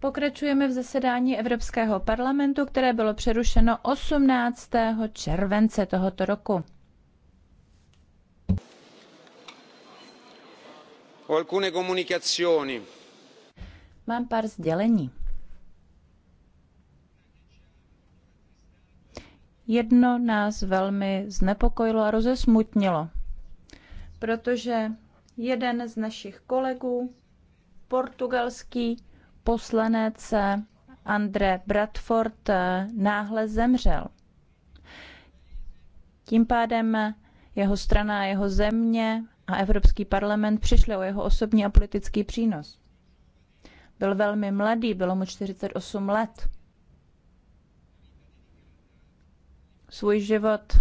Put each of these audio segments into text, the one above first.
Pokračujeme v zasedání Evropského parlamentu, které bylo přerušeno 18. července tohoto roku. Mám pár sdělení. Jedno nás velmi znepokojilo a rozesmutnilo, protože jeden z našich kolegů, portugalský poslanec Andre Bradford eh, náhle zemřel. Tím pádem jeho strana jeho země a Evropský parlament přišli o jeho osobní a politický přínos. Byl velmi mladý, bylo mu 48 let. Svůj život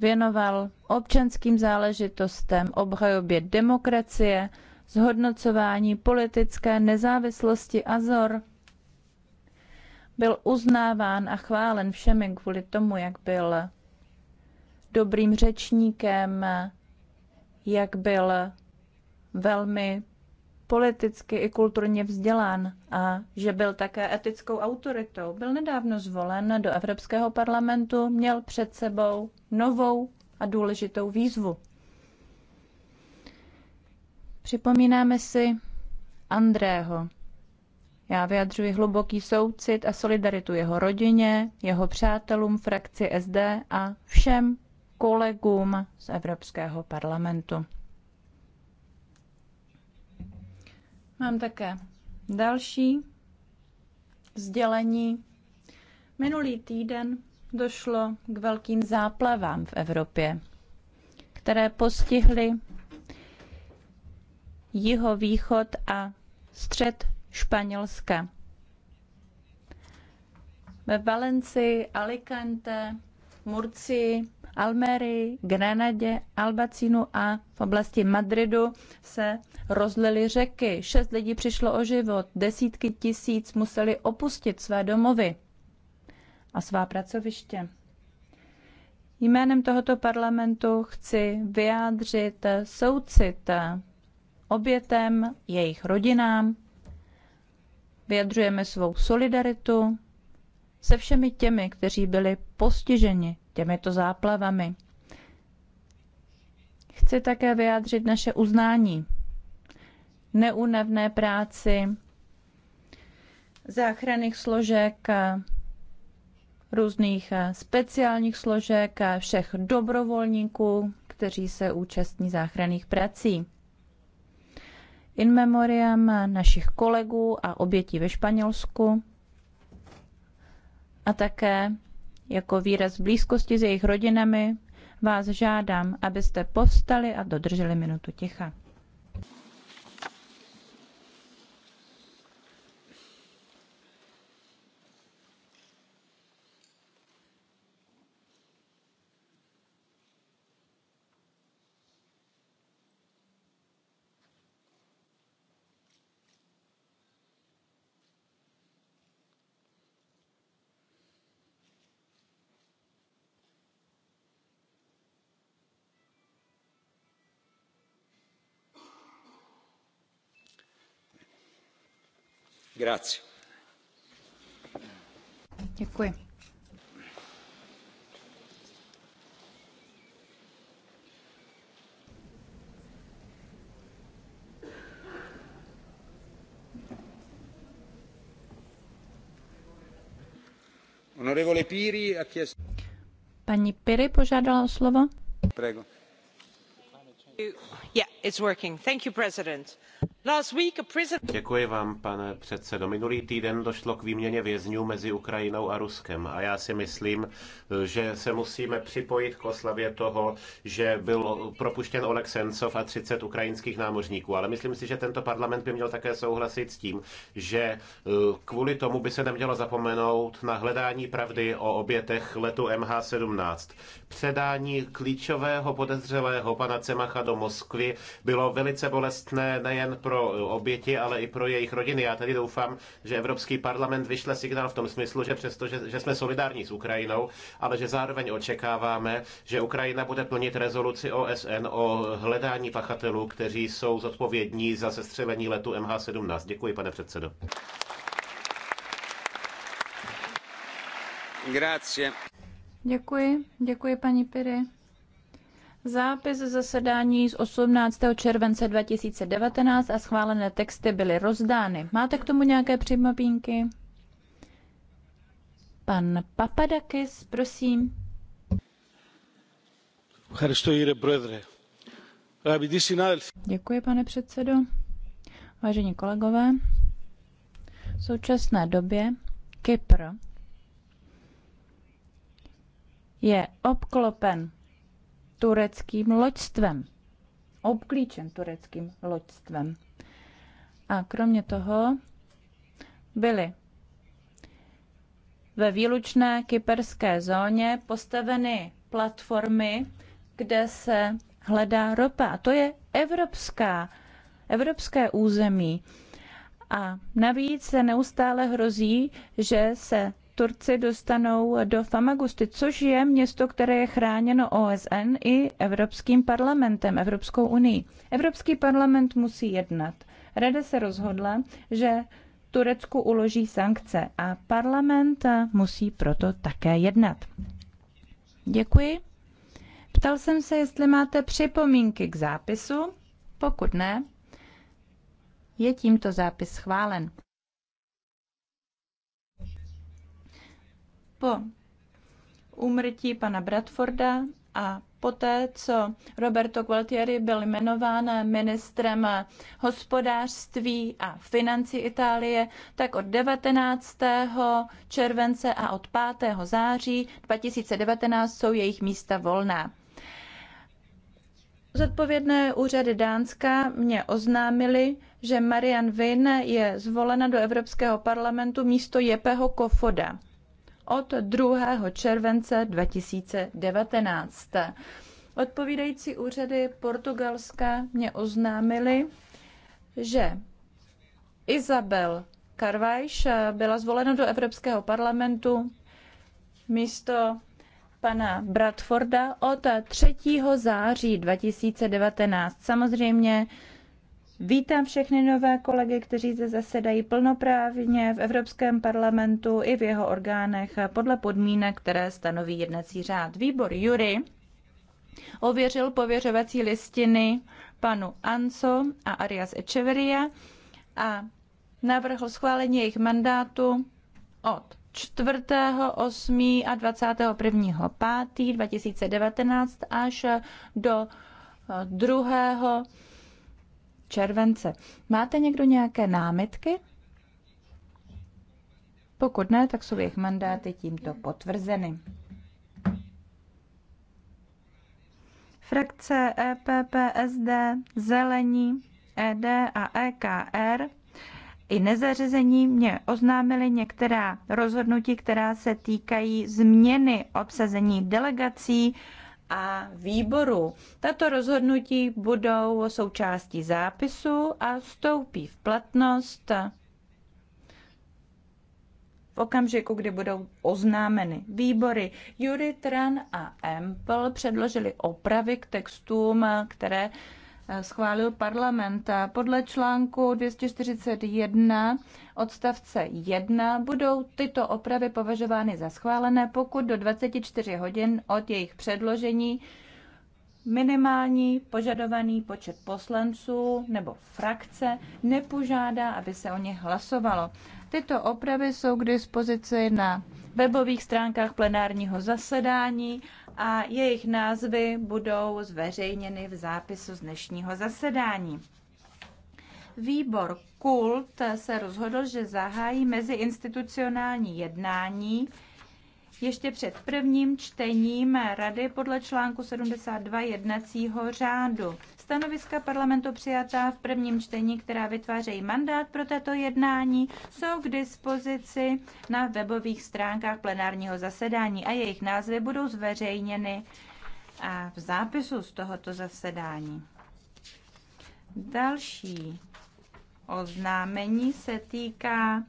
věnoval občanským záležitostem, obhajobě demokracie, zhodnocování politické nezávislosti Azor byl uznáván a chválen všemi kvůli tomu, jak byl dobrým řečníkem, jak byl velmi politicky i kulturně vzdělán a že byl také etickou autoritou. Byl nedávno zvolen do Evropského parlamentu, měl před sebou novou a důležitou výzvu. Připomínáme si Andrého. Já vyjadřuji hluboký soucit a solidaritu jeho rodině, jeho přátelům, frakci SD a všem kolegům z Evropského parlamentu. Mám také další sdělení. Minulý týden došlo k velkým záplavám v Evropě, které postihly jihovýchod a střed Španělska. Ve Valenci, Alicante, Murci, Almerii, Grenadě, Albacínu a v oblasti Madridu se rozlily řeky. Šest lidí přišlo o život, desítky tisíc museli opustit své domovy a svá pracoviště. Jménem tohoto parlamentu chci vyjádřit soucit obětem, jejich rodinám. Vyjadřujeme svou solidaritu se všemi těmi, kteří byli postiženi těmito záplavami. Chci také vyjádřit naše uznání neúnavné práci záchranných složek, různých speciálních složek a všech dobrovolníků, kteří se účastní záchranných prací in memoriam našich kolegů a obětí ve Španělsku a také jako výraz blízkosti s jejich rodinami vás žádám, abyste povstali a dodrželi minutu ticha. Paní Piri požádala o slovo. Prego. Yeah, it's working. Thank you, President. Děkuji vám, pane předsedo. Minulý týden došlo k výměně vězňů mezi Ukrajinou a Ruskem a já si myslím, že se musíme připojit k oslavě toho, že byl propuštěn Oleg Sencov a 30 ukrajinských námořníků. Ale myslím si, že tento parlament by měl také souhlasit s tím, že eh, kvůli tomu by se nemělo zapomenout na hledání pravdy o obětech letu MH17. Předání klíčového podezřelého pana Cemacha do Moskvy bylo velice bolestné nejen pro pro eh, oběti, ale i pro jejich rodiny. Já tady doufám, že Evropský parlament vyšle signál v tom smyslu, že přesto, že, že jsme solidární s Ukrajinou, ale že zároveň očekáváme, že Ukrajina bude plnit rezoluci OSN o hledání pachatelů, kteří jsou zodpovědní za sestřelení letu MH17. Děkuji, pane předsedo. Grazie. Děkuji, děkuji paní Piry. Zápis zasedání z 18. července 2019 a schválené texty byly rozdány. Máte k tomu nějaké připomínky? Pan Papadakis, prosím. Děkuji, pane předsedo. Vážení kolegové, v současné době Kypr je obklopen tureckým loďstvem. Obklíčen tureckým loďstvem. A kromě toho byly ve výlučné kyperské zóně postaveny platformy, kde se hledá ropa. A to je evropská, evropské území. A navíc se neustále hrozí, že se Turci dostanou do Famagusty, což je město, které je chráněno OSN i Evropským parlamentem, Evropskou unii. Evropský parlament musí jednat. Rada se rozhodla, že Turecku uloží sankce a parlament musí proto také jednat. Děkuji. Ptal jsem se, jestli máte připomínky k zápisu. Pokud ne, je tímto zápis schválen. po úmrtí pana Bradforda a poté, co Roberto Gualtieri byl jmenován ministrem hospodářství a financí Itálie, tak od 19. července a od 5. září 2019 jsou jejich místa volná. Zodpovědné úřady Dánska mě oznámili, že Marian Vin je zvolena do Evropského parlamentu místo Jepeho Kofoda od 2. července 2019. Odpovídající úřady Portugalska mě oznámili, že Isabel Karvajš byla zvolena do Evropského parlamentu místo pana Bradforda od 3. září 2019. Samozřejmě Vítám všechny nové kolegy, kteří se zasedají plnoprávně v Evropském parlamentu i v jeho orgánech podle podmínek, které stanoví jednací řád. Výbor Jury ověřil pověřovací listiny panu Anso a Arias Echeveria a navrhl schválení jejich mandátu od 4. 8. a 21. 5. 2019 až do 2. Eh, července. Máte někdo nějaké námitky? Pokud ne, tak jsou jejich mandáty tímto potvrzeny. Frakce EPPSD, Zelení, ED a EKR i nezařazení mě oznámili některá rozhodnutí, která se týkají změny obsazení delegací a výboru. Tato rozhodnutí budou součástí zápisu a vstoupí v platnost v okamžiku, kdy budou oznámeny výbory. Jury Tran a Empel předložili opravy k textům, které schválil parlament. Podle článku 241 odstavce 1 budou tyto opravy považovány za schválené, pokud do 24 hodin od jejich předložení minimální požadovaný počet poslanců nebo frakce nepožádá, aby se o ně hlasovalo. Tyto opravy jsou k dispozici na webových stránkách plenárního zasedání a jejich názvy budou zveřejněny v zápisu z dnešního zasedání. Výbor Kult se rozhodl, že zahájí meziinstitucionální jednání ještě před prvním čtením Rady podle článku 72 jednacího řádu. Stanoviska parlamentu přijatá v prvním čtení, která vytvářejí mandát pro tato jednání, jsou k dispozici na webových stránkách plenárního zasedání a jejich názvy budou zveřejněny v zápisu z tohoto zasedání. Další oznámení se týká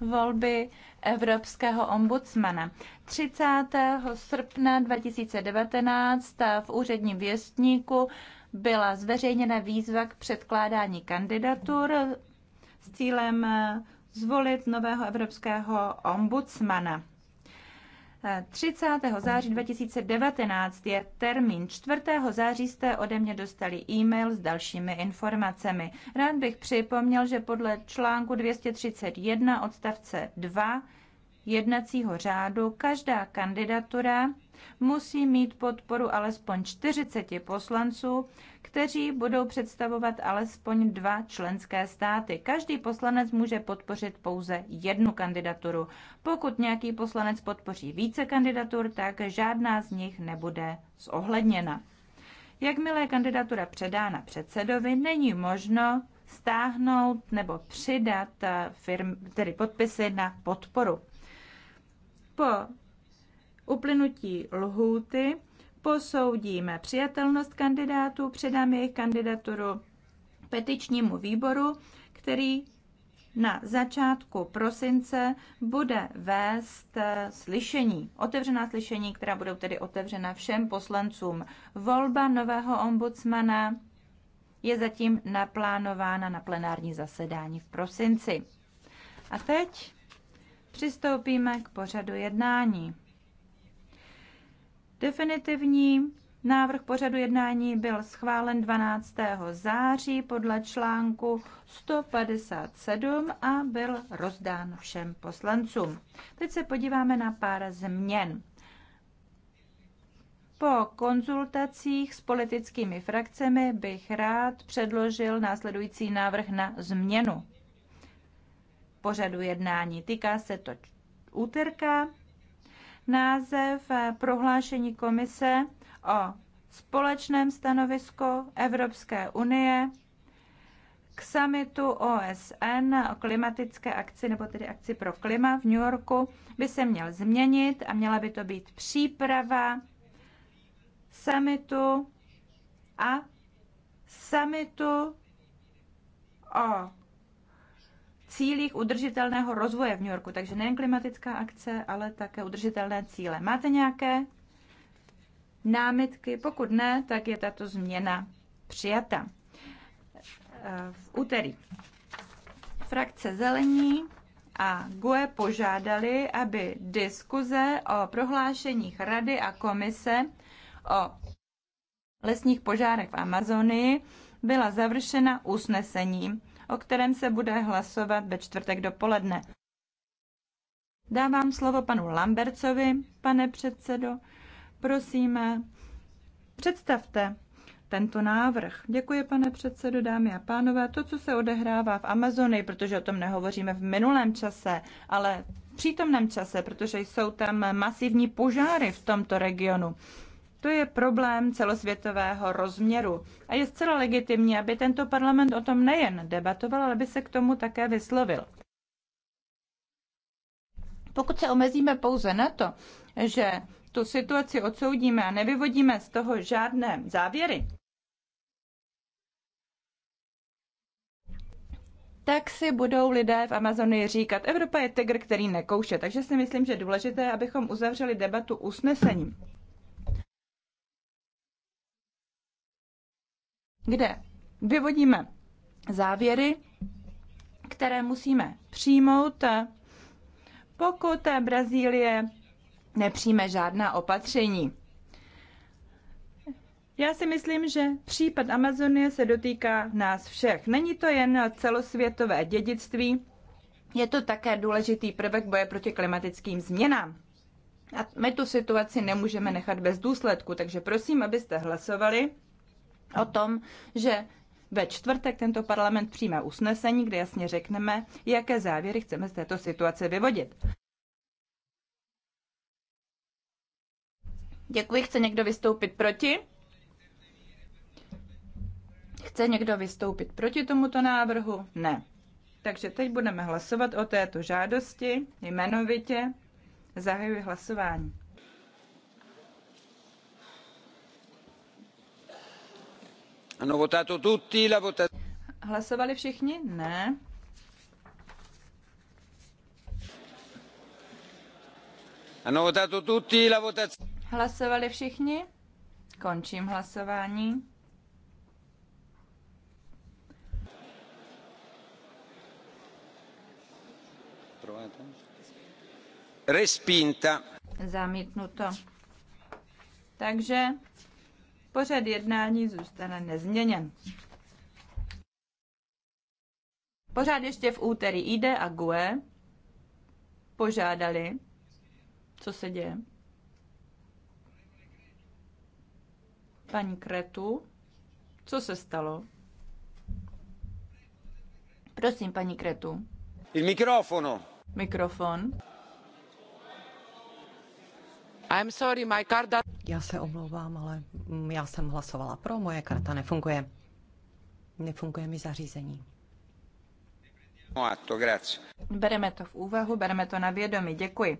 volby Evropského ombudsmana. 30. srpna 2019 v úředním věstníku byla zveřejněna výzva k předkládání kandidatur s cílem eh, zvolit nového evropského ombudsmana. 30. Eh, září 2019 je termín. 4. září jste ode mě dostali e-mail s dalšími informacemi. Rád bych připomněl, že podle článku 231 odstavce 2 jednacího řádu každá kandidatura musí mít podporu alespoň 40 poslanců, kteří budou představovat alespoň dva členské státy. Každý poslanec může podpořit pouze jednu kandidaturu. Pokud nějaký poslanec podpoří více kandidatur, tak žádná z nich nebude zohledněna. Jakmile je kandidatura předána předsedovi, není možno stáhnout nebo přidat eh, firm, tedy podpisy na podporu. Po uplynutí lhůty posoudíme přijatelnost kandidátů, předáme jejich kandidaturu petičnímu výboru, který na začátku prosince bude vést eh, slyšení, otevřená slyšení, která budou tedy otevřena všem poslancům. Volba nového ombudsmana je zatím naplánována na plenární zasedání v prosinci. A teď přistoupíme k pořadu jednání. Definitivní návrh pořadu jednání byl schválen 12. září podle článku 157 a byl rozdán všem poslancům. Teď se podíváme na pár změn. Po konzultacích s politickými frakcemi bych rád předložil následující návrh na změnu pořadu jednání. Týká se to úterka název eh, prohlášení komise o společném stanovisku Evropské unie k summitu OSN o klimatické akci, nebo tedy akci pro klima v New Yorku, by se měl změnit a měla by to být příprava summitu a summitu o cílích udržitelného rozvoje v New Yorku. Takže nejen klimatická akce, ale také udržitelné cíle. Máte nějaké námitky? Pokud ne, tak je tato změna přijata. V úterý frakce Zelení a GUE požádali, aby diskuze o prohlášeních Rady a Komise o lesních požárech v Amazonii byla završena usnesením o kterém se bude hlasovat ve čtvrtek dopoledne. Dávám slovo panu Lambercovi, pane předsedo. Prosím, představte tento návrh. Děkuji, pane předsedo, dámy a pánové. To, co se odehrává v Amazonii, protože o tom nehovoříme v minulém čase, ale v přítomném čase, protože jsou tam masivní požáry v tomto regionu. To je problém celosvětového rozměru a je zcela legitimní, aby tento parlament o tom nejen debatoval, ale by se k tomu také vyslovil. Pokud se omezíme pouze na to, že tu situaci odsoudíme a nevyvodíme z toho žádné závěry, tak si budou lidé v Amazonii říkat, Evropa je tygr, který nekouše. Takže si myslím, že je důležité, abychom uzavřeli debatu usnesením. kde vyvodíme závěry, které musíme přijmout, pokud Brazílie nepřijme žádná opatření. Já si myslím, že případ Amazonie se dotýká nás všech. Není to jen celosvětové dědictví, je to také důležitý prvek boje proti klimatickým změnám. A my tu situaci nemůžeme nechat bez důsledku, takže prosím, abyste hlasovali o tom, že ve čtvrtek tento parlament přijme usnesení, kde jasně řekneme, jaké závěry chceme z této situace vyvodit. Děkuji. Chce někdo vystoupit proti? Chce někdo vystoupit proti tomuto návrhu? Ne. Takže teď budeme hlasovat o této žádosti jmenovitě. Zahajuji hlasování. Hlasovali všichni? Ne. Hanno votato tutti la votazione. Hlasovali všichni? Končím hlasování. Respinta. Zamítnuto. Takže Pořad jednání zůstane nezměněn. Pořád ještě v úterý ID a GUE požádali, co se děje. Paní Kretu, co se stalo? Prosím, paní Kretu. Il mikrofono. Mikrofon. Já se omlouvám, ale mm, já jsem hlasovala pro, moje karta nefunguje. Nefunguje mi zařízení. Bereme to v úvahu, bereme to na vědomí. Děkuji.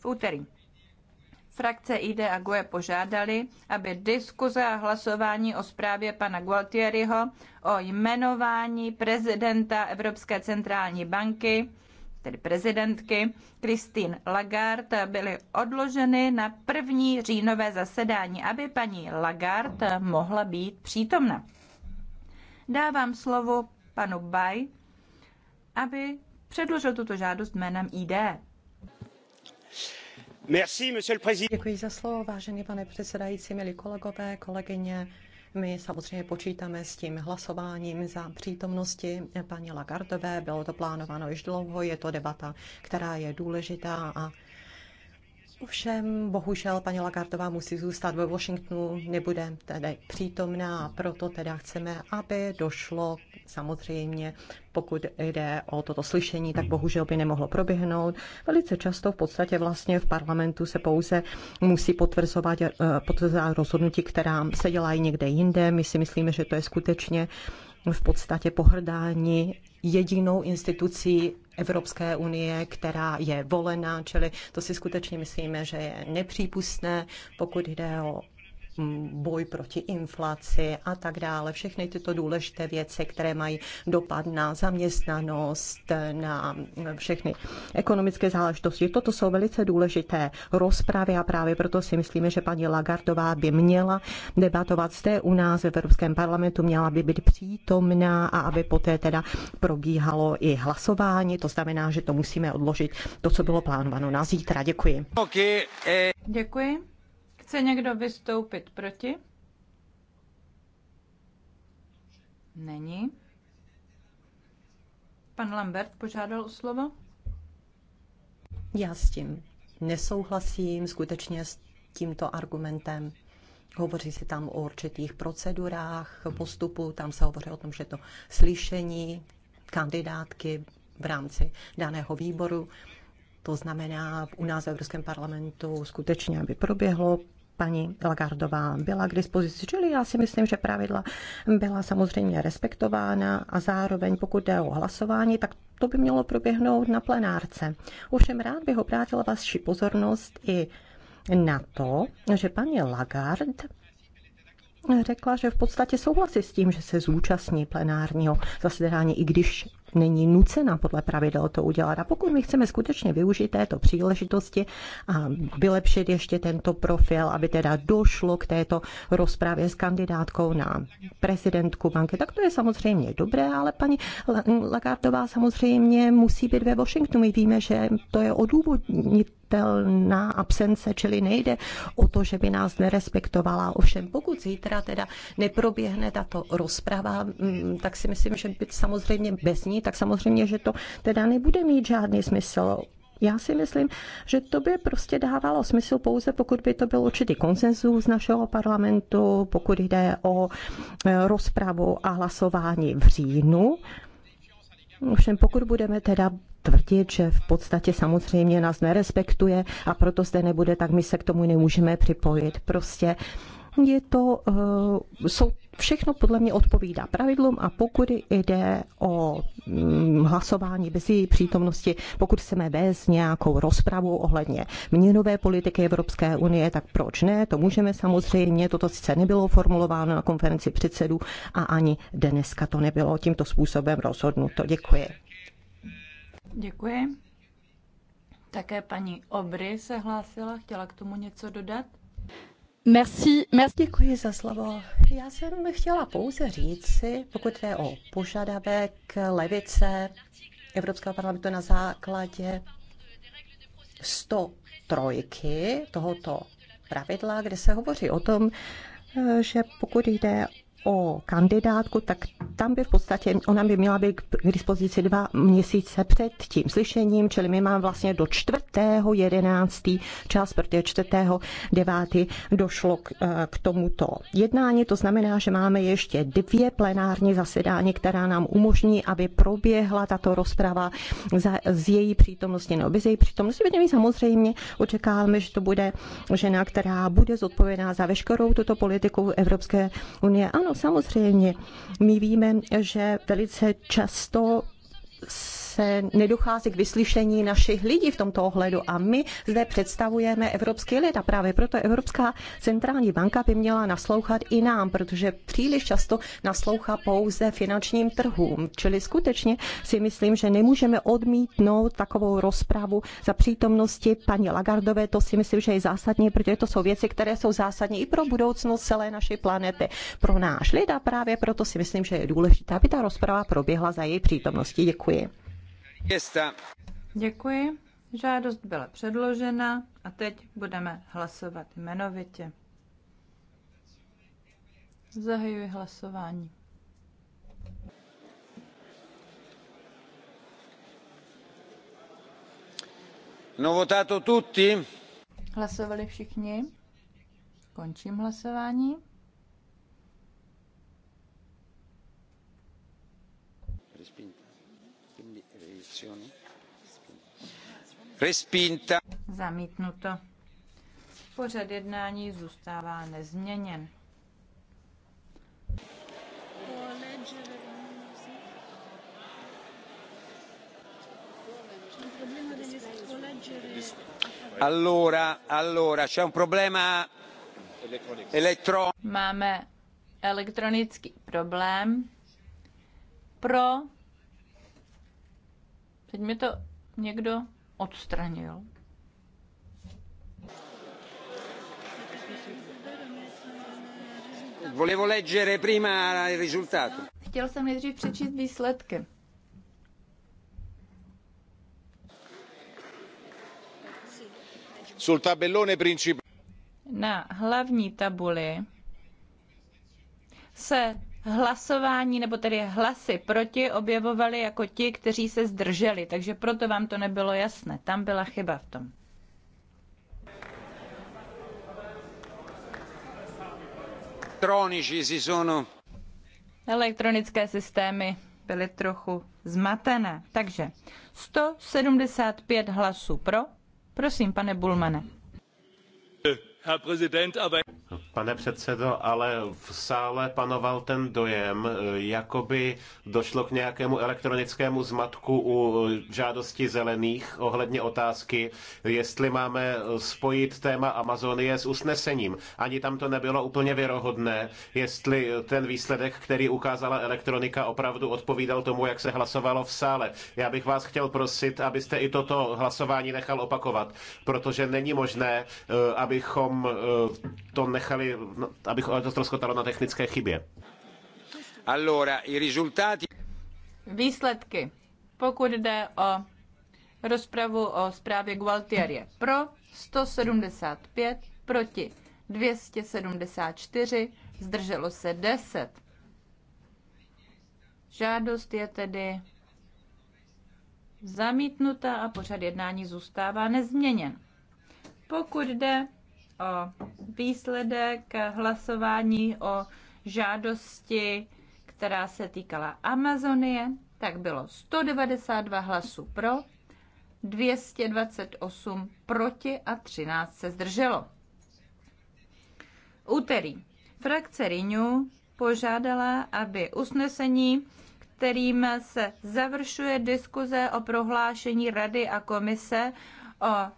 V úterý. Frakce ID a GUE požádali, aby diskuze a hlasování o zprávě pana Gualtieriho o jmenování prezidenta Evropské centrální banky tedy prezidentky Christine Lagarde, byly odloženy na první říjnové zasedání, aby paní Lagarde mohla být přítomna. Dávám slovo panu Bay, aby předložil tuto žádost jménem ID. Merci, Děkuji za slovo, vážený pane předsedající, milí kolegové, kolegyně. My samozřejmě počítáme s tím hlasováním za přítomnosti paní Lagardové. Bylo to plánováno již dlouho, je to debata, která je důležitá a Ovšem, bohužel, paní Lagardová musí zůstat ve Washingtonu, nebude tedy přítomná a proto teda chceme, aby došlo samozřejmě, pokud jde o toto slyšení, tak bohužel by nemohlo proběhnout. Velice často v podstatě vlastně v parlamentu se pouze musí potvrzovat, eh, potvrzovat rozhodnutí, která se dělají někde jinde. My si myslíme, že to je skutečně v podstatě pohrdání jedinou institucí Evropské unie, která je volená, čili to si skutečně myslíme, že je nepřípustné, pokud jde o boj proti inflaci a tak dále. Všechny tyto důležité věci, které mají dopad na zaměstnanost, na všechny ekonomické záležitosti. Toto jsou velice důležité rozpravy a právě proto si myslíme, že paní Lagardová by měla debatovat zde u nás v Evropském parlamentu, měla by být přítomná a aby poté teda probíhalo i hlasování. To znamená, že to musíme odložit, to, co bylo plánováno na zítra. Děkuji. Eh. Děkuji. Chce někdo vystoupit proti? Není. Pan Lambert požádal o slovo. Já s tím nesouhlasím skutečně s tímto argumentem. Hovoří se tam o určitých procedurách postupu, tam se hovoří o tom, že to slyšení kandidátky v rámci daného výboru, to znamená u nás v Evropském parlamentu skutečně, aby proběhlo paní Lagardová byla k dispozici. Čili já si myslím, že pravidla byla samozřejmě respektována a zároveň, pokud jde o hlasování, tak to by mělo proběhnout na plenárce. Ovšem rád bych obrátil vaši pozornost i na to, že paní Lagarde řekla, že v podstatě souhlasí s tím, že se zúčastní plenárního zasedání, i když není nucena podle pravidel to udělat. A pokud my chceme skutečně využít této příležitosti a vylepšit ještě tento profil, aby teda došlo k této rozprávě s kandidátkou na prezidentku banky, tak to je samozřejmě dobré, ale paní Lagardová samozřejmě musí být ve Washingtonu. My víme, že to je odůvodnit na absence, čili nejde o to, že by nás nerespektovala. Ovšem, pokud zítra teda neproběhne tato rozprava, mm, tak si myslím, že by samozřejmě bez ní tak samozřejmě, že to teda nebude mít žádný smysl. Já si myslím, že to by prostě dávalo smysl pouze, pokud by to byl určitý konsenzus našeho parlamentu, pokud jde o e, rozpravu a hlasování v říjnu. Všem, pokud budeme teda tvrdit, že v podstatě samozřejmě nás nerespektuje a proto zde nebude, tak my se k tomu nemůžeme připojit. Prostě uh, je to, eh, jsou všechno podle mě odpovídá pravidlům a pokud jde o mm, hlasování bez její přítomnosti, pokud chceme vést nějakou rozpravu ohledně měnové politiky Evropské unie, tak proč ne? To můžeme samozřejmě, toto sice nebylo formulováno na konferenci předsedů a ani dneska to nebylo tímto způsobem rozhodnuto. Děkuji. Děkuji. Také paní Obry se hlásila, chtěla k tomu něco dodat? Merci, merci. Děkuji za slovo. Já jsem chtěla pouze říci, pokud je o požadavek levice Evropského parlamentu na základě 103 tohoto pravidla, kde se hovoří o tom, že pokud jde o kandidátku, tak tam by v podstatě, ona by měla být k dispozici dva měsíce před tím slyšením, čili my máme vlastně do 4.11. čas, protože devátý došlo k, eh, k tomuto jednání, to znamená, že máme ještě dvě plenární zasedání, která nám umožní, aby proběhla tato rozprava za, z její přítomnosti nebo bez její přítomnosti. My samozřejmě očekáváme, že to bude žena, která bude zodpovědná za veškerou tuto politiku Evropské unie. Ano, samozřejmě. My víme, že velice často se nedochází k vyslyšení našich lidí v tomto ohledu a my zde představujeme evropský lid a právě proto Evropská centrální banka by měla naslouchat i nám, protože příliš často naslouchá pouze finančním trhům. Čili skutečně si myslím, že nemůžeme odmítnout takovou rozpravu za přítomnosti paní Lagardové, to si myslím, že je zásadní, protože to jsou věci, které jsou zásadní i pro budoucnost celé naší planety, pro náš lid a právě proto si myslím, že je důležité, aby ta rozprava proběhla za její přítomnosti. Děkuji. Děkuji. Žádost byla předložena a teď budeme hlasovat jmenovitě. Zahajuji hlasování. No votato tutti. Hlasovali všichni. Končím hlasování. votazione. Respinta. Zamítnuto. Pořad jednání zůstává nezměněn. Allora, allora, c'è un problema elettronico. Máme elektronický problém. Pro Teď mi to někdo odstranil. Volevo leggere prima il risultato. Chtěl jsem nejdřív přečíst výsledky. Sul tabellone principale. Na hlavní tabuli se hlasování, nebo tedy hlasy proti, objevovali jako ti, kteří se zdrželi. Takže proto vám to nebylo jasné. Tam byla chyba v tom. Elektronické systémy byly trochu zmatené. Takže 175 hlasů pro. Prosím, pane Bulmane. Pane předsedo, ale v sále panoval ten dojem, e, jako by došlo k nějakému elektronickému zmatku u žádosti zelených ohledně otázky, jestli máme e, spojit téma Amazonie s usnesením. Ani tam to nebylo úplně věrohodné, jestli ten výsledek, který ukázala elektronika, opravdu odpovídal tomu, jak se hlasovalo v sále. Já bych vás chtěl prosit, abyste i toto hlasování nechal opakovat, protože není možné, e, abychom to nechali tady, no, abych stroskotalo na technické chybě. Allora, i risultati... Výsledky. Pokud jde o rozpravu o zprávě Gualtieri pro 175, proti 274, zdrželo se 10. Žádost je tedy zamítnuta a pořad jednání zůstává nezměněn. Pokud jde o výsledek hlasování o žádosti, která se týkala Amazonie, tak bylo 192 hlasů pro, 228 proti a 13 se zdrželo. Úterý. Frakce Rinu požádala, aby usnesení, kterým se završuje diskuze o prohlášení Rady a Komise o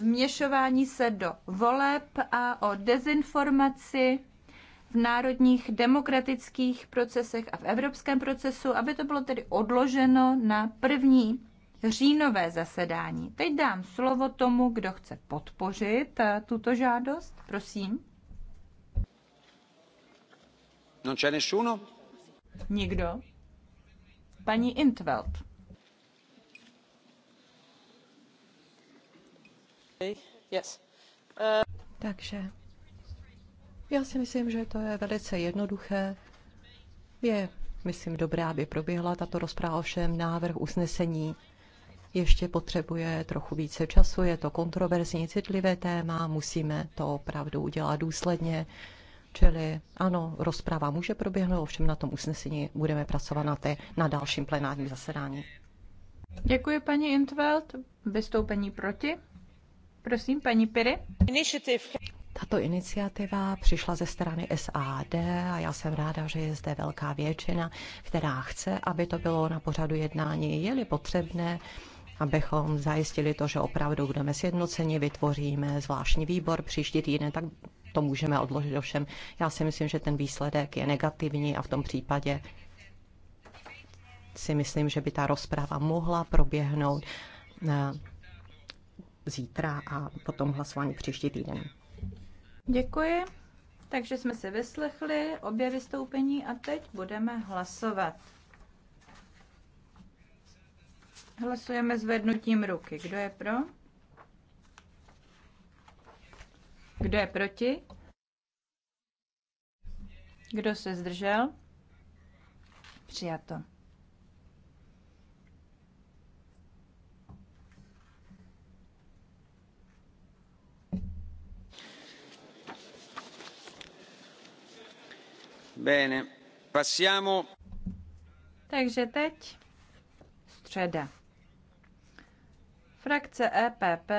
vměšování se do voleb a o dezinformaci v národních demokratických procesech a v evropském procesu, aby to bylo tedy odloženo na první říjnové zasedání. Teď dám slovo tomu, kdo chce podpořit eh, tuto žádost. Prosím. Non c'è nessuno? Nikdo. Paní Intveld. Takže já si myslím, že to je velice jednoduché. Je, myslím, dobré, aby proběhla tato rozpráva všem návrh usnesení. Ještě potřebuje trochu více času, je to kontroverzní, citlivé téma, musíme to opravdu udělat důsledně. Čili ano, rozpráva může proběhnout, ovšem na tom usnesení budeme pracovat na, té, na dalším plenárním zasedání. Děkuji paní Intveld. Vystoupení proti? Prosím, paní Piry. Tato iniciativa přišla ze strany SAD a já jsem ráda, že je zde velká většina, která chce, aby to bylo na pořadu jednání, je-li potřebné, abychom zajistili to, že opravdu budeme sjednoceni, vytvoříme zvláštní výbor příští týden, tak to můžeme odložit ovšem. Já si myslím, že ten výsledek je negativní a v tom případě si myslím, že by ta rozprava mohla proběhnout eh, zítra a potom hlasování příští týden. Děkuji. Takže jsme si vyslechli obě vystoupení a teď budeme hlasovat. Hlasujeme zvednutím ruky. Kdo je pro? Kdo je proti? Kdo se zdržel? Přijato. Takže teď středa. Frakce EPP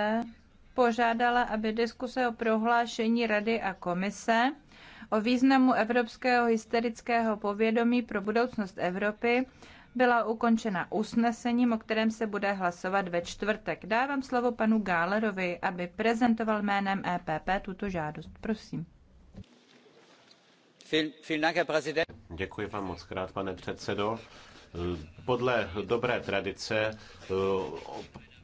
požádala, aby diskuse o prohlášení Rady a Komise o významu evropského historického povědomí pro budoucnost Evropy byla ukončena usnesením, o kterém se bude hlasovat ve čtvrtek. Dávám slovo panu Gálerovi, aby prezentoval jménem EPP tuto žádost. Prosím. Děkuji vám pane předsedající Podle dobré tradice eh,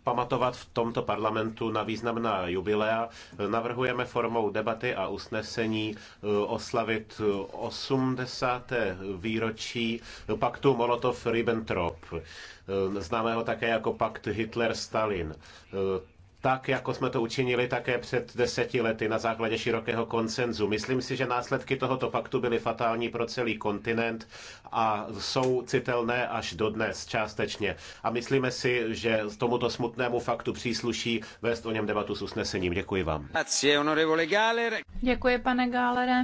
pamatovat v tomto parlamentu na významná jubilea. Navrhujeme formou debaty a usnesení eh, oslavit 80. Eh, výročí paktu Molotov-Ribbentrop známého také jako pakt Hitler-Stalin tak, jako jsme to učinili také před deseti lety na základě širokého konsenzu. Myslím si, že následky tohoto paktu byly fatální pro celý kontinent a jsou citelné až dodnes částečně. A myslíme si, že tomuto smutnému faktu přísluší vést o něm debatu s usnesením. Děkuji vám. Děkuji, pane Gálere.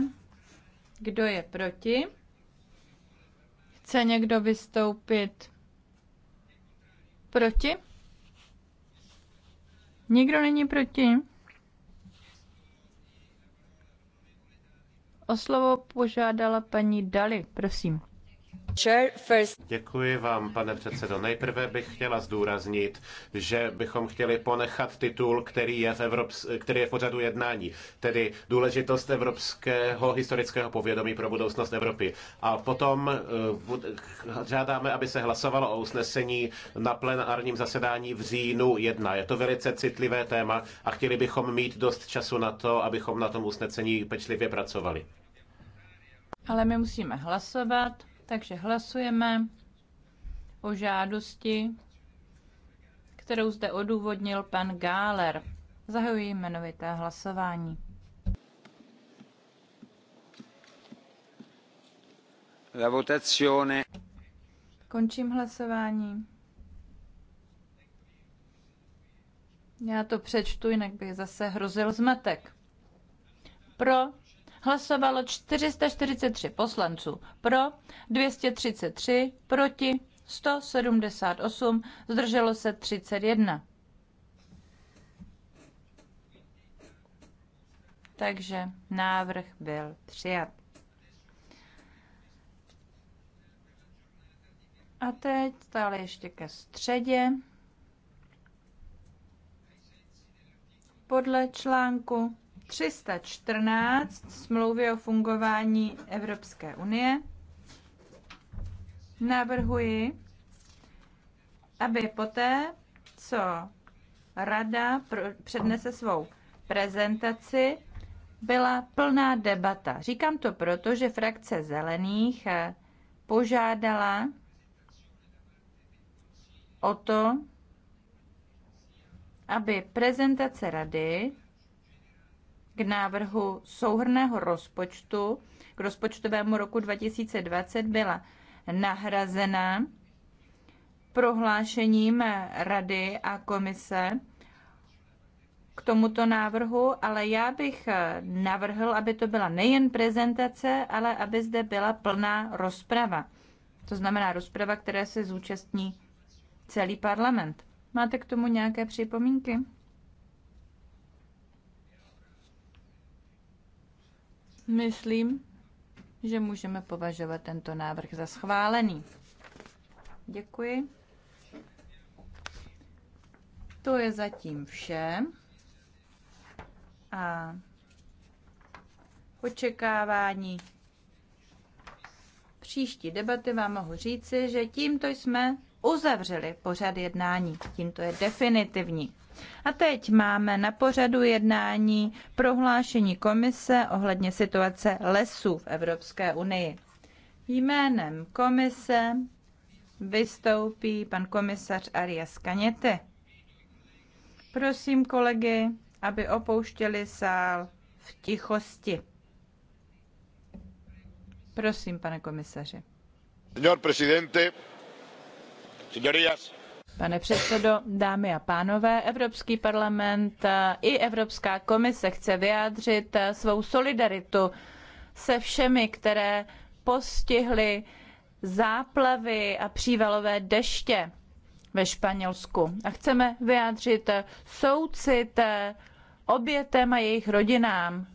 Kdo je proti? Chce někdo vystoupit proti? Nikdo není proti? O slovo požádala paní Dali, prosím. Děkuji vám, pane předsedo. Nejprve bych chtěla zdůraznit, že bychom chtěli ponechat titul, který je v, Evrops- který je v pořadu jednání, tedy důležitost evropského historického povědomí pro budoucnost Evropy. A potom eh, žádáme, aby se hlasovalo o usnesení na plenárním zasedání v říjnu 1. Je to velice citlivé téma a chtěli bychom mít dost času na to, abychom na tom usnesení pečlivě pracovali. Ale my musíme hlasovat. Takže hlasujeme o žádosti, kterou zde odůvodnil pan Gáler. Zahajuji jmenovité hlasování. La votazione. Končím hlasování. Já to přečtu, jinak bych zase hrozil zmatek. Pro hlasovalo 443 poslanců pro, 233 proti, 178, zdrželo se 31. Takže návrh byl přijat. A teď stále ještě ke středě. Podle článku 314 smlouvy o fungování Evropské unie navrhuji, aby poté, co rada přednese svou prezentaci, byla plná debata. Říkám to proto, že frakce zelených eh, požádala o to, aby prezentace rady k návrhu souhrného rozpočtu k rozpočtovému roku 2020 byla nahrazena prohlášením Rady a komise k tomuto návrhu, ale já bych navrhl, aby to byla nejen prezentace, ale aby zde byla plná rozprava. To znamená rozprava, které se zúčastní celý parlament. Máte k tomu nějaké připomínky? Myslím, že můžeme považovat tento návrh za schválený. Děkuji. To je zatím vše. A očekávání příští debaty vám mohu říci, že tímto jsme uzavřeli pořad jednání. Tímto je definitivní. A teď máme na pořadu jednání prohlášení komise ohledně situace lesů v Evropské unii. Jménem komise vystoupí pan komisař Arias Kaněte. Prosím kolegy, aby opouštěli sál v tichosti. Prosím, pane komisaři. Señor presidente, señorías, Pane předsedo, dámy a pánové, Evropský parlament i Evropská komise chce vyjádřit svou solidaritu se všemi, které postihly záplavy a přívalové deště ve Španělsku. A chceme vyjádřit soucit obětem a jejich rodinám.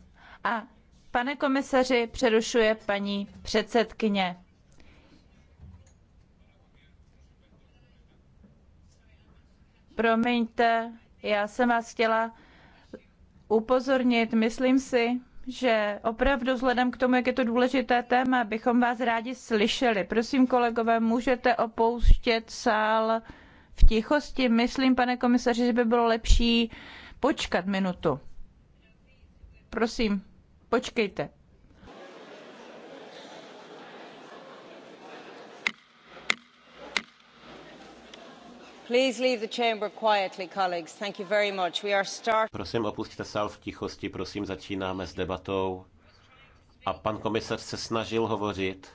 A pane komisaři, přerušuje paní předsedkyně. Promiňte, já jsem vás chtěla upozornit. Myslím si, že opravdu vzhledem k tomu, jak je to důležité téma, bychom vás rádi slyšeli. Prosím, kolegové, můžete opouštět sál v tichosti. Myslím, pane komisaři, že by bylo lepší počkat minutu. Prosím, počkejte. Prosím, opustíte sál v tichosti, prosím, začínáme s debatou. A pan komisař se snažil hovořit.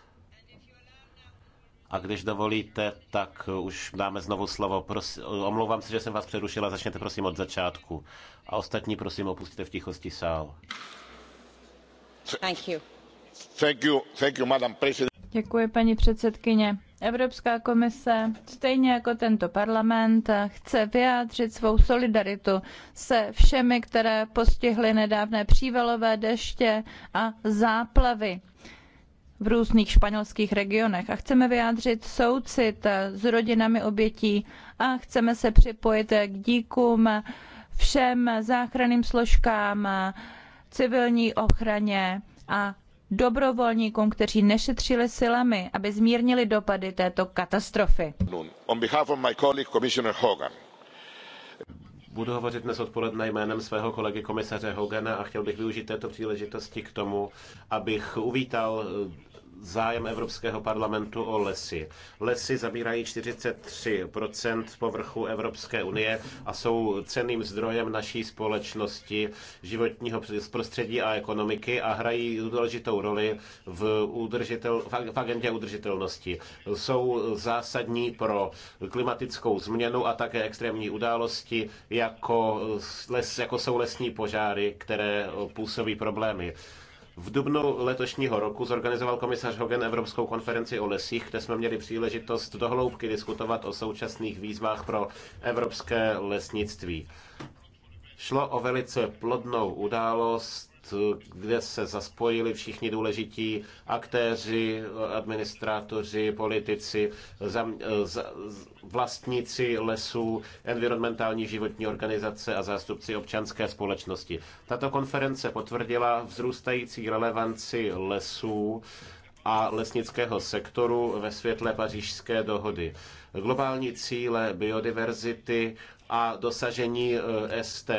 A když dovolíte, tak už dáme znovu slovo. Prosi, omlouvám se, že jsem vás přerušila, začněte prosím od začátku. A ostatní prosím opustíte v tichosti sál. Thank you. Thank you, thank you, madam Děkuji, paní předsedkyně. Evropská komise, stejně jako tento parlament, chce vyjádřit svou solidaritu se všemi, které postihly nedávné přívalové deště a záplavy v různých španělských regionech. A chceme vyjádřit soucit s rodinami obětí a chceme se připojit k díkům všem záchranným složkám, civilní ochraně a dobrovolníkům, kteří nešetřili silami, aby zmírnili dopady této katastrofy. Budu hovořit dnes odpoledne jménem svého kolegy komisaře Hogana a chtěl bych využít této příležitosti k tomu, abych uvítal zájem Evropského parlamentu o lesy. Lesy zabírají 43% povrchu Evropské unie a jsou cenným zdrojem naší společnosti, životního prostředí a ekonomiky a hrají důležitou roli v, udržitel, v agendě udržitelnosti. Jsou zásadní pro klimatickou změnu a také extrémní události, jako, les, jako jsou lesní požáry, které působí problémy. V dubnu letošního roku zorganizoval komisař Hogan Evropskou konferenci o lesích, kde jsme měli příležitost dohloubky diskutovat o současných výzvách pro evropské lesnictví. Šlo o velice plodnou událost, kde se zaspojili všichni důležití aktéři, administrátoři, politici, zam, z, vlastníci lesů, environmentální životní organizace a zástupci občanské společnosti. Tato konference potvrdila vzrůstající relevanci lesů a lesnického sektoru ve světle pařížské dohody. Globální cíle biodiverzity a dosažení eh, STD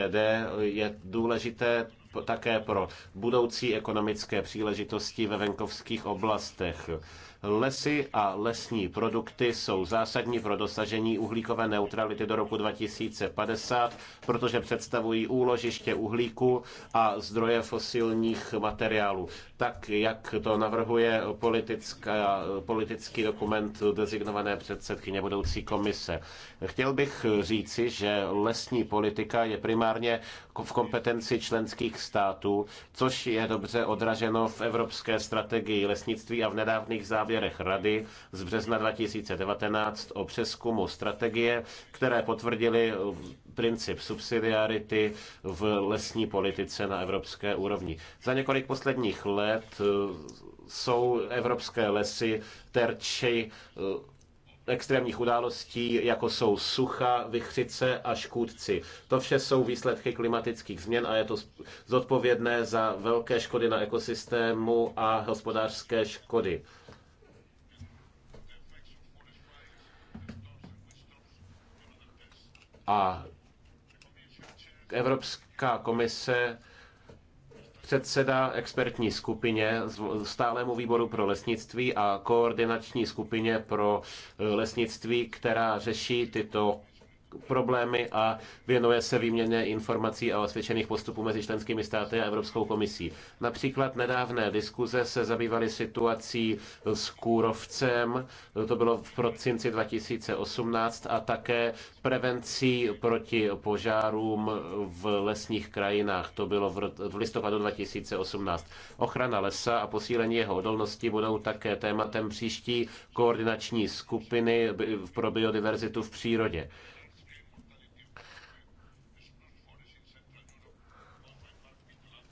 je důležité také pro budoucí ekonomické příležitosti ve venkovských oblastech. Lesy a lesní produkty jsou zásadní pro dosažení uhlíkové neutrality do roku 2050, protože představují úložiště uhlíku a zdroje fosilních materiálů tak jak to navrhuje politická, politický dokument dezignované předsedkyně budoucí komise. Chtěl bych říci, že lesní politika je primárně v kompetenci členských států, což je dobře odraženo v Evropské strategii lesnictví a v nedávných závěrech Rady z března 2019 o přeskumu strategie, které potvrdili princip subsidiarity v lesní politice na evropské úrovni. Za několik posledních let eh, jsou evropské lesy terči eh, extrémních událostí, jako jsou sucha, vychřice a škůdci. To vše jsou výsledky klimatických změn a je to zodpovědné za velké škody na ekosystému a hospodářské škody. A Evropská komise předseda expertní skupině stálému výboru pro lesnictví a koordinační skupině pro eh, lesnictví, která řeší tyto problémy a věnuje se výměně informací a osvědčených postupů mezi členskými státy a Evropskou komisí. Například nedávné diskuze se zabývaly situací s kůrovcem, to bylo v prosinci 2018, a také prevencí proti požárům v lesních krajinách, to bylo v listopadu 2018. Ochrana lesa a posílení jeho odolnosti budou také tématem příští koordinační skupiny pro biodiverzitu v přírodě.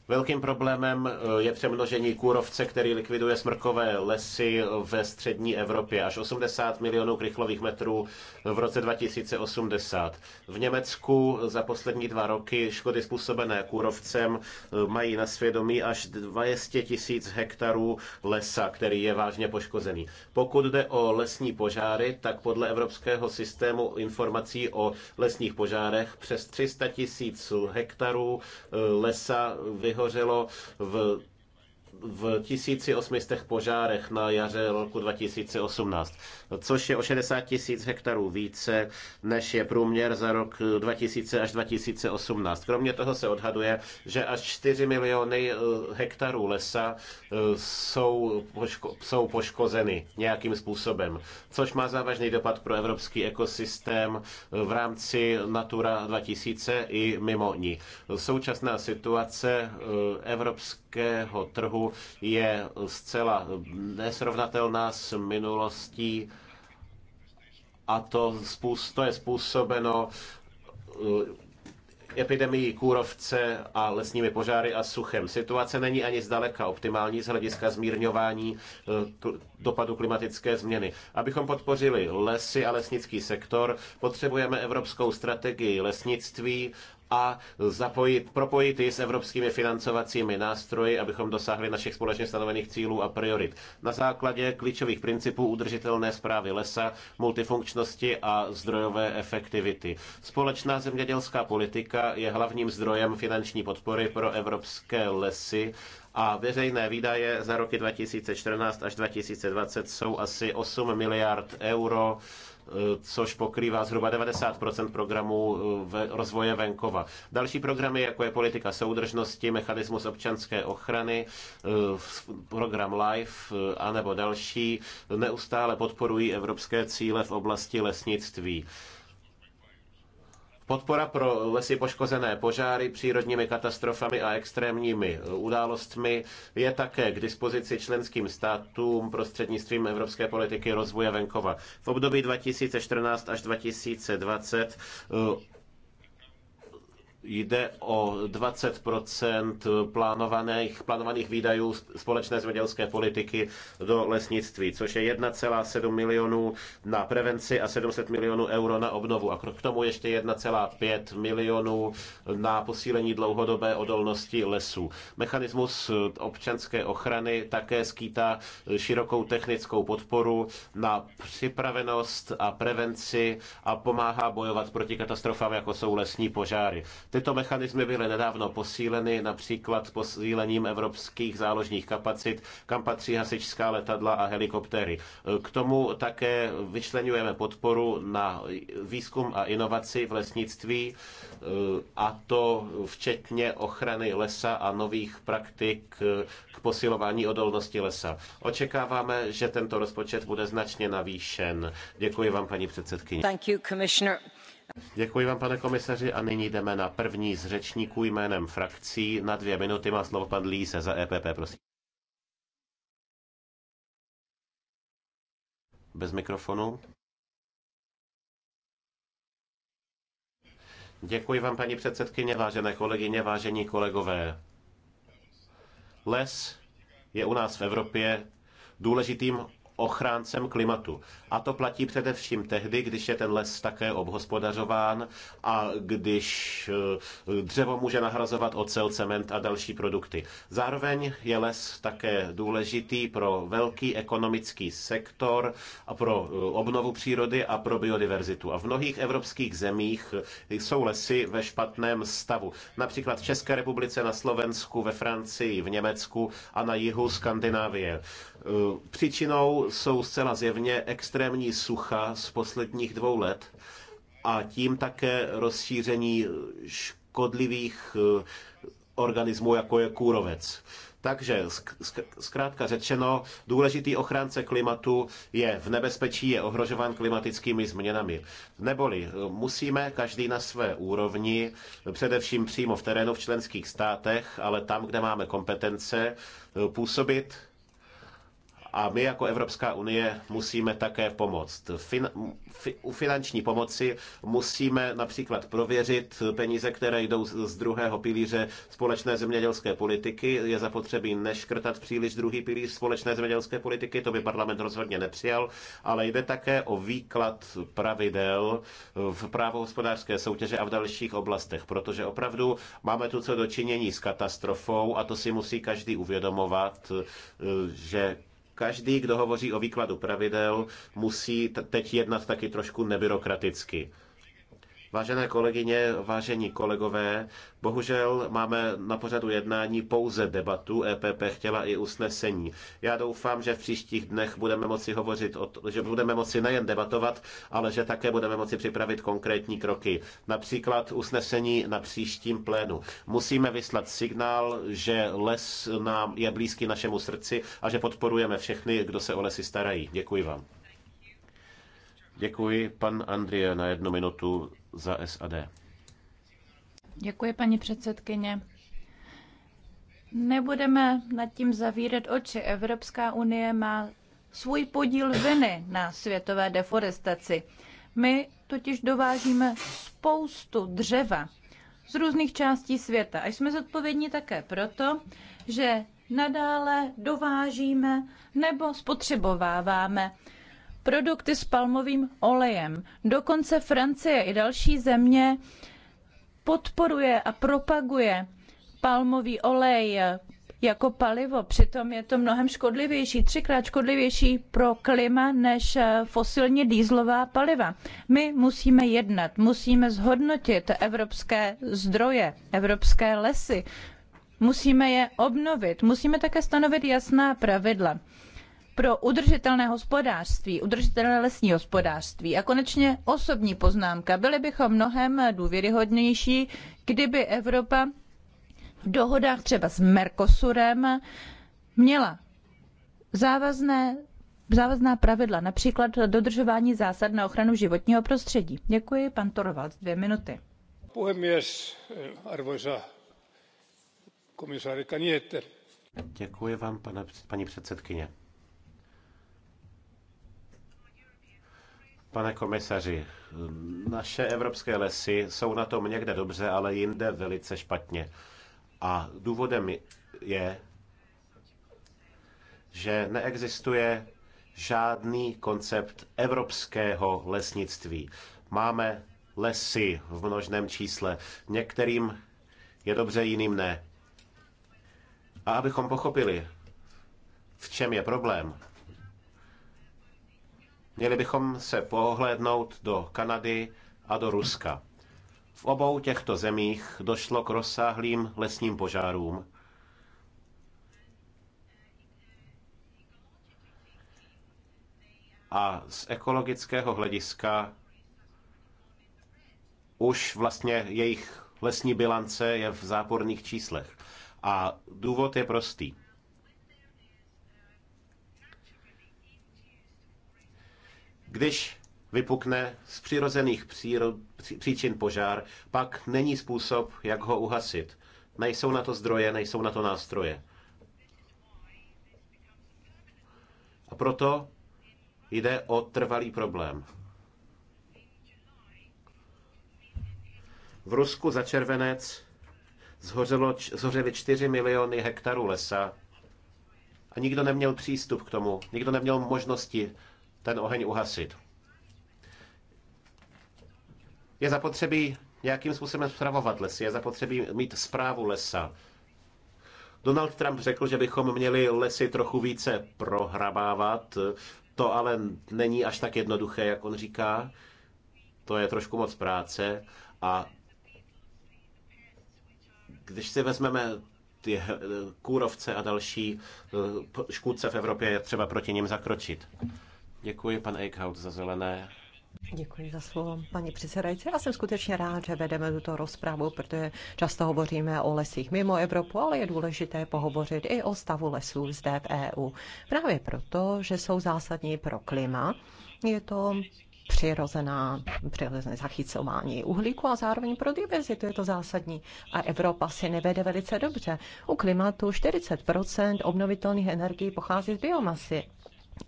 Velkým problémem eh, je přemnožení kůrovce, který likviduje smrkové lesy ve střední Evropě. Až 80 milionů krychlových metrů v roce 2080. V Německu za poslední dva roky škody způsobené kůrovcem eh, mají na svědomí až 200 tisíc hektarů lesa, který je vážně poškozený. Pokud jde o lesní požáry, tak podle Evropského systému informací o lesních požárech přes 300 tisíc hektarů eh, lesa vyhodí vyhořelo v v 1800 požárech na jaře roku 2018, což je o 60 tisíc hektarů více, než je průměr za rok 2000 až 2018. Kromě toho se odhaduje, že až 4 miliony eh, hektarů lesa eh, jsou, poško- jsou poškozeny nějakým způsobem, což má závažný dopad pro evropský ekosystém eh, v rámci Natura 2000 i mimo ní. Současná situace evropského trhu je zcela nesrovnatelná s minulostí a to, to je způsobeno eh, epidemii kůrovce a lesními požáry a suchem. Situace není ani zdaleka optimální z hlediska zmírňování eh, dopadu klimatické změny. Abychom podpořili lesy a lesnický sektor, potřebujeme evropskou strategii lesnictví a zapojit, propojit ji s evropskými financovacími nástroji, abychom dosáhli našich společně stanovených cílů a priorit. Na základě klíčových principů udržitelné zprávy lesa, multifunkčnosti a zdrojové efektivity. Společná zemědělská politika je hlavním zdrojem finanční podpory pro evropské lesy a veřejné výdaje za roky 2014 až 2020 jsou asi 8 miliard euro Eh, což pokrývá zhruba 90% programů eh, rozvoje venkova. Další programy, jako je politika soudržnosti, mechanismus občanské ochrany, eh, program LIFE anebo další, neustále podporují evropské cíle v oblasti lesnictví. Podpora pro lesy poškozené požáry, přírodními katastrofami a extrémními událostmi je také k dispozici členským státům prostřednictvím Evropské politiky rozvoje venkova. V období 2014 až 2020 eh, Jde o 20 plánovaných, plánovaných výdajů společné zemědělské politiky do lesnictví, což je 1,7 milionů na prevenci a 700 milionů euro na obnovu. A k tomu ještě 1,5 milionů na posílení dlouhodobé odolnosti lesů. Mechanismus občanské ochrany také skýtá širokou technickou podporu na připravenost a prevenci a pomáhá bojovat proti katastrofám, jako jsou lesní požáry. Tyto mechanismy byly nedávno posíleny, například posílením evropských záložních kapacit, kam patří hasičská letadla a helikoptéry. K tomu také vyčlenujeme podporu na výzkum a inovaci v lesnictví, eh, a to včetně ochrany lesa a nových praktik eh, k posilování odolnosti lesa. Očekáváme, že tento rozpočet bude značně navýšen. Děkuji vám, paní předsedkyně. Thank you, commissioner. Děkuji vám, pane komisaři, a nyní jdeme na první z řečníků jménem frakcí. Na dvě minuty má slovo pan Líse za EPP, prosím. Bez mikrofonu. Děkuji vám, paní předsedkyně, vážené kolegyně, vážení kolegové. Les je u nás v Evropě důležitým ochráncem klimatu. A to platí především tehdy, když je ten les také obhospodařován a když eh, dřevo může nahrazovat ocel, cement a další produkty. Zároveň je les také důležitý pro velký ekonomický sektor a pro eh, obnovu přírody a pro biodiverzitu. A v mnohých evropských zemích eh, jsou lesy ve špatném stavu. Například v České republice, na Slovensku, ve Francii, v Německu a na jihu Skandinávie. Příčinou jsou zcela zjevně extrémní sucha z posledních dvou let a tím také rozšíření škodlivých eh, organismů, jako je kůrovec. Takže zkrátka řečeno, důležitý ochránce klimatu je v nebezpečí, je ohrožován klimatickými změnami. Neboli eh, musíme každý na své úrovni, především přímo v terénu v členských státech, ale tam, kde máme kompetence, eh, působit a my jako Evropská unie musíme také pomoct. Fin, fi, u finanční pomoci musíme například prověřit peníze, které jdou z, z druhého pilíře společné zemědělské politiky. Je zapotřebí neškrtat příliš druhý pilíř společné zemědělské politiky, to by parlament rozhodně nepřijal, ale jde také o výklad pravidel v právo hospodářské soutěže a v dalších oblastech, protože opravdu máme tu co dočinění s katastrofou a to si musí každý uvědomovat, že Každý, kdo hovoří o výkladu pravidel, musí teď jednat taky trošku nebyrokraticky. Vážené kolegyně, vážení kolegové, bohužel máme na pořadu jednání pouze debatu, EPP chtěla i usnesení. Já doufám, že v příštích dnech budeme moci hovořit, o to, že budeme moci nejen debatovat, ale že také budeme moci připravit konkrétní kroky. Například usnesení na příštím plénu. Musíme vyslat signál, že les nám je blízký našemu srdci a že podporujeme všechny, kdo se o lesy starají. Děkuji vám. Děkuji. Pan Andrie na jednu minutu za SAD. Děkuji, paní předsedkyně. Nebudeme nad tím zavírat oči. Evropská unie má svůj podíl viny na světové deforestaci. My totiž dovážíme spoustu dřeva z různých částí světa. A jsme zodpovědní také proto, že nadále dovážíme nebo spotřebováváme produkty s palmovým olejem. Dokonce Francie i další země podporuje a propaguje palmový olej jako palivo. Přitom je to mnohem škodlivější, třikrát škodlivější pro klima než fosilně dýzlová paliva. My musíme jednat, musíme zhodnotit evropské zdroje, evropské lesy, musíme je obnovit, musíme také stanovit jasná pravidla pro udržitelné hospodářství, udržitelné lesní hospodářství. A konečně osobní poznámka. Byli bychom mnohem důvěryhodnější, kdyby Evropa v dohodách třeba s Mercosurem měla závazné závazná pravidla, například dodržování zásad na ochranu životního prostředí. Děkuji, pan Torvald, dvě minuty. Puhemies, arvoisa komisári Děkuji vám, pane, paní předsedkyně. Pane komisaři, naše evropské lesy jsou na tom někde dobře, ale jinde velice špatně. A důvodem je, že neexistuje žádný koncept evropského lesnictví. Máme lesy v množném čísle. Některým je dobře, jiným ne. A abychom pochopili, v čem je problém, Měli bychom se pohlédnout do Kanady a do Ruska. V obou těchto zemích došlo k rozsáhlým lesním požárům. A z ekologického hlediska už vlastně jejich lesní bilance je v záporných číslech. A důvod je prostý. Když vypukne z přirozených příro... příčin požár, pak není způsob, jak ho uhasit. Nejsou na to zdroje, nejsou na to nástroje. A proto jde o trvalý problém. V Rusku za červenec zhořelo, zhořeli 4 miliony hektarů lesa a nikdo neměl přístup k tomu, nikdo neměl možnosti ten oheň uhasit. Je zapotřebí nějakým způsobem zpravovat lesy, je zapotřebí mít zprávu lesa. Donald Trump řekl, že bychom měli lesy trochu více prohrabávat, to ale není až tak jednoduché, jak on říká. To je trošku moc práce a když si vezmeme ty kůrovce a další eh, škůdce v Evropě, je třeba proti ním zakročit. Děkuji, pan Eichhout, za zelené. Děkuji za slovo, paní předsedající. Já jsem skutečně rád, že vedeme tuto rozpravu, protože často hovoříme o lesích mimo Evropu, ale je důležité pohovořit i o stavu lesů zde v EU. Právě proto, že jsou zásadní pro klima. Je to přirozená, přirozené zachycování uhlíku a zároveň pro diverzitu je to zásadní. A Evropa si nevede velice dobře. U klimatu 40 obnovitelných energií pochází z biomasy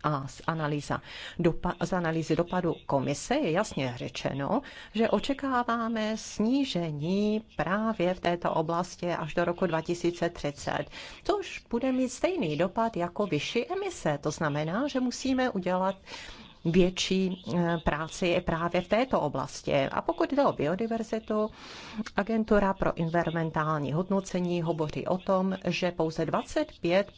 a z, analýza dopa, z analýzy dopadu komise je jasně řečeno, že očekáváme snížení právě v této oblasti až do roku 2030, což bude mít stejný dopad jako vyšší emise. To znamená, že musíme udělat větší eh, práci právě v této oblasti. A pokud jde o biodiverzitu, Agentura pro environmentální hodnocení hovoří o tom, že pouze 25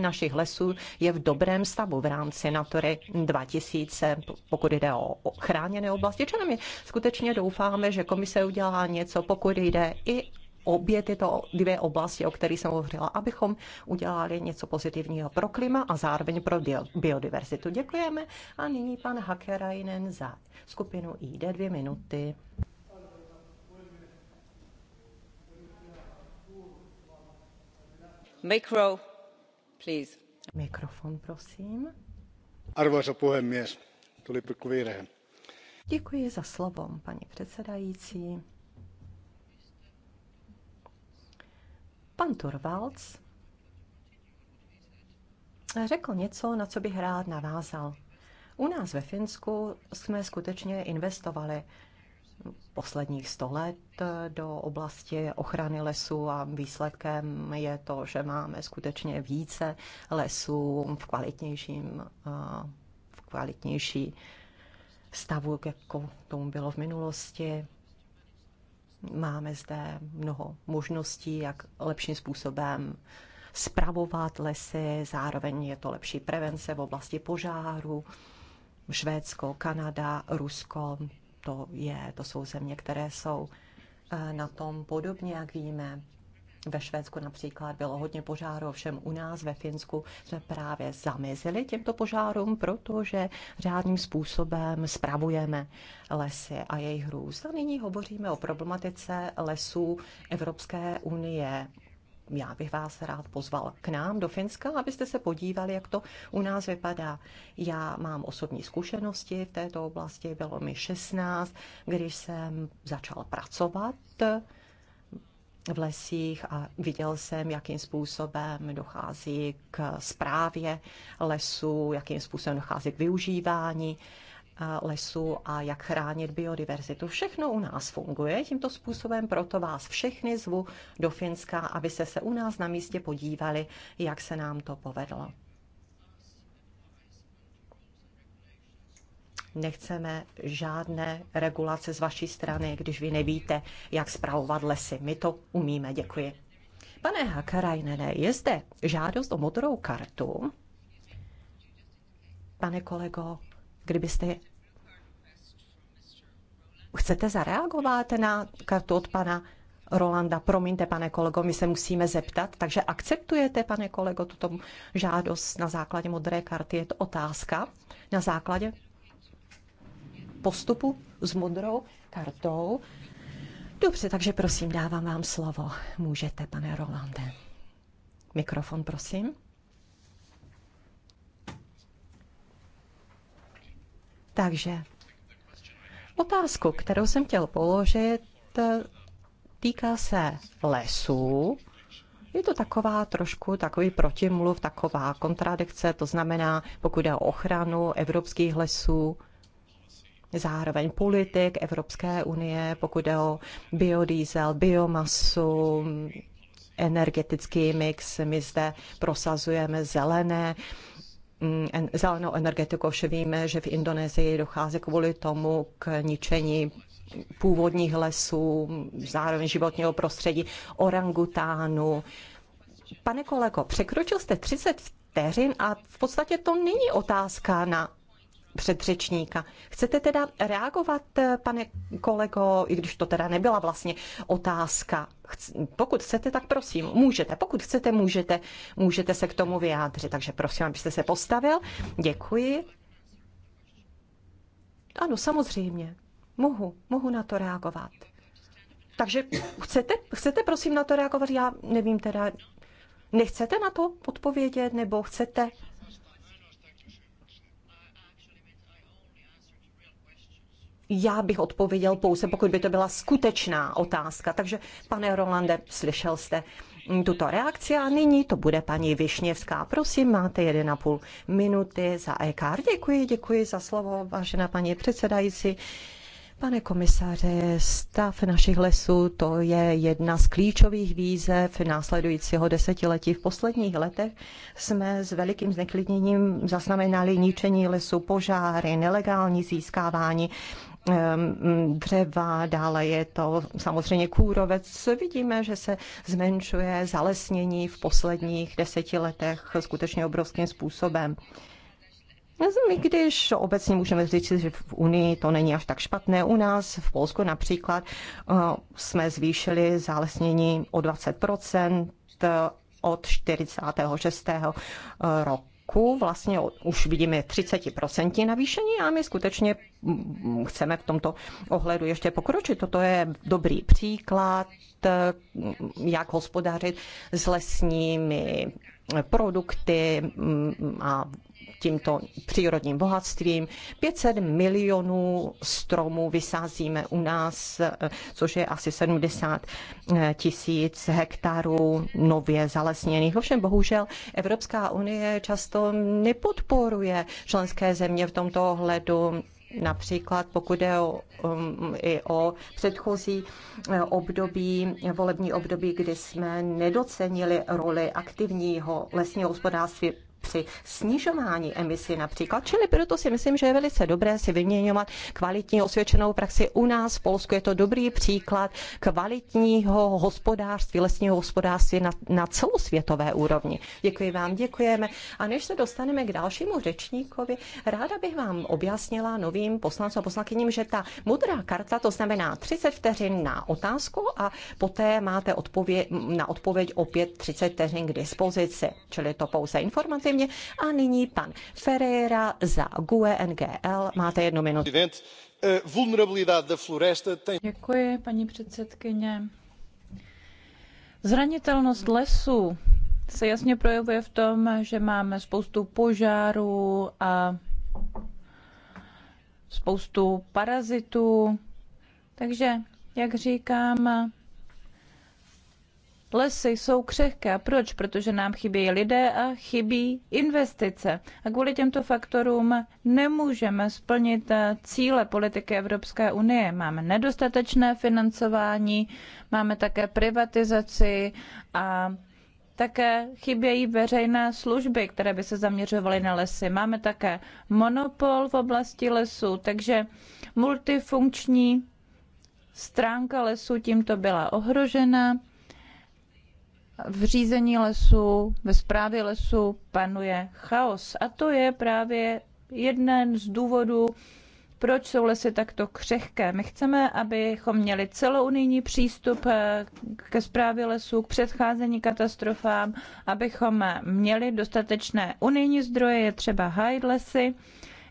našich lesů je v dobrém stavu v rámci Natury 2000, pokud jde o chráněné oblasti. Čili my skutečně doufáme, že komise udělá něco, pokud jde i obě tyto dvě oblasti, o kterých jsem hovořila, abychom udělali něco pozitivního pro klima a zároveň pro biodiverzitu. Děkujeme. A nyní pan Hakerajnen za skupinu ID dvě minuty. Mikro, please. Mikrofon, prosím. Arvoisa puhemies, tuli pikku Děkuji za slovo, paní předsedající. Pan Torvalds řekl něco, na co bych rád navázal. U nás ve Finsku jsme skutečně investovali posledních sto let do oblasti ochrany lesů a výsledkem je to, že máme skutečně více lesů v kvalitnějším, v kvalitnější stavu, jako tomu bylo v minulosti. Máme zde mnoho možností, jak lepším způsobem spravovat lesy, zároveň je to lepší prevence v oblasti požáru. Švédsko, Kanada, Rusko, to, je, to jsou země, které jsou eh, na tom podobně, jak víme. Ve Švédsku například bylo hodně požáru, všem u nás ve Finsku jsme právě zamezili těmto požárům, protože řádným způsobem spravujeme lesy a jejich růst. A nyní hovoříme o problematice lesů Evropské unie já bych vás rád pozval k nám do Finska, abyste se podívali, jak to u nás vypadá. Já mám osobní zkušenosti v této oblasti, bylo mi 16, když jsem začal pracovat v lesích a viděl jsem, jakým způsobem dochází k správě lesů, jakým způsobem dochází k využívání eh, lesů a jak chránit biodiverzitu. Všechno u nás funguje tímto způsobem, proto vás všechny zvu do Finska, aby se se u nás na místě podívali, jak se nám to povedlo. nechceme žádné regulace z vaší strany, když vy nevíte, jak zpravovat lesy. My to umíme, děkuji. Pane Hakarajnene, je zde žádost o modrou kartu. Pane kolego, kdybyste Chcete zareagovat na kartu od pana Rolanda? Promiňte, pane kolego, my se musíme zeptat. Takže akceptujete, pane kolego, tuto žádost na základě modré karty? Je to otázka na základě postupu s modrou kartou. Dobře, takže prosím, dávám vám slovo. Můžete, pane Rolande. Mikrofon, prosím. Takže otázku, kterou jsem chtěl položit, týká se lesů. Je to taková trošku takový protimluv, taková kontradikce, to znamená, pokud jde o ochranu evropských lesů, zároveň politik Evropské unie, pokud jde o biodiesel, biomasu, energetický mix. My zde prosazujeme zelené mm, zelenou energetiku. Vše víme, že v Indonésii dochází kvůli tomu k ničení původních lesů, zároveň životního prostředí, orangutánu. Pane kolego, překročil jste 30 vteřin a v podstatě to není otázka na předřečníka. Chcete teda reagovat, pane kolego, i když to teda nebyla vlastně otázka? Pokud chcete, tak prosím, můžete. Pokud chcete, můžete, můžete se k tomu vyjádřit. Takže prosím, abyste se postavil. Děkuji. Ano, samozřejmě. Mohu, mohu na to reagovat. Takže chcete, chcete prosím na to reagovat? Já nevím teda, nechcete na to odpovědět, nebo chcete? já bych odpověděl pouze, pokud by to byla skutečná otázka. Takže, pane Rolande, slyšel jste mm, tuto reakci a nyní to bude paní Višněvská. Prosím, máte 1,5 minuty za EKR. Děkuji, děkuji za slovo, vážená paní předsedající. Pane komisaře, stav našich lesů to je jedna z klíčových výzev následujícího desetiletí. V posledních letech jsme s velikým zneklidněním zaznamenali ničení lesů, požáry, nelegální získávání Ehm, dřeva, dále je to samozřejmě kůrovec. Vidíme, že se zmenšuje zalesnění v posledních deseti letech skutečně obrovským způsobem. My když obecně můžeme říct, že v Unii to není až tak špatné, u nás v Polsku například eh, jsme zvýšili zalesnění o 20 eh, od 46. Eh, roku roku vlastně už vidíme 30% navýšení a my skutečně mm, chceme v tomto ohledu ještě pokročit. Toto je dobrý příklad, mm, jak hospodařit s lesními produkty mm, a tímto přírodním bohatstvím. 500 milionů stromů vysázíme u nás, což je asi 70 eh, tisíc hektarů nově zalesněných. Ovšem bohužel Evropská unie často nepodporuje členské země v tomto ohledu například pokud je o, um, i o předchozí eh, období, volební období, kdy jsme nedocenili roli aktivního lesního hospodářství při snižování emisí například. Čili proto si myslím, že je velice dobré si vyměňovat kvalitní osvědčenou praxi. U nás v Polsku je to dobrý příklad kvalitního hospodářství, lesního hospodářství na, na celosvětové úrovni. Děkuji vám, děkujeme. A než se dostaneme k dalšímu řečníkovi, ráda bych vám objasnila novým poslancům a poslankyním, že ta modrá karta, to znamená 30 vteřin na otázku a poté máte odpověď, na odpověď opět 30 vteřin k dispozici. Čili to pouze informativní samozřejmě. A nyní pan Ferreira za GUE NGL. Máte jednu minutu. Děkuji, paní předsedkyně. Zranitelnost lesů se jasně projevuje v tom, že máme spoustu požárů a spoustu parazitů. Takže, jak říkám, Lesy jsou křehké. Proč? Protože nám chybí lidé a chybí investice. A kvůli těmto faktorům nemůžeme splnit eh, cíle politiky Evropské unie. Máme nedostatečné financování, máme také privatizaci a také chybějí veřejné služby, které by se zaměřovaly na lesy. Máme také monopol v oblasti lesů, takže multifunkční stránka lesů tímto byla ohrožena v řízení lesů, ve správě lesů panuje chaos. A to je právě jeden z důvodů, proč jsou lesy takto křehké. My chceme, abychom měli celounijní přístup eh, ke zprávě lesů, k předcházení katastrofám, abychom měli dostatečné unijní zdroje, je třeba hájit lesy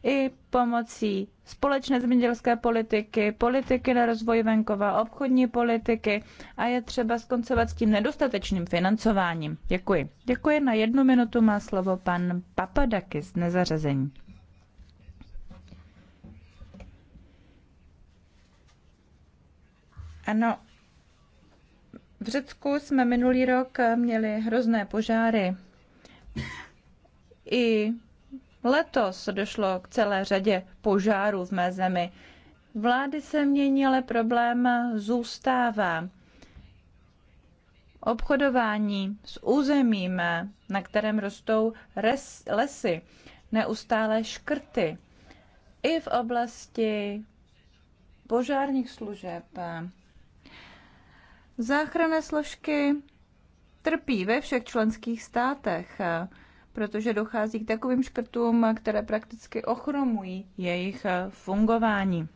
i pomocí společné zemědělské politiky, politiky na rozvoj venkova, obchodní politiky a je třeba skoncovat s tím nedostatečným financováním. Děkuji. Děkuji. Na jednu minutu má slovo pan Papadakis, nezařazení. Ano, v Řecku jsme minulý rok měli hrozné požáry. I Letos došlo k celé řadě požárů v mé zemi. Vlády se mění, ale problém zůstává. Obchodování s územím, na kterém rostou res, lesy, neustále škrty. I v oblasti požárních služeb. Záchranné složky trpí ve všech členských státech protože dochází k takovým škrtům, které prakticky ochromují jejich eh, fungování.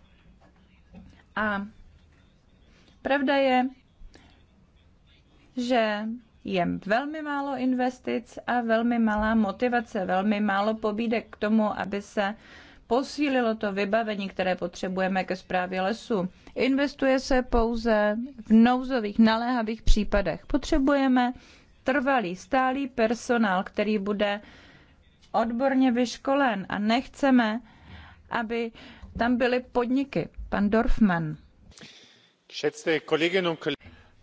A pravda je, že je velmi málo investic a velmi malá motivace, velmi málo pobídek k tomu, aby se posílilo to vybavení, které potřebujeme ke zprávě lesu. Investuje se pouze v nouzových, naléhavých případech. Potřebujeme trvalý, stálý personál, který bude odborně vyškolen a nechceme, aby tam byly podniky. Pan Dorfman. No,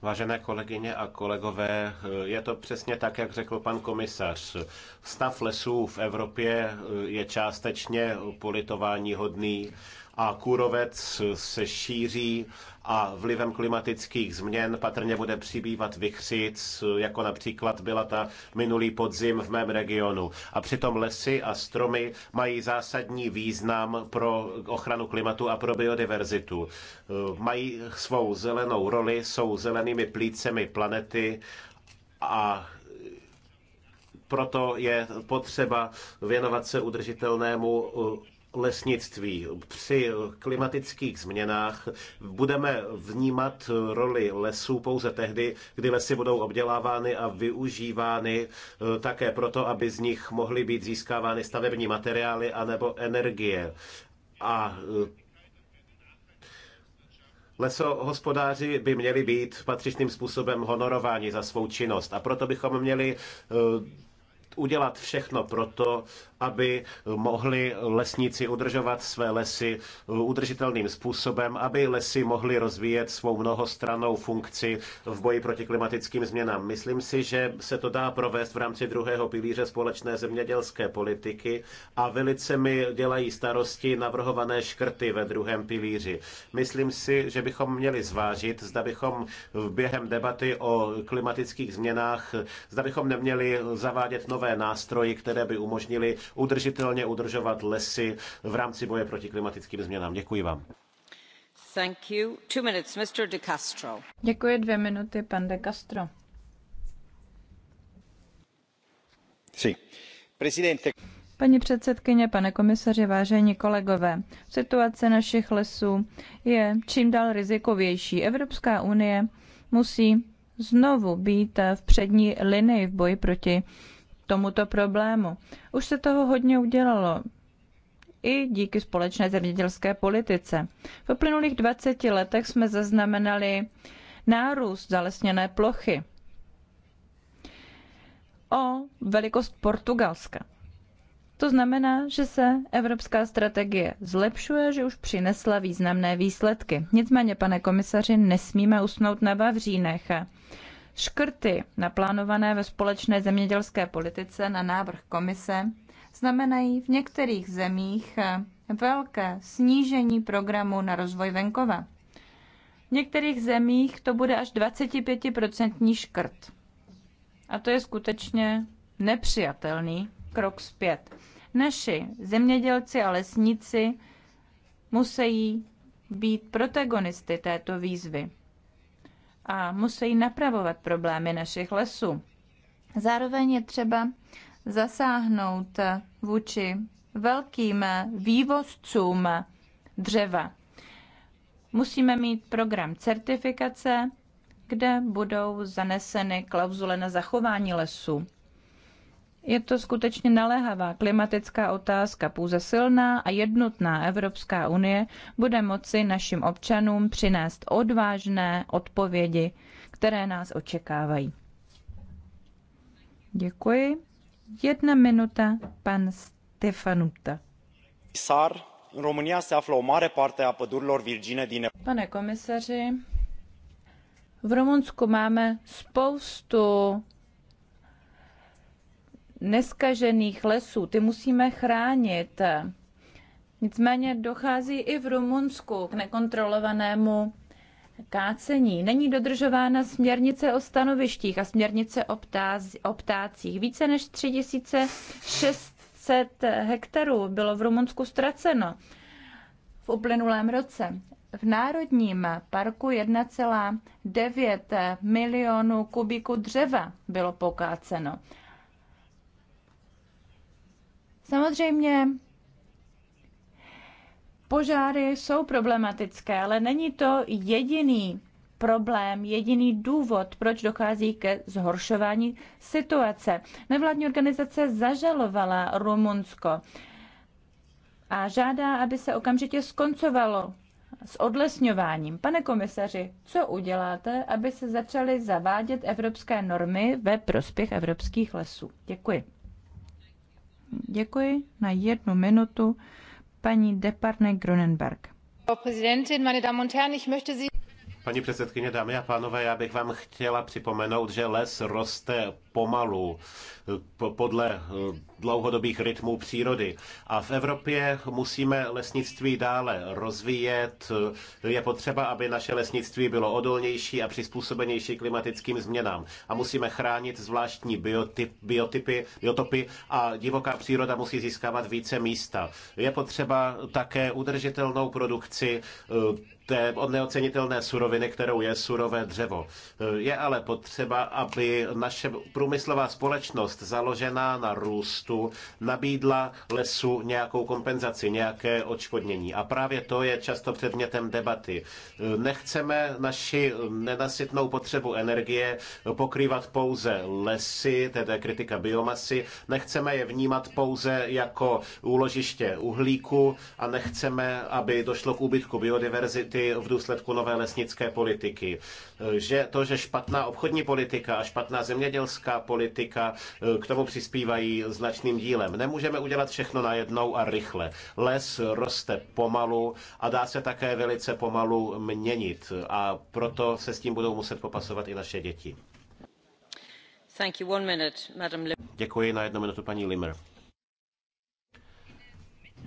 Vážené kolegyně a kolegové, je to přesně tak, jak řekl pan komisař. Stav lesů v Evropě je částečně politování hodný a kůrovec se šíří a vlivem klimatických změn patrně bude přibývat vychřic, jako například byla ta minulý podzim v mém regionu. A přitom lesy a stromy mají zásadní význam pro ochranu klimatu a pro biodiverzitu. Eh, mají svou zelenou roli, jsou zelenými plícemi planety a proto je potřeba věnovat se udržitelnému eh, lesnictví. Při klimatických změnách budeme vnímat roli lesů pouze tehdy, kdy lesy budou obdělávány a využívány eh, také proto, aby z nich mohly být získávány stavební materiály anebo energie. A eh, Lesohospodáři by měli být patřičným způsobem honorováni za svou činnost a proto bychom měli eh, udělat všechno pro to, aby mohli lesníci udržovat své lesy eh, udržitelným způsobem, aby lesy mohly rozvíjet svou mnohostranou funkci v boji proti klimatickým změnám. Myslím si, že se to dá provést v rámci druhého pilíře společné zemědělské politiky a velice mi dělají starosti navrhované škrty ve druhém pilíři. Myslím si, že bychom měli zvážit, zda bychom během debaty o klimatických změnách, zda bychom neměli zavádět nové nástroje, které by umožnili udržitelně udržovat lesy v rámci boje proti klimatickým změnám. Děkuji vám. Thank you. Two minutes, Mr. De Castro. Děkuji dvě minuty, pan De Castro. Sí. Presidente. Paní předsedkyně, pane komisaři, vážení kolegové, situace našich lesů je čím dál rizikovější. Evropská unie musí znovu být v přední linii v boji proti tomuto problému. Už se toho hodně udělalo i díky společné zemědělské politice. V uplynulých 20 letech jsme zaznamenali nárůst zalesněné plochy o velikost Portugalska. To znamená, že se evropská strategie zlepšuje, že už přinesla významné výsledky. Nicméně, pane komisaři, nesmíme usnout na Vavřínech. Škrty naplánované ve společné zemědělské politice na návrh komise znamenají v některých zemích eh, velké snížení programu na rozvoj venkova. V některých zemích to bude až 25% škrt. A to je skutečně nepřijatelný krok zpět. Naši zemědělci a lesníci musí být protagonisty této výzvy a musí napravovat problémy našich lesů. Zároveň je třeba zasáhnout vůči velkým vývozcům dřeva. Musíme mít program certifikace, kde budou zaneseny klauzule na zachování lesů. Je to skutečně naléhavá klimatická otázka. Pouze silná a jednotná Evropská unie bude moci našim občanům přinést odvážné odpovědi, které nás očekávají. Děkuji. Jedna minuta, pan Stefanuta. Sar, România se află o mare parte a pădurilor virgine din... Pane komisaři, v Rumunsku máme spoustu neskažených lesů, ty musíme chránit. Nicméně dochází i v Rumunsku k nekontrolovanému kácení. Není dodržována směrnice o stanovištích a směrnice o, ptáz, o ptácích. Více než 3600 hektarů bylo v Rumunsku ztraceno v uplynulém roce. V Národním parku 1,9 milionů kubíků dřeva bylo pokáceno Samozřejmě požáry jsou problematické, ale není to jediný problém, jediný důvod, proč dochází ke zhoršování situace. Nevládní organizace zažalovala Rumunsko a žádá, aby se okamžitě skoncovalo s odlesňováním. Pane komisaři, co uděláte, aby se začaly zavádět evropské normy ve prospěch evropských lesů? Děkuji. Děkuji na jednu minutu paní Deparne Grunenberg. Paní předsedkyně, dámy a pánové, já bych vám chtěla připomenout, že les roste pomalu podle eh, dlouhodobých rytmů přírody. A v Evropě musíme lesnictví dále rozvíjet. Je potřeba, aby naše lesnictví bylo odolnější a přizpůsobenější klimatickým změnám. A musíme chránit zvláštní biotyp, biotypy, biotopy a divoká příroda musí získávat více místa. Je potřeba také udržitelnou produkci eh, té neocenitelné suroviny, kterou je surové dřevo. Eh, je ale potřeba, aby naše průmyslová společnost založená na růst starostů nabídla lesu nějakou kompenzaci, nějaké odškodnění. A právě to je často předmětem debaty. Nechceme naši nenasytnou potřebu energie pokrývat pouze lesy, tedy kritika biomasy, nechceme je vnímat pouze jako úložiště uhlíku a nechceme, aby došlo k úbytku biodiverzity v důsledku nové lesnické politiky. Že to, že špatná obchodní politika a špatná zemědělská politika k tomu přispívají značně společným dílem. Nemůžeme udělat všechno najednou a rychle. Les roste pomalu a dá se také velice pomalu měnit a proto se s tím budou muset popasovat i naše děti. Thank you. One minute, Madam Děkuji na jednu minutu paní Limmer.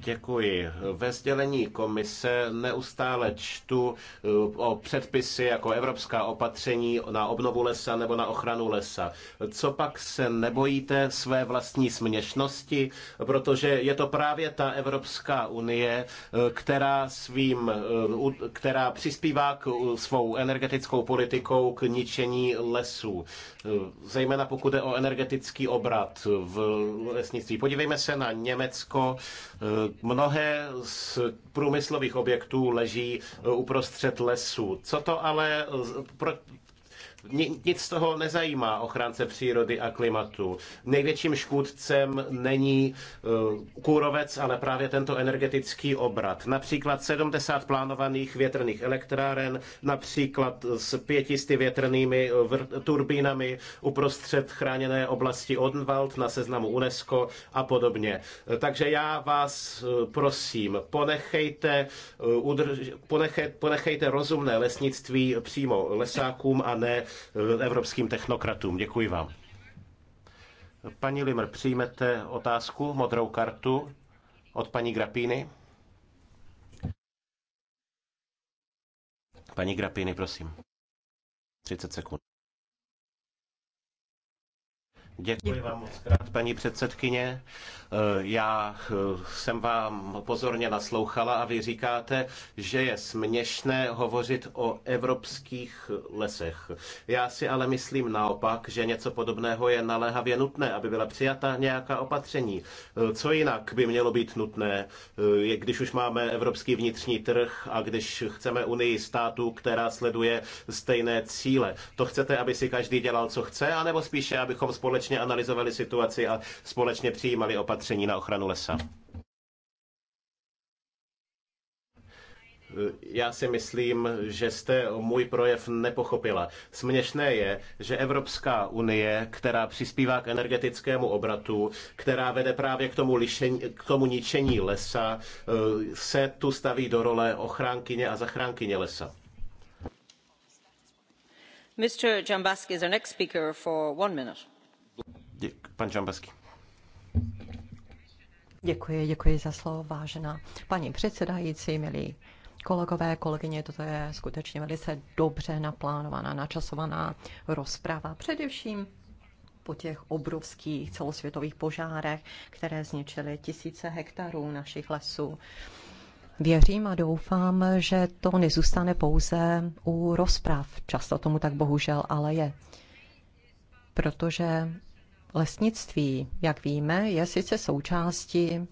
Děkuji. Ve sdělení komise neustále čtu eh, o předpisy jako evropská opatření na obnovu lesa nebo na ochranu lesa. Co pak se nebojíte své vlastní směšnosti? Protože je to právě ta Evropská unie, eh, která, svým, eh, která přispívá k svou energetickou politikou k ničení lesů. Zejména pokud je o energetický obrat v lesnictví. Podívejme se na Německo, Mnohé z průmyslových objektů leží uprostřed lesů. Co to ale nic z toho nezajímá ochránce přírody a klimatu. Největším škůdcem není eh, kůrovec, ale právě tento energetický obrat. Například 70 plánovaných větrných elektráren, například s 500 větrnými eh, turbínami uprostřed chráněné oblasti Odenwald na seznamu UNESCO a podobně. Takže já vás eh, prosím, ponechejte, udrž, ponechej, ponechejte rozumné lesnictví přímo lesákům a ne evropským technokratům. Děkuji vám. Paní Limr, přijmete otázku, modrou kartu od paní Grapíny? Paní Grapíny, prosím. 30 sekund. Děkuji vám moc krát, paní předsedkyně. Eh, já eh, jsem vám pozorně naslouchala a vy říkáte, že je směšné hovořit o evropských lesech. Já si ale myslím naopak, že něco podobného je naléhavě nutné, aby byla přijata nějaká opatření. Eh, co jinak by mělo být nutné, když už máme evropský vnitřní trh a když chceme unii států, která sleduje stejné cíle. To chcete, aby si každý dělal, co chce, anebo spíše, abychom společně společně analyzovali situaci a společně přijímali opatření na ochranu lesa. Já si myslím, že jste můj projev nepochopila. Směšné je, že Evropská unie, která přispívá k energetickému obratu, která vede právě k tomu, lišení, k tomu ničení lesa, se tu staví do role ochránkyně a zachránkyně lesa. Mr. Jambaski is our next speaker for one minute Dík, pan Čambasky. Děkuji, děkuji za slovo, vážená paní předsedající, milí kolegové, kolegyně, toto je skutečně velice dobře naplánovaná, načasovaná rozprava. Především po těch obrovských celosvětových požárech, které zničily tisíce hektarů našich lesů. Věřím a doufám, že to nezůstane pouze u rozprav. Často tomu tak bohužel ale je. Protože Lesnictví, jak víme, je sice součástí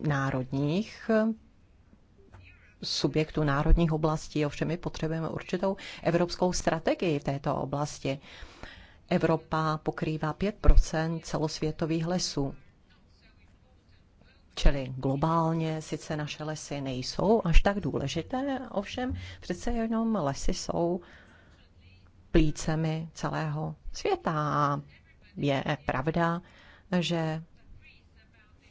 národních subjektů národních oblastí, ovšem my potřebujeme určitou evropskou strategii v této oblasti. Evropa pokrývá 5 celosvětových lesů. Čili globálně sice naše lesy nejsou až tak důležité, ovšem přece jenom lesy jsou plícemi celého světa je pravda, že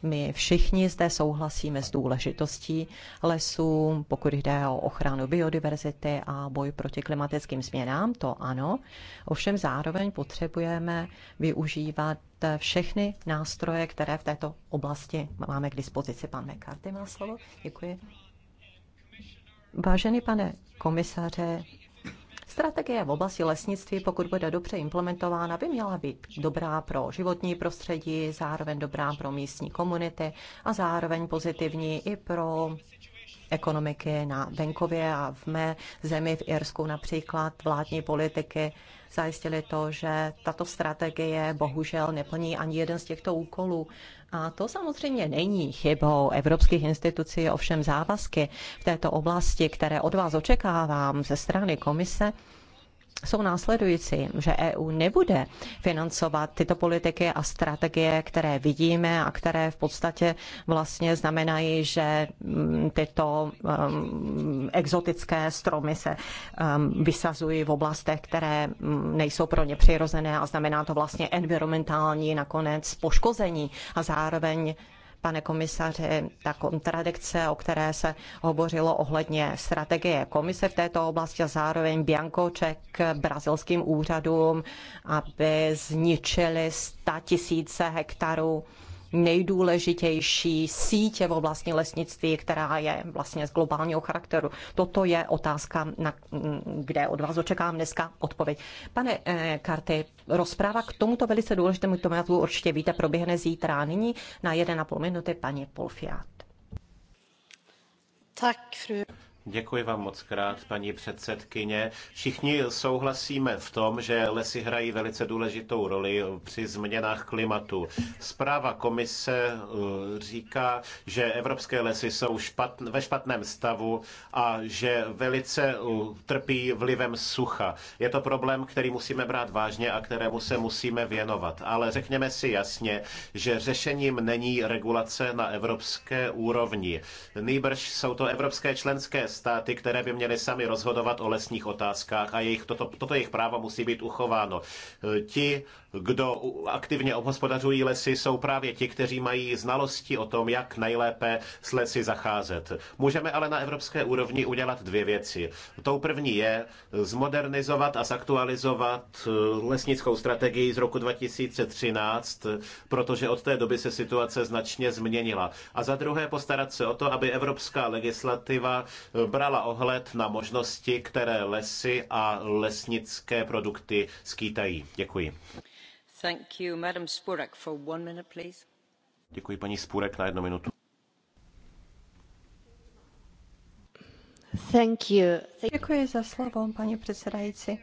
my všichni zde souhlasíme s důležitostí lesů, pokud jde o ochranu biodiverzity a boj proti klimatickým změnám, to ano. Ovšem zároveň potřebujeme využívat všechny nástroje, které v této oblasti máme k dispozici. Pan McCarthy má slovo. Děkuji. Vážený pane komisaře, Strategie v oblasti lesnictví, pokud bude dobře implementována, by měla být dobrá pro životní prostředí, zároveň dobrá pro místní komunity a zároveň pozitivní i pro ekonomiky na venkově a v mé zemi v Irsku například vládní politiky zajistili to, že tato strategie bohužel neplní ani jeden z těchto úkolů. A to samozřejmě není chybou evropských institucí, ovšem závazky v této oblasti, které od vás očekávám ze strany komise, jsou následující, že EU nebude financovat tyto politiky a strategie, které vidíme a které v podstatě vlastně znamenají, že mm, tyto um, exotické stromy se um, vysazují v oblastech, které nejsou pro ně přirozené a znamená to vlastně environmentální nakonec poškození a zároveň pane komisaři, ta kontradikce, o které se hovořilo ohledně strategie komise v této oblasti a zároveň Biankoček brazilským úřadům, aby zničili 100 tisíce hektarů nejdůležitější sítě v oblasti lesnictví, která je vlastně z globálního charakteru. Toto je otázka, na, kde od vás očekávám dneska odpověď. Pane eh, Karty, rozpráva k tomuto velice důležitému tomu určitě víte, proběhne zítra. Nyní na 1,5 minuty paní Polfiat. Tak, fru. Děkuji vám moc krát, paní předsedkyně. Všichni souhlasíme v tom, že lesy hrají velice důležitou roli při změnách klimatu. Zpráva komise eh, říká, že evropské lesy jsou špatn- ve špatném stavu a že velice eh, trpí vlivem sucha. Je to problém, který musíme brát vážně a kterému se musíme věnovat. Ale řekněme si jasně, že řešením není regulace na evropské úrovni. Nýbrž jsou to evropské členské státy, které by měly sami rozhodovat o lesních otázkách a jejich, toto, toto jejich právo musí být uchováno. Eh, ti kdo aktivně obhospodařují lesy, jsou právě ti, kteří mají znalosti o tom, jak nejlépe s lesy zacházet. Můžeme ale na evropské úrovni udělat dvě věci. Tou první je zmodernizovat a zaktualizovat eh, lesnickou strategii z roku 2013, protože od té doby se situace značně změnila. A za druhé postarat se o to, aby evropská legislativa eh, brala ohled na možnosti, které lesy a lesnické produkty skýtají. Děkuji. Děkuji Spurek na jednu minutu. za paní předsedající.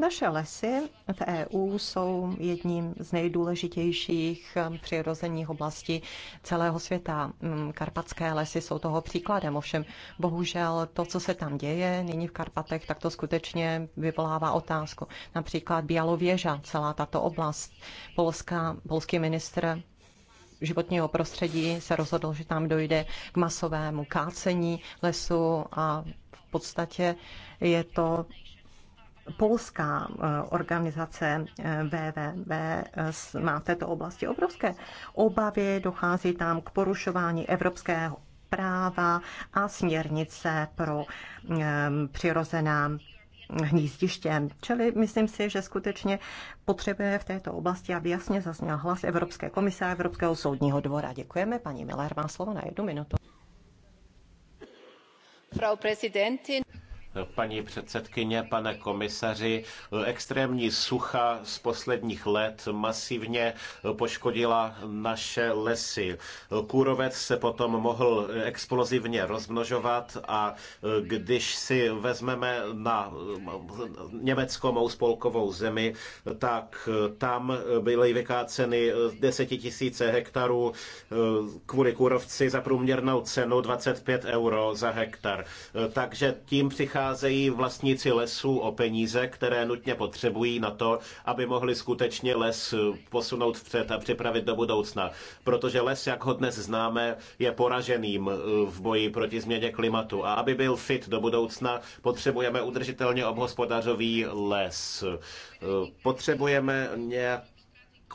Naše lesy v EU jsou jedním z nejdůležitějších um, přirozených oblastí celého světa. Um, karpatské lesy jsou toho příkladem, ovšem bohužel to, co se tam děje nyní v Karpatech, tak to skutečně vyvolává otázku. Například Bialověža, celá tato oblast. Polska, polský ministr životního prostředí se rozhodl, že tam dojde k masovému kácení lesu a v podstatě je to polská eh, organizace VVV eh, eh, má v této oblasti obrovské obavy, dochází tam k porušování evropského práva a směrnice pro přirozená hnízdiště. Čili myslím si, že skutečně potřebuje v této oblasti, aby jasně zazněl hlas Evropské komise a Evropského soudního dvora. Děkujeme. Paní Miller má slovo na jednu minutu. Frau Präsidentin paní předsedkyně, pane komisaři. Extrémní sucha z posledních let masivně poškodila naše lesy. Kůrovec se potom mohl explozivně rozmnožovat a když si vezmeme na Německo mou spolkovou zemi, tak tam byly vykáceny desetitisíce hektarů kvůli kůrovci za průměrnou cenu 25 euro za hektar. Takže tím přichází přicházejí vlastníci lesů o peníze, které nutně potřebují na to, aby mohli skutečně les posunout vpřed a připravit do budoucna. Protože les, jak ho dnes známe, je poraženým eh, v boji proti změně klimatu. A aby byl fit do budoucna, potřebujeme udržitelně obhospodařový les. Eh, potřebujeme nějak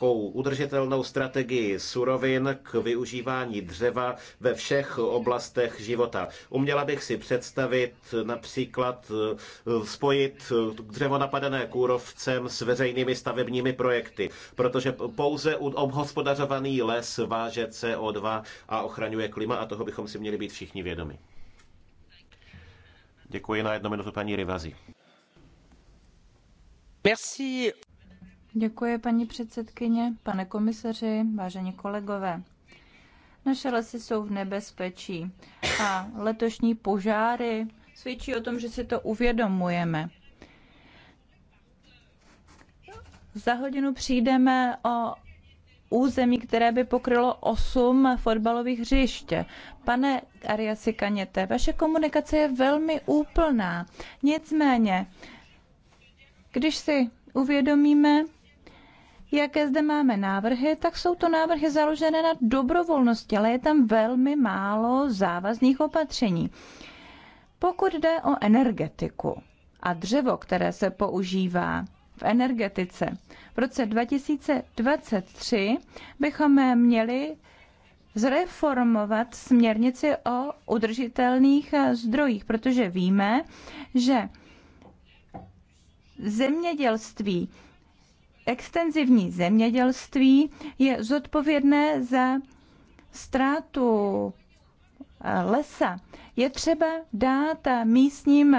nějakou udržitelnou strategii surovin k využívání dřeva ve všech oblastech života. Uměla bych si představit například eh, spojit eh, dřevo napadené kůrovcem s veřejnými stavebními projekty, protože pouze obhospodařovaný les váže CO2 a ochraňuje klima a toho bychom si měli být všichni vědomi. Děkuji na jednu minutu paní Rivazi. Merci. Děkuji, paní předsedkyně, pane komisaři, vážení kolegové. Naše lesy jsou v nebezpečí a letošní požáry svědčí o tom, že si to uvědomujeme. Za hodinu přijdeme o území, které by pokrylo osm fotbalových hřiště. Pane Ariasi Kaněte, vaše komunikace je velmi úplná. Nicméně, když si uvědomíme, jaké zde máme návrhy, tak jsou to návrhy založené na dobrovolnosti, ale je tam velmi málo závazných opatření. Pokud jde o energetiku a dřevo, které se používá v energetice, v roce 2023 bychom měli zreformovat směrnici o udržitelných zdrojích, protože víme, že zemědělství extenzivní zemědělství je zodpovědné za ztrátu eh, lesa. Je třeba dát místním,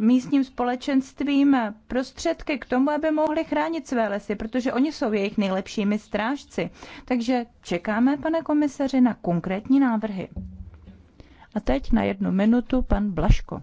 místním společenstvím prostředky k tomu, aby mohli chránit své lesy, protože oni jsou jejich nejlepšími strážci. Takže čekáme, pane komisaři, na konkrétní návrhy. A teď na jednu minutu pan Blaško.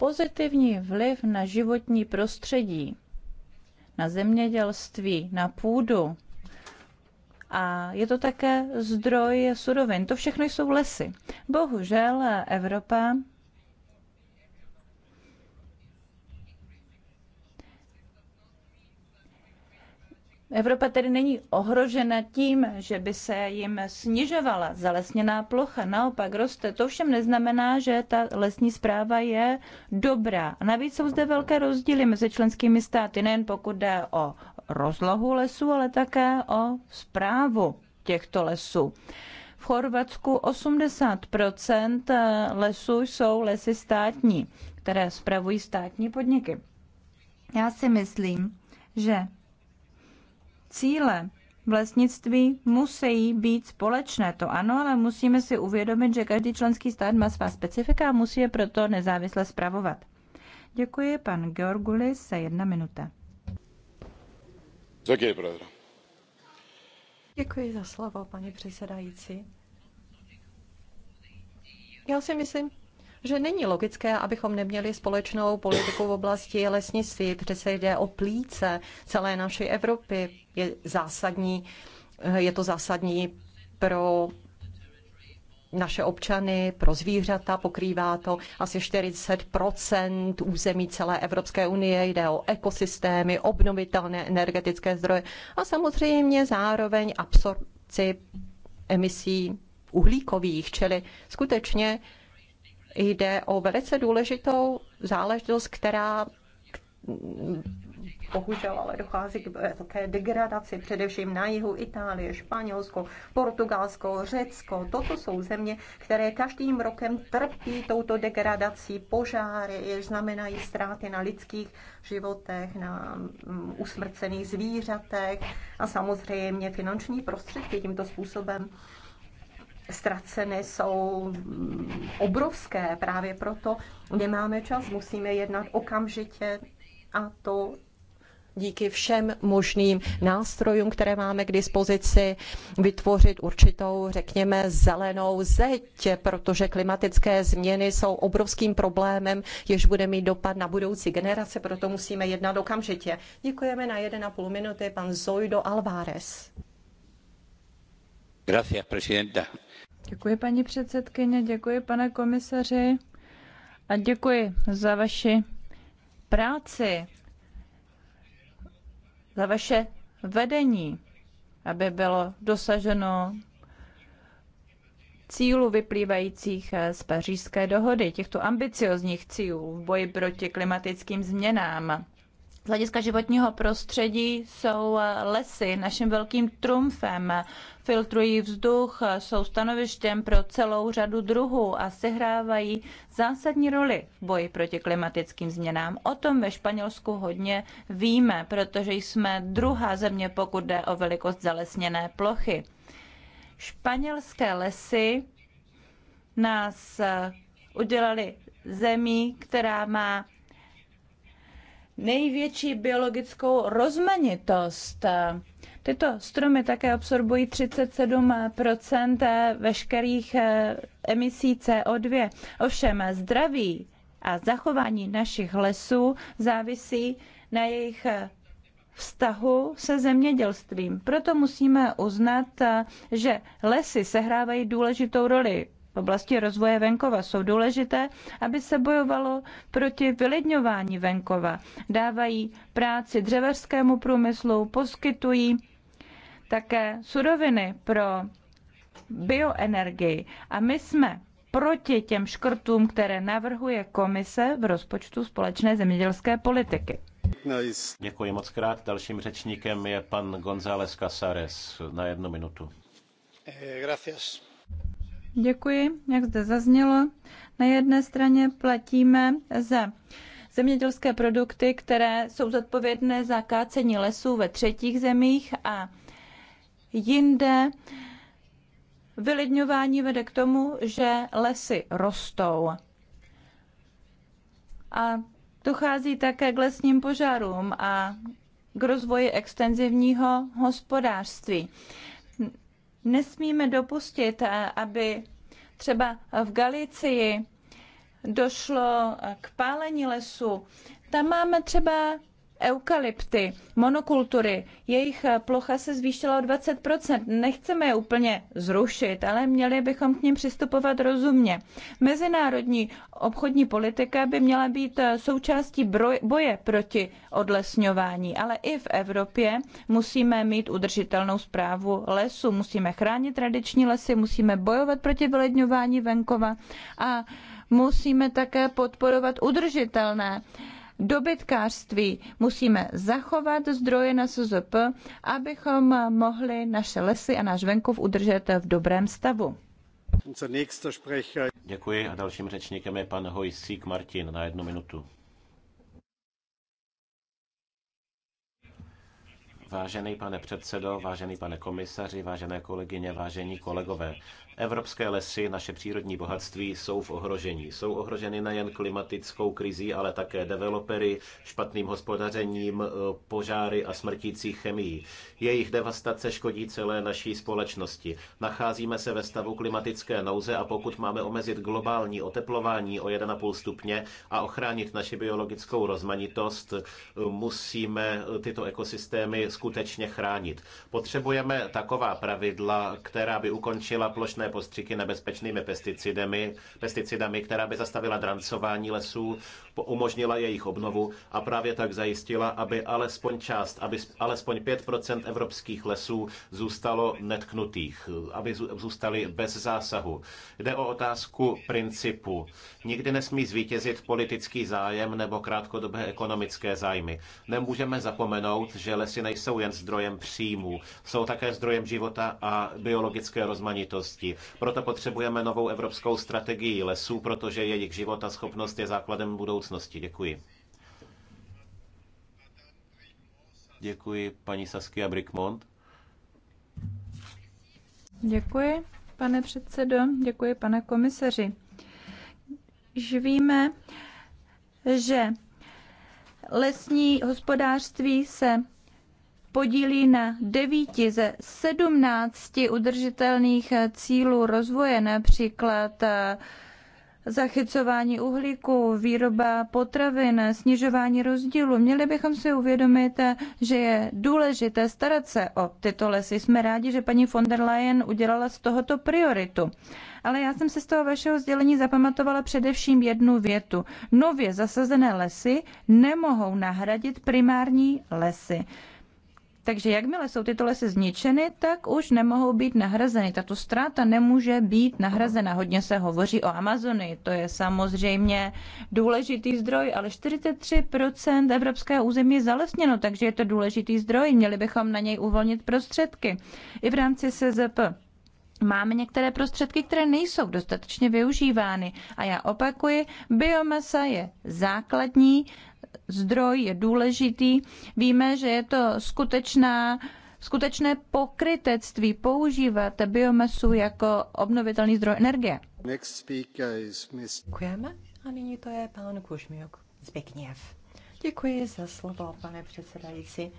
pozitivní vliv na životní prostředí, na zemědělství, na půdu. A je to také zdroj surovin. To všechno jsou lesy. Bohužel Evropa Evropa tedy není ohrožena tím, že by se jim snižovala zalesněná plocha, naopak roste. To všem neznamená, že ta lesní zpráva je dobrá. A navíc jsou zde velké rozdíly mezi členskými státy, nejen pokud jde o rozlohu lesů, ale také o zprávu těchto lesů. V Chorvatsku 80 lesů jsou lesy státní, které spravují státní podniky. Já si myslím, že cíle lesnictví musí být společné, to ano, ale musíme si uvědomit, že každý členský stát má svá specifika a musí je proto nezávisle spravovat. Děkuji, pan Georgulis, za jedna minuta. Děkuji, brother. Děkuji za slovo, paní předsedající. Já si myslím, že není logické, abychom neměli společnou politiku v oblasti lesnictví. se jde o plíce celé naší Evropy je zásadní, eh, je to zásadní pro naše občany, pro zvířata, pokrývá to asi 40 území celé Evropské unie, jde o ekosystémy, obnovitelné energetické zdroje a samozřejmě zároveň absorpci emisí uhlíkových, čili skutečně jde o velice důležitou záležitost, která Bohužel ale dochází k velké eh, degradaci, především na jihu Itálie, Španělsko, Portugalsko, Řecko. Toto jsou země, které každým rokem trpí touto degradací, požáry, jež znamenají ztráty na lidských životech, na mm, usmrcených zvířatech a samozřejmě finanční prostředky tímto způsobem ztraceny jsou mm, obrovské. Právě proto nemáme čas, musíme jednat okamžitě a to díky všem možným nástrojům, které máme k dispozici, vytvořit určitou, řekněme, zelenou zeď, protože klimatické změny jsou obrovským problémem, jež bude mít dopad na budoucí generace, proto musíme jednat okamžitě. Děkujeme na 1,5 minuty pan Zoido Alvarez. Gracias, presidenta. Děkuji, paní předsedkyně, děkuji, pane komisaři a děkuji za vaši práci za vaše vedení, aby bylo dosaženo cílů vyplývajících eh, z pařížské dohody, těchto ambiciozních cílů v boji proti klimatickým změnám. Z hlediska životního prostředí jsou eh, lesy naším velkým trumfem. Eh, filtrují vzduch, eh, jsou stanovištěm pro celou řadu druhů a sehrávají zásadní roli v boji proti klimatickým změnám. O tom ve Španělsku hodně víme, protože jsme druhá země, pokud jde o velikost zalesněné plochy. Španělské lesy nás udělali zemí, která má největší biologickou rozmanitost. Tyto stromy také absorbují 37 veškerých eh, emisí CO2. Ovšem zdraví a zachování našich lesů závisí na jejich eh, vztahu se zemědělstvím. Proto musíme uznat, eh, že lesy sehrávají důležitou roli v oblasti rozvoje venkova jsou důležité, aby se bojovalo proti vylidňování venkova. Dávají práci dřevařskému průmyslu, poskytují také suroviny pro bioenergii. A my jsme proti těm škrtům, které navrhuje komise v rozpočtu společné zemědělské politiky. Děkuji moc krát. Dalším řečníkem je pan González Casares na jednu minutu. Eh, gracias. Děkuji. Jak zde zaznělo, na jedné straně platíme za zemědělské produkty, které jsou zodpovědné za kácení lesů ve třetích zemích a jinde. Vylidňování vede k tomu, že lesy rostou. A dochází také k lesním požárům a k rozvoji extenzivního hospodářství. Nesmíme dopustit, eh, aby třeba v Galicii došlo k pálení lesu. Tam máme třeba eukalypty, monokultury, jejich plocha se zvýšila o 20%. Nechceme je úplně zrušit, ale měli bychom k ním přistupovat rozumně. Mezinárodní obchodní politika by měla být součástí boje proti odlesňování, ale i v Evropě musíme mít udržitelnou zprávu lesu, musíme chránit tradiční lesy, musíme bojovat proti vyledňování venkova a musíme také podporovat udržitelné dobytkářství. Musíme zachovat zdroje na SZP, abychom mohli naše lesy a náš venkov udržet v dobrém stavu. Děkuji a dalším řečníkem je pan Hojsík Martin na jednu minutu. Vážený pane předsedo, vážený pane komisaři, vážené kolegyně, vážení kolegové, evropské lesy, naše přírodní bohatství jsou v ohrožení. Jsou ohroženy nejen klimatickou krizí, ale také developery, špatným hospodařením, eh, požáry a smrtící chemií. Jejich devastace škodí celé naší společnosti. Nacházíme se ve stavu klimatické nouze a pokud máme omezit globální oteplování o 1,5 stupně a ochránit naši biologickou rozmanitost, eh, musíme eh, tyto ekosystémy skutečně chránit. Potřebujeme taková pravidla, která by ukončila plošné postřiky nebezpečnými pesticidami, pesticidami která by zastavila drancování lesů, umožnila jejich obnovu a právě tak zajistila, aby alespoň část, aby alespoň 5 evropských lesů zůstalo netknutých, aby zůstali bez zásahu. Jde o otázku principu. Nikdy nesmí zvítězit politický zájem nebo krátkodobé ekonomické zájmy. Nemůžeme zapomenout, že lesy nejsou nejsou jen zdrojem příjmů, jsou také zdrojem života a biologické rozmanitosti. Proto potřebujeme novou evropskou strategii lesů, protože jejich života schopnost je základem budoucnosti. Děkuji. Děkuji paní Saskia Brickmont. Děkuji, pane předsedo, děkuji, pane komisaři. Již víme, že lesní hospodářství se podílí na devíti ze sedmnácti udržitelných cílů rozvoje, například eh, zachycování uhlíku, výroba potravin, snižování rozdílu. Měli bychom si uvědomit, eh, že je důležité starat se o tyto lesy. Jsme rádi, že paní von der Leyen udělala z tohoto prioritu. Ale já jsem se z toho vašeho sdělení zapamatovala především jednu větu. Nově zasazené lesy nemohou nahradit primární lesy. Takže jakmile jsou tyto lesy zničeny, tak už nemohou být nahrazeny. Tato ztráta nemůže být nahrazena. Hodně se hovoří o Amazonii, to je samozřejmě důležitý zdroj, ale 43% evropské území je zalesněno, takže je to důležitý zdroj. Měli bychom na něj uvolnit prostředky. I v rámci SZP. Máme některé prostředky, které nejsou dostatečně využívány. A já opakuji, biomasa je základní zdroj je důležitý. Víme, že je to skutečná skutečné pokrytectví používat biomasu jako obnovitelný zdroj energie. Děkujeme. A nyní to je pán Kušmiuk z Bekněv. Děkuji za slovo, pane předsedající.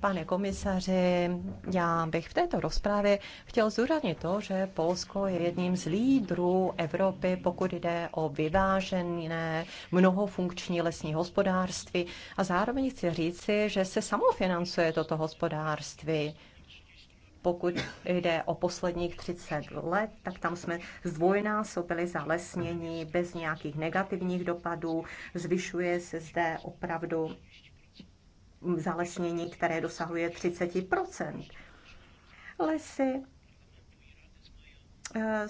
Pane komisaři, já bych v této rozprávě chtěl zúraznit to, že Polsko je jedním z lídrů Evropy, pokud jde o vyvážené mnohofunkční lesní hospodářství. A zároveň chci říci, že se samofinancuje toto hospodářství pokud jde o posledních 30 let, tak tam jsme zdvojnásobili zalesnění bez nějakých negativních dopadů. Zvyšuje se zde opravdu zalesnění, které dosahuje 30 Lesy, eh,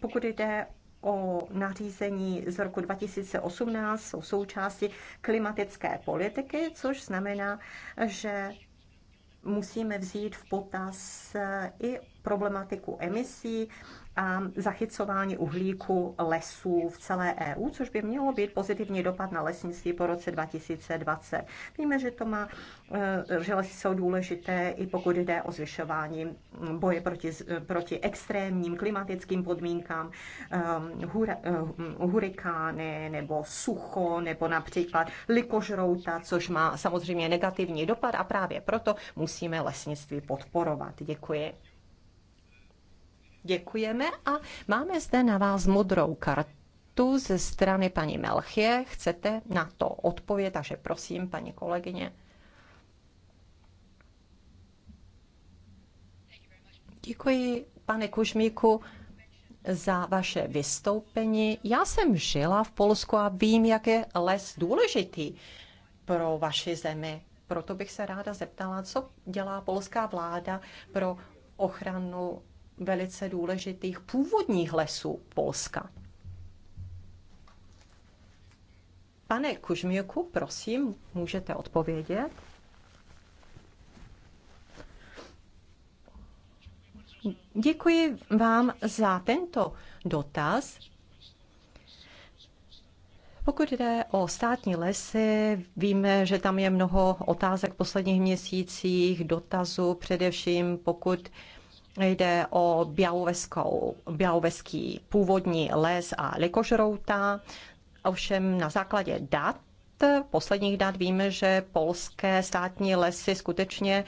pokud jde o nařízení z roku 2018, jsou součástí klimatické politiky, což znamená, že musíme vzít v potaz eh, i problematiku emisí a zachycování uhlíku lesů v celé EU, což by mělo být pozitivní dopad na lesnictví po roce 2020. Víme, že to má, eh, že lesy jsou důležité i pokud jde o zvyšování boje proti, eh, proti extrémním klimatickým podmínkám, ehm, hur, eh, hurikány nebo sucho, nebo například likožrouta, což má samozřejmě negativní dopad a právě proto musíme lesnictví podporovat. Děkuji. Děkujeme a máme zde na vás modrou kartu ze strany paní Melchie. Chcete na to odpověď, takže prosím, paní kolegyně. Děkuji, pane Kužmíku, za vaše vystoupení. Já jsem žila v Polsku a vím, jak je les důležitý pro vaši zemi. Proto bych se ráda zeptala, co dělá polská vláda pro ochranu velice důležitých původních lesů Polska. Pane Kužmíku, prosím, můžete odpovědět. Děkuji vám za tento dotaz. Pokud jde o státní lesy, víme, že tam je mnoho otázek v posledních měsících, dotazů, především pokud Jde o běloveský původní les a likožrouta. Ovšem na základě dat posledních dat víme, že polské státní lesy skutečně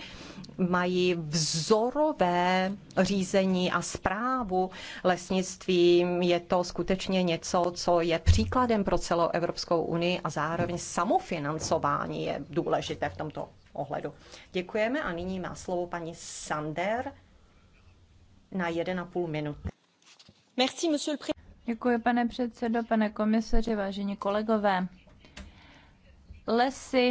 mají vzorové řízení a zprávu lesnictví. Je to skutečně něco, co je příkladem pro celou Evropskou unii a zároveň samofinancování je důležité v tomto ohledu. Děkujeme a nyní má slovo paní Sander na 1,5 minuty. Děkuji, pane předsedo, pane komisaři, vážení kolegové. Lesy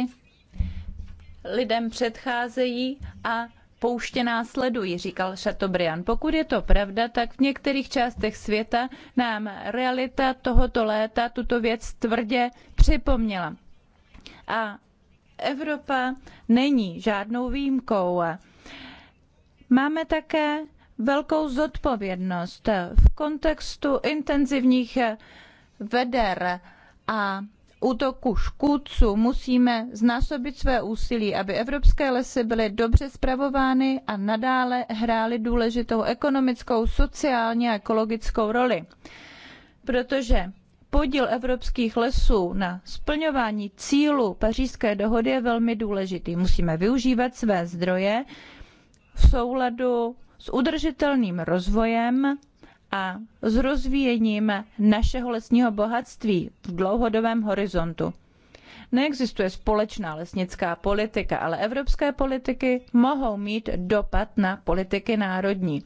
lidem předcházejí a pouště následují, říkal Chateaubriand. Pokud je to pravda, tak v některých částech světa nám realita tohoto léta tuto věc tvrdě připomněla. A Evropa není žádnou výjimkou. Máme také velkou zodpovědnost v kontextu intenzivních veder a útoku škůdců musíme znásobit své úsilí, aby evropské lesy byly dobře spravovány a nadále hrály důležitou ekonomickou, sociální a ekologickou roli. Protože podíl evropských lesů na splňování cílů pařížské dohody je velmi důležitý. Musíme využívat své zdroje v souladu s udržitelným rozvojem a s rozvíjením našeho lesního bohatství v dlouhodobém horizontu. Neexistuje společná lesnická politika, ale evropské politiky mohou mít dopad na politiky národní.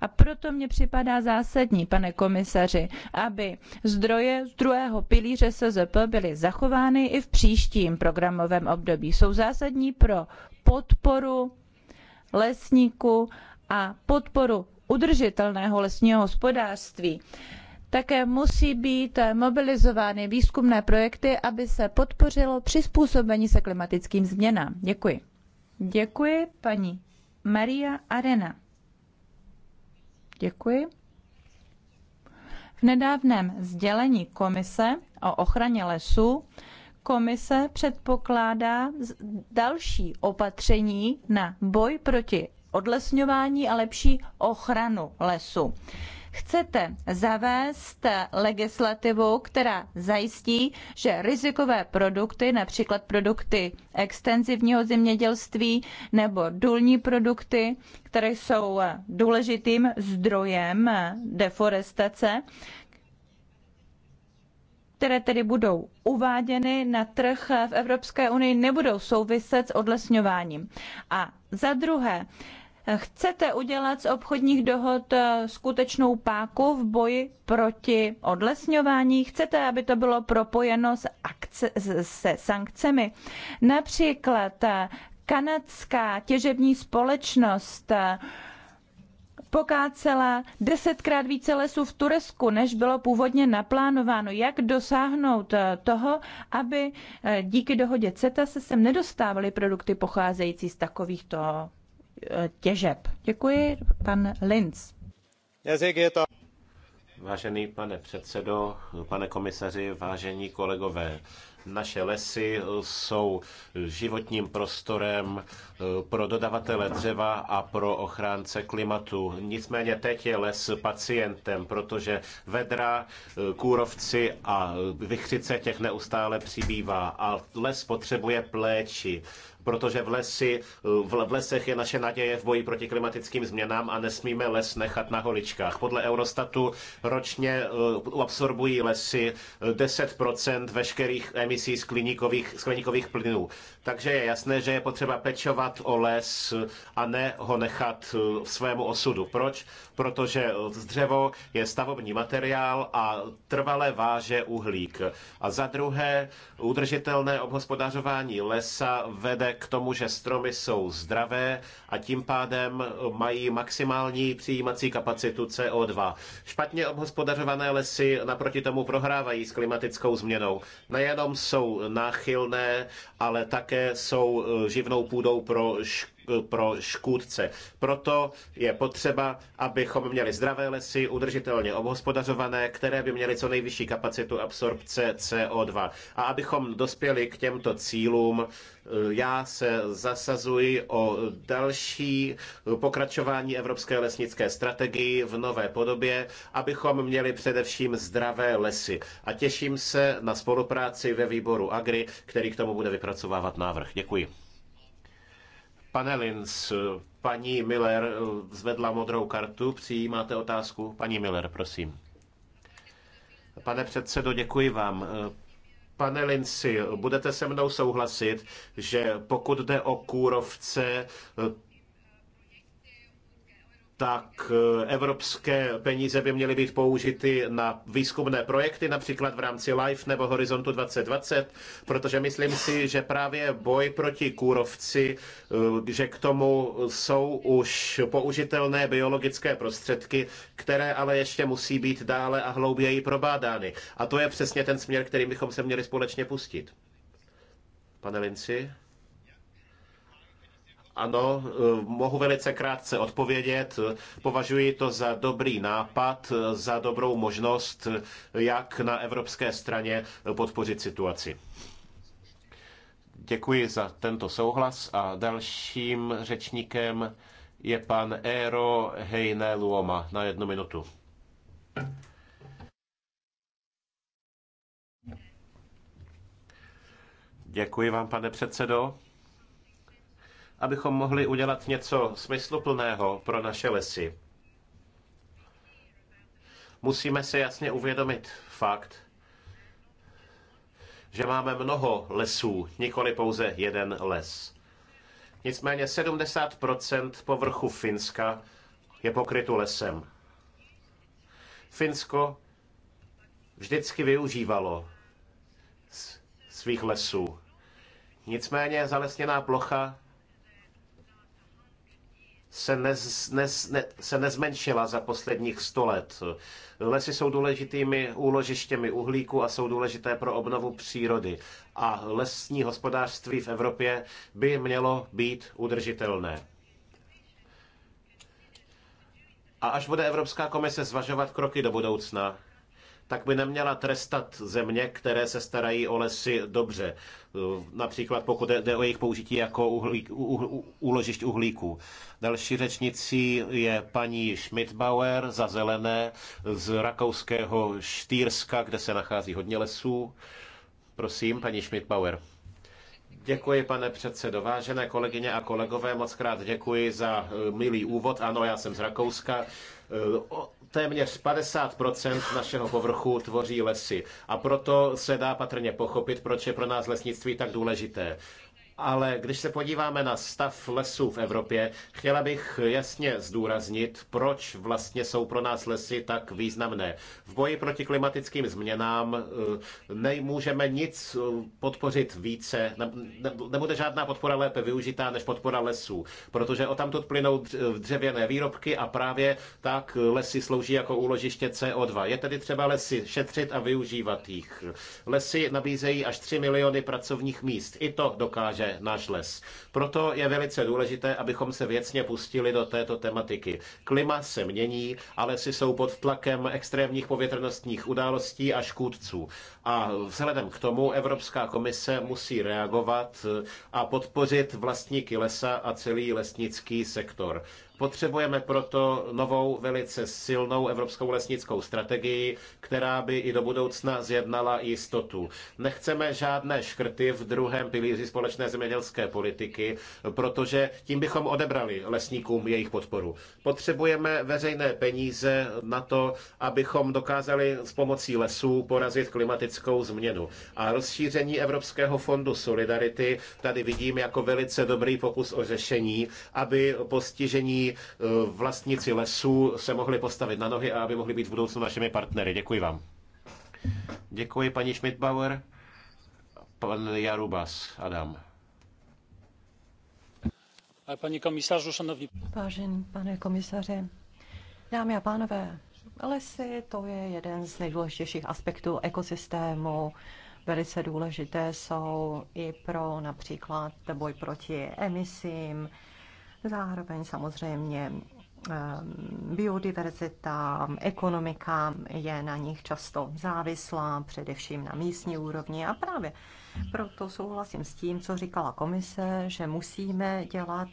A proto mně připadá zásadní, pane komisaři, aby zdroje z druhého pilíře SZP byly zachovány i v příštím programovém období. Jsou zásadní pro podporu lesníků a podporu udržitelného lesního hospodářství. Také musí být mobilizovány výzkumné projekty, aby se podpořilo přizpůsobení se klimatickým změnám. Děkuji. Děkuji paní Maria Arena. Děkuji. V nedávném sdělení Komise o ochraně lesů Komise předpokládá další opatření na boj proti odlesňování a lepší ochranu lesu. Chcete zavést legislativu, která zajistí, že rizikové produkty, například produkty extenzivního zemědělství nebo důlní produkty, které jsou důležitým zdrojem deforestace, které tedy budou uváděny na trh v Evropské unii, nebudou souviset s odlesňováním. A za druhé, chcete udělat z obchodních dohod eh, skutečnou páku v boji proti odlesňování? Chcete, aby to bylo propojeno s akce, se sankcemi? Například eh, kanadská těžební společnost eh, pokácela desetkrát více lesů v Turecku, než bylo původně naplánováno. Jak dosáhnout toho, aby díky dohodě CETA se sem nedostávaly produkty pocházející z takovýchto těžeb. Děkuji, pan Linz. Vážený pane předsedo, pane komisaři, vážení kolegové, naše lesy jsou životním prostorem eh, pro dodavatele dřeva a pro ochránce klimatu. Nicméně teď je les pacientem, protože vedra, eh, kůrovci a vychřice těch neustále přibývá a les potřebuje pléči protože v, lesi, v lesech je naše naděje v boji proti klimatickým změnám a nesmíme les nechat na holičkách. Podle Eurostatu ročně eh, absorbují lesy 10 eh, veškerých emisí skleníkových, skleníkových plynů. Takže je jasné, že je potřeba pečovat o les a ne ho nechat eh, svému osudu. Proč? Protože z eh, dřevo je stavobní materiál a trvale váže uhlík. A za druhé, udržitelné obhospodařování lesa vede k tomu, že stromy jsou zdravé a tím pádem eh, mají maximální přijímací kapacitu CO2. Špatně obhospodařované lesy naproti tomu prohrávají s klimatickou změnou. Nejenom jsou náchylné, ale tak také jsou eh, živnou půdou pro pro škůdce. Proto je potřeba, abychom měli zdravé lesy, udržitelně obhospodařované, které by měly co nejvyšší kapacitu absorpce CO2. A abychom dospěli k těmto cílům, eh, já se zasazuji o další pokračování Evropské lesnické strategii v nové podobě, abychom měli především zdravé lesy. A těším se na spolupráci ve výboru Agri, který k tomu bude vypracovávat návrh. Děkuji. Pane Linz, eh, paní Miller eh, zvedla modrou kartu, přijímáte otázku? Paní Miller, prosím. Pane předsedo, děkuji vám. Eh, Pane Linci, budete se mnou souhlasit, že pokud jde o kůrovce, tak eh, evropské peníze by měly být použity na výzkumné projekty, například v rámci LIFE nebo Horizontu 2020, protože myslím si, že právě boj proti kůrovci, eh, že k tomu jsou už použitelné biologické prostředky, které ale ještě musí být dále a hlouběji probádány. A to je přesně ten směr, kterým bychom se měli společně pustit. Pane Linci? Ano, eh, mohu velice krátce odpovědět. Považuji to za dobrý nápad, eh, za dobrou možnost, eh, jak na evropské straně podpořit situaci. Děkuji za tento souhlas a dalším řečníkem je pan Eero Heine Luoma na jednu minutu. Děkuji vám, pane předsedo abychom mohli udělat něco smysluplného pro naše lesy, musíme se jasně uvědomit fakt, že máme mnoho lesů, nikoli pouze jeden les. Nicméně 70% povrchu Finska je pokryto lesem. Finsko vždycky využívalo svých lesů. Nicméně zalesněná plocha se, nez, nez, ne, se nezmenšila za posledních 100 let. Lesy jsou důležitými úložištěmi uhlíku a jsou důležité pro obnovu přírody. A lesní hospodářství v Evropě by mělo být udržitelné. A až bude Evropská komise zvažovat kroky do budoucna, tak by neměla trestat země, které se starají o lesy dobře. Eh, například pokud jde o jejich použití jako uhlík, úložišť uhlíku. Další řečnicí je paní Schmidbauer za zelené z rakouského Štýrska, kde se nachází hodně lesů. Prosím, paní Schmidbauer. Děkuji, pane předsedo. Vážené kolegyně a kolegové, moc krát děkuji za eh, milý úvod. Ano, já jsem z Rakouska. Eh, téměř 50% našeho povrchu tvoří lesy a proto se dá patrně pochopit, proč je pro nás lesnictví tak důležité. Ale když se podíváme na stav lesů v Evropě, chtěla bych jasně zdůraznit, proč vlastně jsou pro nás lesy tak významné. V boji proti klimatickým změnám eh, nemůžeme nic eh, podpořit více, nebude žádná podpora lépe využitá než podpora lesů, protože o tamto plynou dřevěné výrobky a právě tak lesy slouží jako úložiště CO2. Je tedy třeba lesy šetřit a využívat jich. Lesy nabízejí až 3 miliony pracovních míst. I to dokáže náš les. Proto je velice důležité, abychom se věcně pustili do této tematiky. Klima se mění, ale si jsou pod tlakem extrémních povětrnostních událostí a škůdců. A vzhledem k tomu Evropská komise musí reagovat a podpořit vlastníky lesa a celý lesnický sektor. Potřebujeme proto novou, velice silnou evropskou lesnickou strategii, která by i do budoucna zjednala jistotu. Nechceme žádné škrty v druhém pilíři společné zemědělské politiky, protože tím bychom odebrali lesníkům jejich podporu. Potřebujeme veřejné peníze na to, abychom dokázali s pomocí lesů porazit klimatickou změnu. A rozšíření Evropského fondu Solidarity tady vidím jako velice dobrý pokus o řešení, aby postižení Eh, vlastníci lesů se mohli postavit na nohy a aby mohli být v budoucnu našimi partnery. Děkuji vám. Děkuji paní Schmidbauer. Pan Jarubas Adam. paní komisařu, šanovní... Vážený pane komisaře, dámy a pánové, lesy to je jeden z nejdůležitějších aspektů ekosystému velice důležité jsou i pro například boj proti emisím, Zároveň samozřejmě ehm, biodiverzita, ekonomika je na nich často závislá, především na místní úrovni a právě proto souhlasím s tím, co říkala komise, že musíme dělat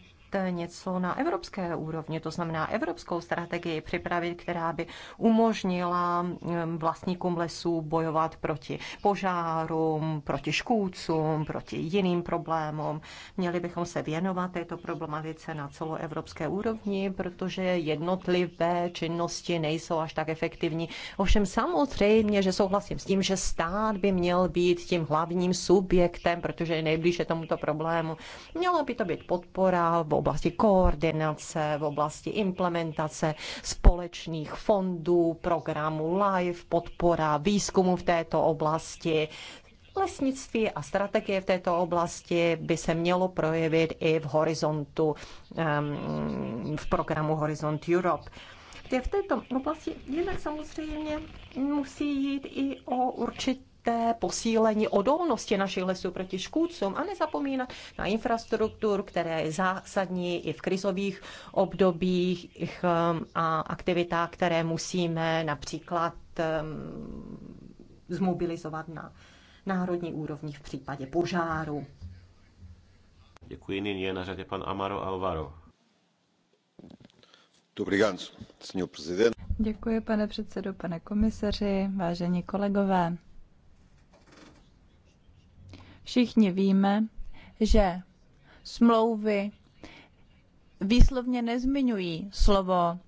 něco na evropské úrovni, to znamená evropskou strategii připravit, která by umožnila mm, vlastníkům lesů bojovat proti požárům, proti škůdcům, proti jiným problémům. Měli bychom se věnovat této problematice na celoevropské úrovni, protože jednotlivé činnosti nejsou až tak efektivní. Ovšem samozřejmě, že souhlasím s tím, že stát by měl být tím hlavním subjektem, protože je nejblíže tomuto problému. Měla by to být podpora v oblasti koordinace, v oblasti implementace společných fondů, programu LIFE, podpora výzkumu v této oblasti, lesnictví a strategie v této oblasti by se mělo projevit i v horizontu, v programu Horizont Europe. V této oblasti jinak samozřejmě musí jít i o určitě té posílení odolnosti našich lesů proti škůdcům a nezapomínat na infrastrukturu, která je zásadní i v krizových obdobích hm, a aktivitách, které musíme například hm, zmobilizovat na národní úrovni v případě požáru. Děkuji, nyní je na řadě pan Amaro Alvaro. Děkuji, pane předsedo, pane komisaři, vážení kolegové. Všichni víme, že smlouvy výslovně nezmiňují slovo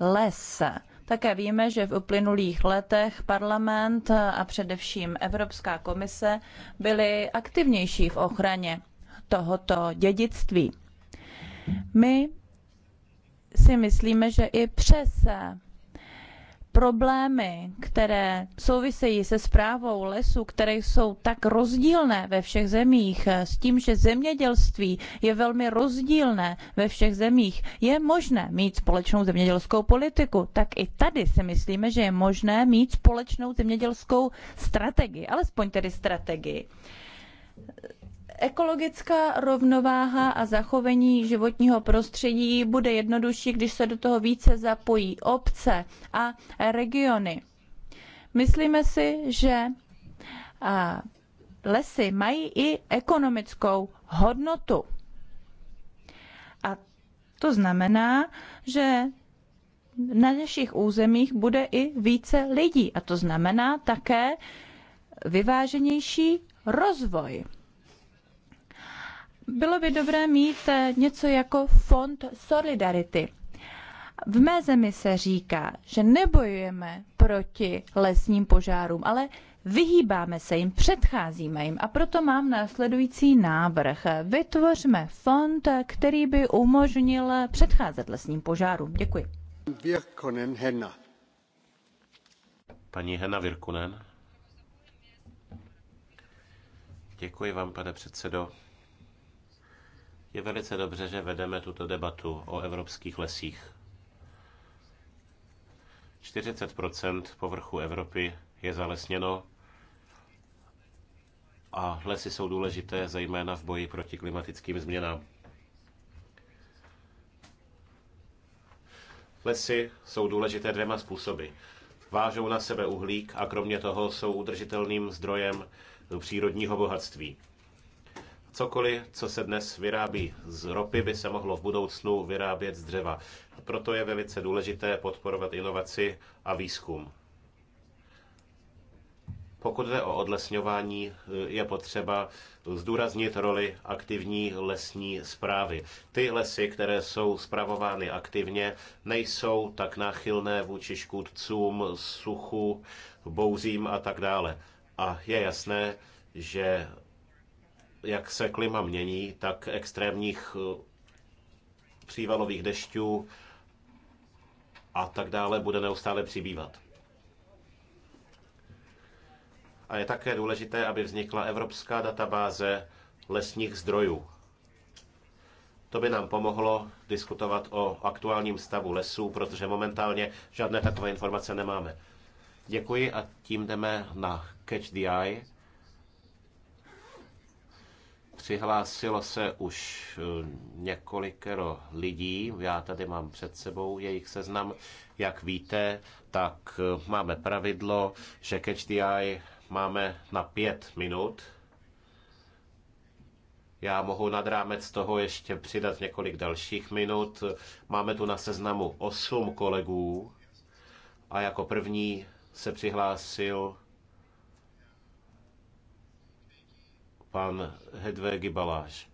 les. Také víme, že v uplynulých letech parlament a především Evropská komise byly aktivnější v ochraně tohoto dědictví. My si myslíme, že i přes problémy, které souvisejí se zprávou lesů, které jsou tak rozdílné ve všech zemích, eh, s tím, že zemědělství je velmi rozdílné ve všech zemích, je možné mít společnou zemědělskou politiku. Tak i tady si myslíme, že je možné mít společnou zemědělskou strategii, alespoň tedy strategii. Ekologická rovnováha a zachovení životního prostředí bude jednodušší, když se do toho více zapojí obce a regiony. Myslíme si, že lesy mají i ekonomickou hodnotu. A to znamená, že na našich územích bude i více lidí. A to znamená také vyváženější rozvoj. Bylo by dobré mít eh, něco jako fond solidarity. V mé zemi se říká, že nebojujeme proti lesním požárům, ale vyhýbáme se jim, předcházíme jim a proto mám následující návrh. Vytvořme fond, který by umožnil předcházet lesním požárům. Děkuji. Virkonen Hena. Paní Hena Virkunen. Děkuji vám, pane předsedo. Je velice dobře, že vedeme tuto debatu o evropských lesích. 40 povrchu Evropy je zalesněno a lesy jsou důležité zejména v boji proti klimatickým změnám. Lesy jsou důležité dvěma způsoby. Vážou na sebe uhlík a kromě toho jsou udržitelným zdrojem přírodního bohatství. Cokoliv, co se dnes vyrábí z ropy, by se mohlo v budoucnu vyrábět z dřeva. Proto je velice důležité podporovat inovaci a výzkum. Pokud jde o odlesňování, je potřeba zdůraznit roli aktivní lesní zprávy. Ty lesy, které jsou zpravovány aktivně, nejsou tak náchylné vůči škůdcům, suchu, bouřím a tak dále. A je jasné, že jak se klima mění, tak extrémních eh, přívalových dešťů a tak dále bude neustále přibývat. A je také důležité, aby vznikla evropská databáze lesních zdrojů. To by nám pomohlo diskutovat o aktuálním stavu lesů, protože momentálně žádné takové informace nemáme. Děkuji a tím jdeme na Catch the Eye. Přihlásilo se už eh, několikero lidí, já tady mám před sebou jejich seznam. Jak víte, tak eh, máme pravidlo, že Catch the Eye máme na pět minut. Já mohu nad rámec toho ještě přidat několik dalších minut. Máme tu na seznamu osm kolegů a jako první se přihlásil pan Hedvégi Baláš.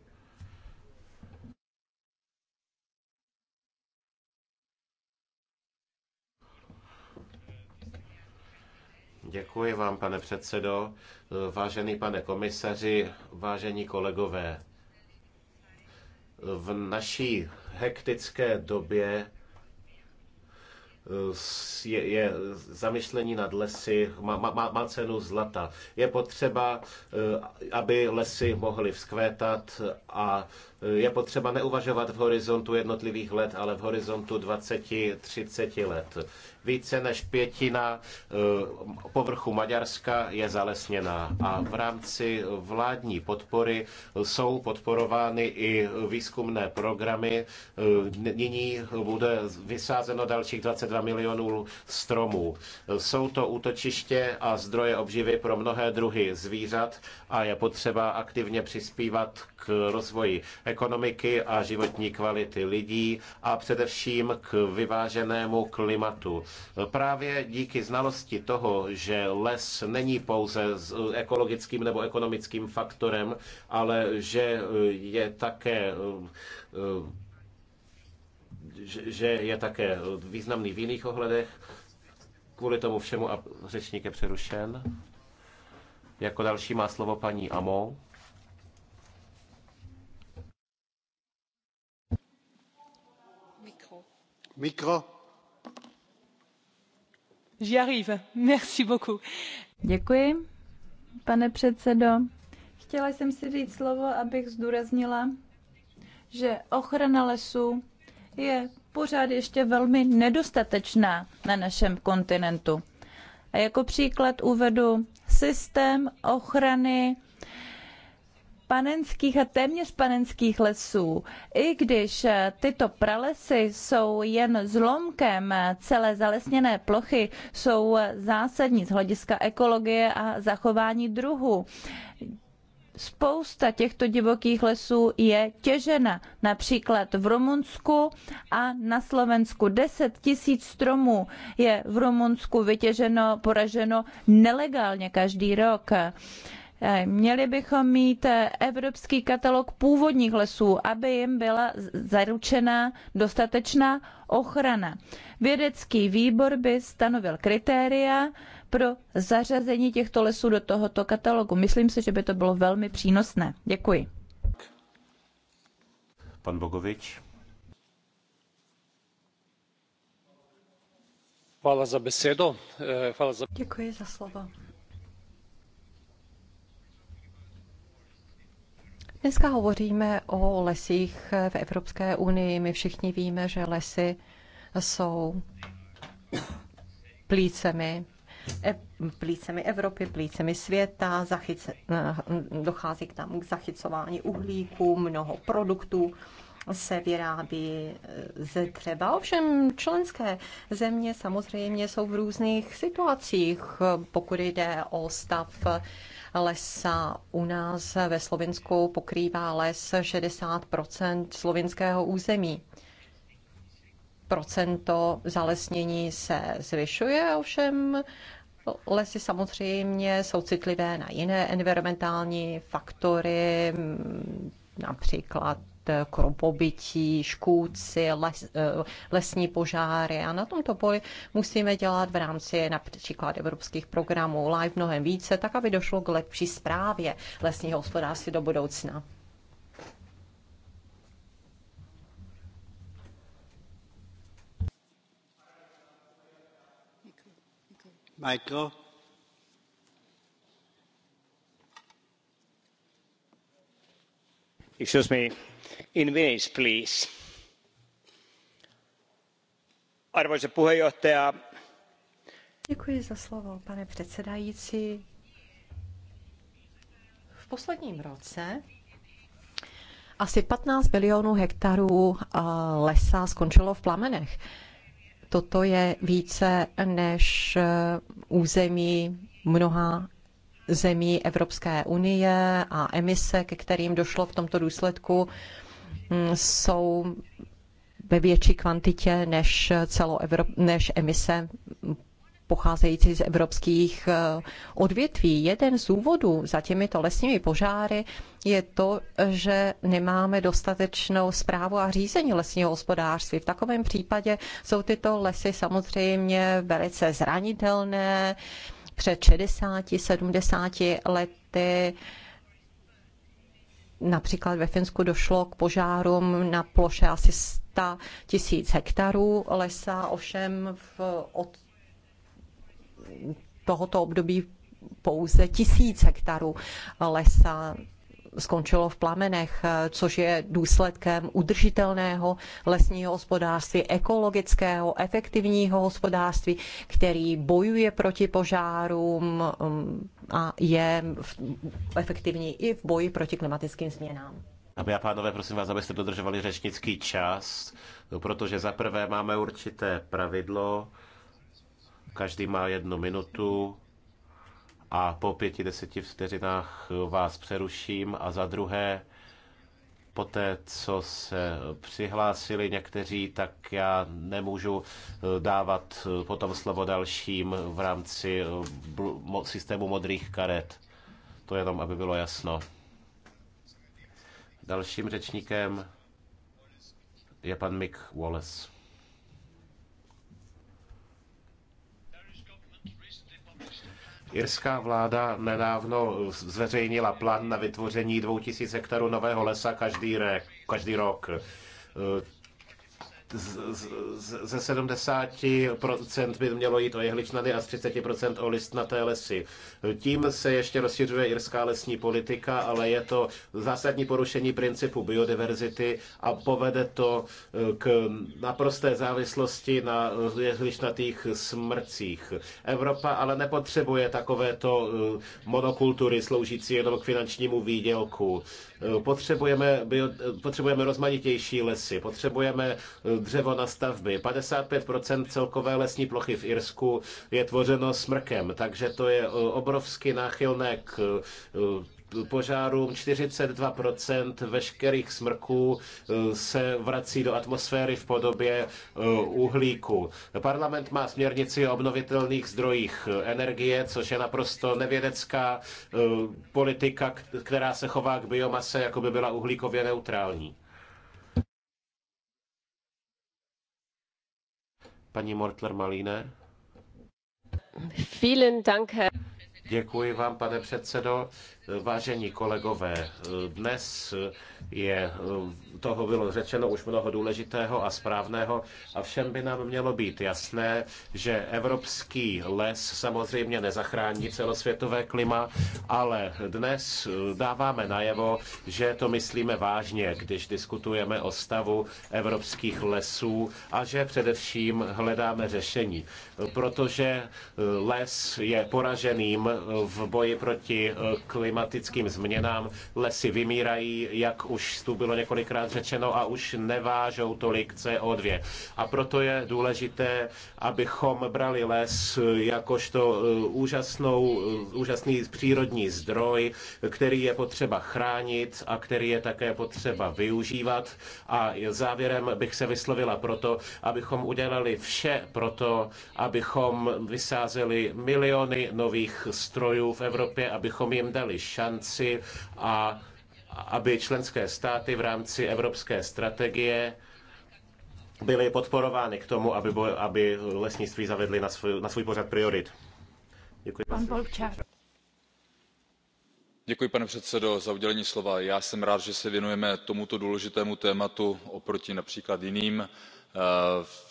Děkuji vám, pane předsedo. Vážený pane komisaři, vážení kolegové, v naší hektické době Eh, je, je zamyšlení nad lesy, má, má, má cenu zlata. Je potřeba, eh, aby lesy mohly vzkvétat a eh, je potřeba neuvažovat v horizontu jednotlivých let, ale v horizontu 20-30 let. Více než pětina eh, povrchu Maďarska je zalesněná a v rámci vládní podpory jsou podporovány i výzkumné programy. Eh, nyní bude vysázeno dalších 22 milionů stromů. Jsou to útočiště a zdroje obživy pro mnohé druhy zvířat a je potřeba aktivně přispívat k rozvoji ekonomiky a životní kvality lidí a především k vyváženému klimatu. Právě díky znalosti toho, že les není pouze ekologickým nebo ekonomickým faktorem, ale že je také že je také významný v jiných ohledech. Kvůli tomu všemu a řečník je přerušen. Jako další má slovo paní Amo. Mikro. Mikro. Děkuji, pane předsedo. Chtěla jsem si říct slovo, abych zdůraznila, že ochrana lesů je pořád ještě velmi nedostatečná na našem kontinentu. A jako příklad uvedu systém ochrany panenských a téměř panenských lesů. I když eh, tyto pralesy jsou jen zlomkem eh, celé zalesněné plochy, jsou eh, zásadní z hlediska ekologie a zachování druhů. Spousta těchto divokých lesů je těžena, například v Rumunsku a na Slovensku. 10 tisíc stromů je v Rumunsku vytěženo, poraženo nelegálně každý rok. Eh, měli bychom mít eh, evropský katalog původních lesů, aby jim byla zaručena dostatečná ochrana. Vědecký výbor by stanovil kritéria pro zařazení těchto lesů do tohoto katalogu. Myslím si, že by to bylo velmi přínosné. Děkuji. Pan Bogovič. Hvala za besedo. Eh, hvala za... Děkuji za slovo. Dneska hovoříme o lesích v Evropské unii. My všichni víme, že lesy jsou plícemi e, plícemi Evropy, plícemi světa, zachyc, eh, dochází k tam k zachycování uhlíku, mnoho produktů se vyrábí eh, ze dřeva. Ovšem členské země samozřejmě jsou v různých situacích, eh, pokud jde o stav lesa. U nás ve Slovensku pokrývá les 60 slovinského území. Procento zalesnění se zvyšuje, ovšem lesy samozřejmě jsou citlivé na jiné environmentální faktory, například krupobytí, škůdci, les, eh, lesní požáry a na tomto poli musíme dělat v rámci například evropských programů live mnohem více, tak aby došlo k lepší zprávě lesního hospodářství do budoucna. Michael. excuse me pane předsedající v posledním roce asi fifteen milionů hektarů lesa skončilo v plamenech. Toto je více než e, území mnoha zemí Evropské unie a emise, ke kterým došlo v tomto důsledku, mm, jsou ve větší kvantitě než, celoevro- než emise pocházející z evropských eh, odvětví. Jeden z důvodů za těmito lesními požáry je to, že nemáme dostatečnou zprávu a řízení lesního hospodářství. V takovém případě jsou tyto lesy samozřejmě velice zranitelné, před 60, 70 lety. Například ve Finsku došlo k požárům na ploše asi 100 tisíc hektarů lesa, ovšem v, od tohoto období pouze tisíc hektarů lesa skončilo v plamenech, eh, což je důsledkem udržitelného lesního hospodářství, ekologického, efektivního hospodářství, který bojuje proti požárům mm, a je efektivní i v boji proti klimatickým změnám. Dámy a pánové, prosím vás, abyste dodržovali řečnický čas, protože za prvé máme určité pravidlo, každý má jednu minutu, a po pěti, deseti vteřinách vás přeruším a za druhé poté, co se přihlásili někteří, tak já nemůžu eh, dávat eh, potom slovo dalším v rámci eh, systému modrých karet. To jenom, aby bylo jasno. Dalším řečníkem je pan Mick Wallace. Irská vláda nedávno zveřejnila plán na vytvoření 2000 hektarů nového lesa každý, re, každý rok ze 70% by mělo jít o jehličnany a z 30% o listnaté lesy. Tím se ještě rozšiřuje irská lesní politika, ale je to zásadní porušení principu biodiverzity a povede to eh, k naprosté závislosti na jehličnatých smrcích. Evropa ale nepotřebuje takovéto eh, monokultury sloužící jenom k finančnímu výdělku. Eh, potřebujeme, eh, potřebujeme rozmanitější lesy, potřebujeme eh, dřevo na stavby. 55% celkové lesní plochy v Irsku je tvořeno smrkem, takže to je obrovsky náchylné k požárům 42% veškerých smrků eh, se vrací do atmosféry v podobě eh, uhlíku. Parlament má směrnici o obnovitelných zdrojích eh, energie, což je naprosto nevědecká politika, která se chová k biomase, jako by byla uhlíkově neutrální. Paní Mortler Malíne. Vielen Dank, Děkuji vám, pane předsedo. Vážení kolegové, dnes je, toho bylo řečeno už mnoho důležitého a správného a všem by nám mělo být jasné, že evropský les samozřejmě nezachrání celosvětové klima, ale dnes dáváme najevo, že to myslíme vážně, když diskutujeme o stavu evropských lesů a že především hledáme řešení, protože les je poraženým v boji proti klima klimatickým změnám. Lesy vymírají, jak už tu bylo několikrát řečeno, a už nevážou tolik CO2. A proto je důležité, abychom brali les jakožto e, úžasnou, e, úžasný přírodní zdroj, který je potřeba chránit a který je také potřeba využívat. A závěrem bych se vyslovila proto, abychom udělali vše proto, abychom vysázeli miliony nových strojů v Evropě, abychom jim dali šanci a aby členské státy v rámci evropské strategie byly podporovány k tomu, aby, bo, aby lesnictví zavedly na svůj, na svůj pořad priorit. Děkuji. Pan Děkuji, pane slova. já jsem rád že se věnujeme tomuto důležitému tématu oproti například jiným. Eh,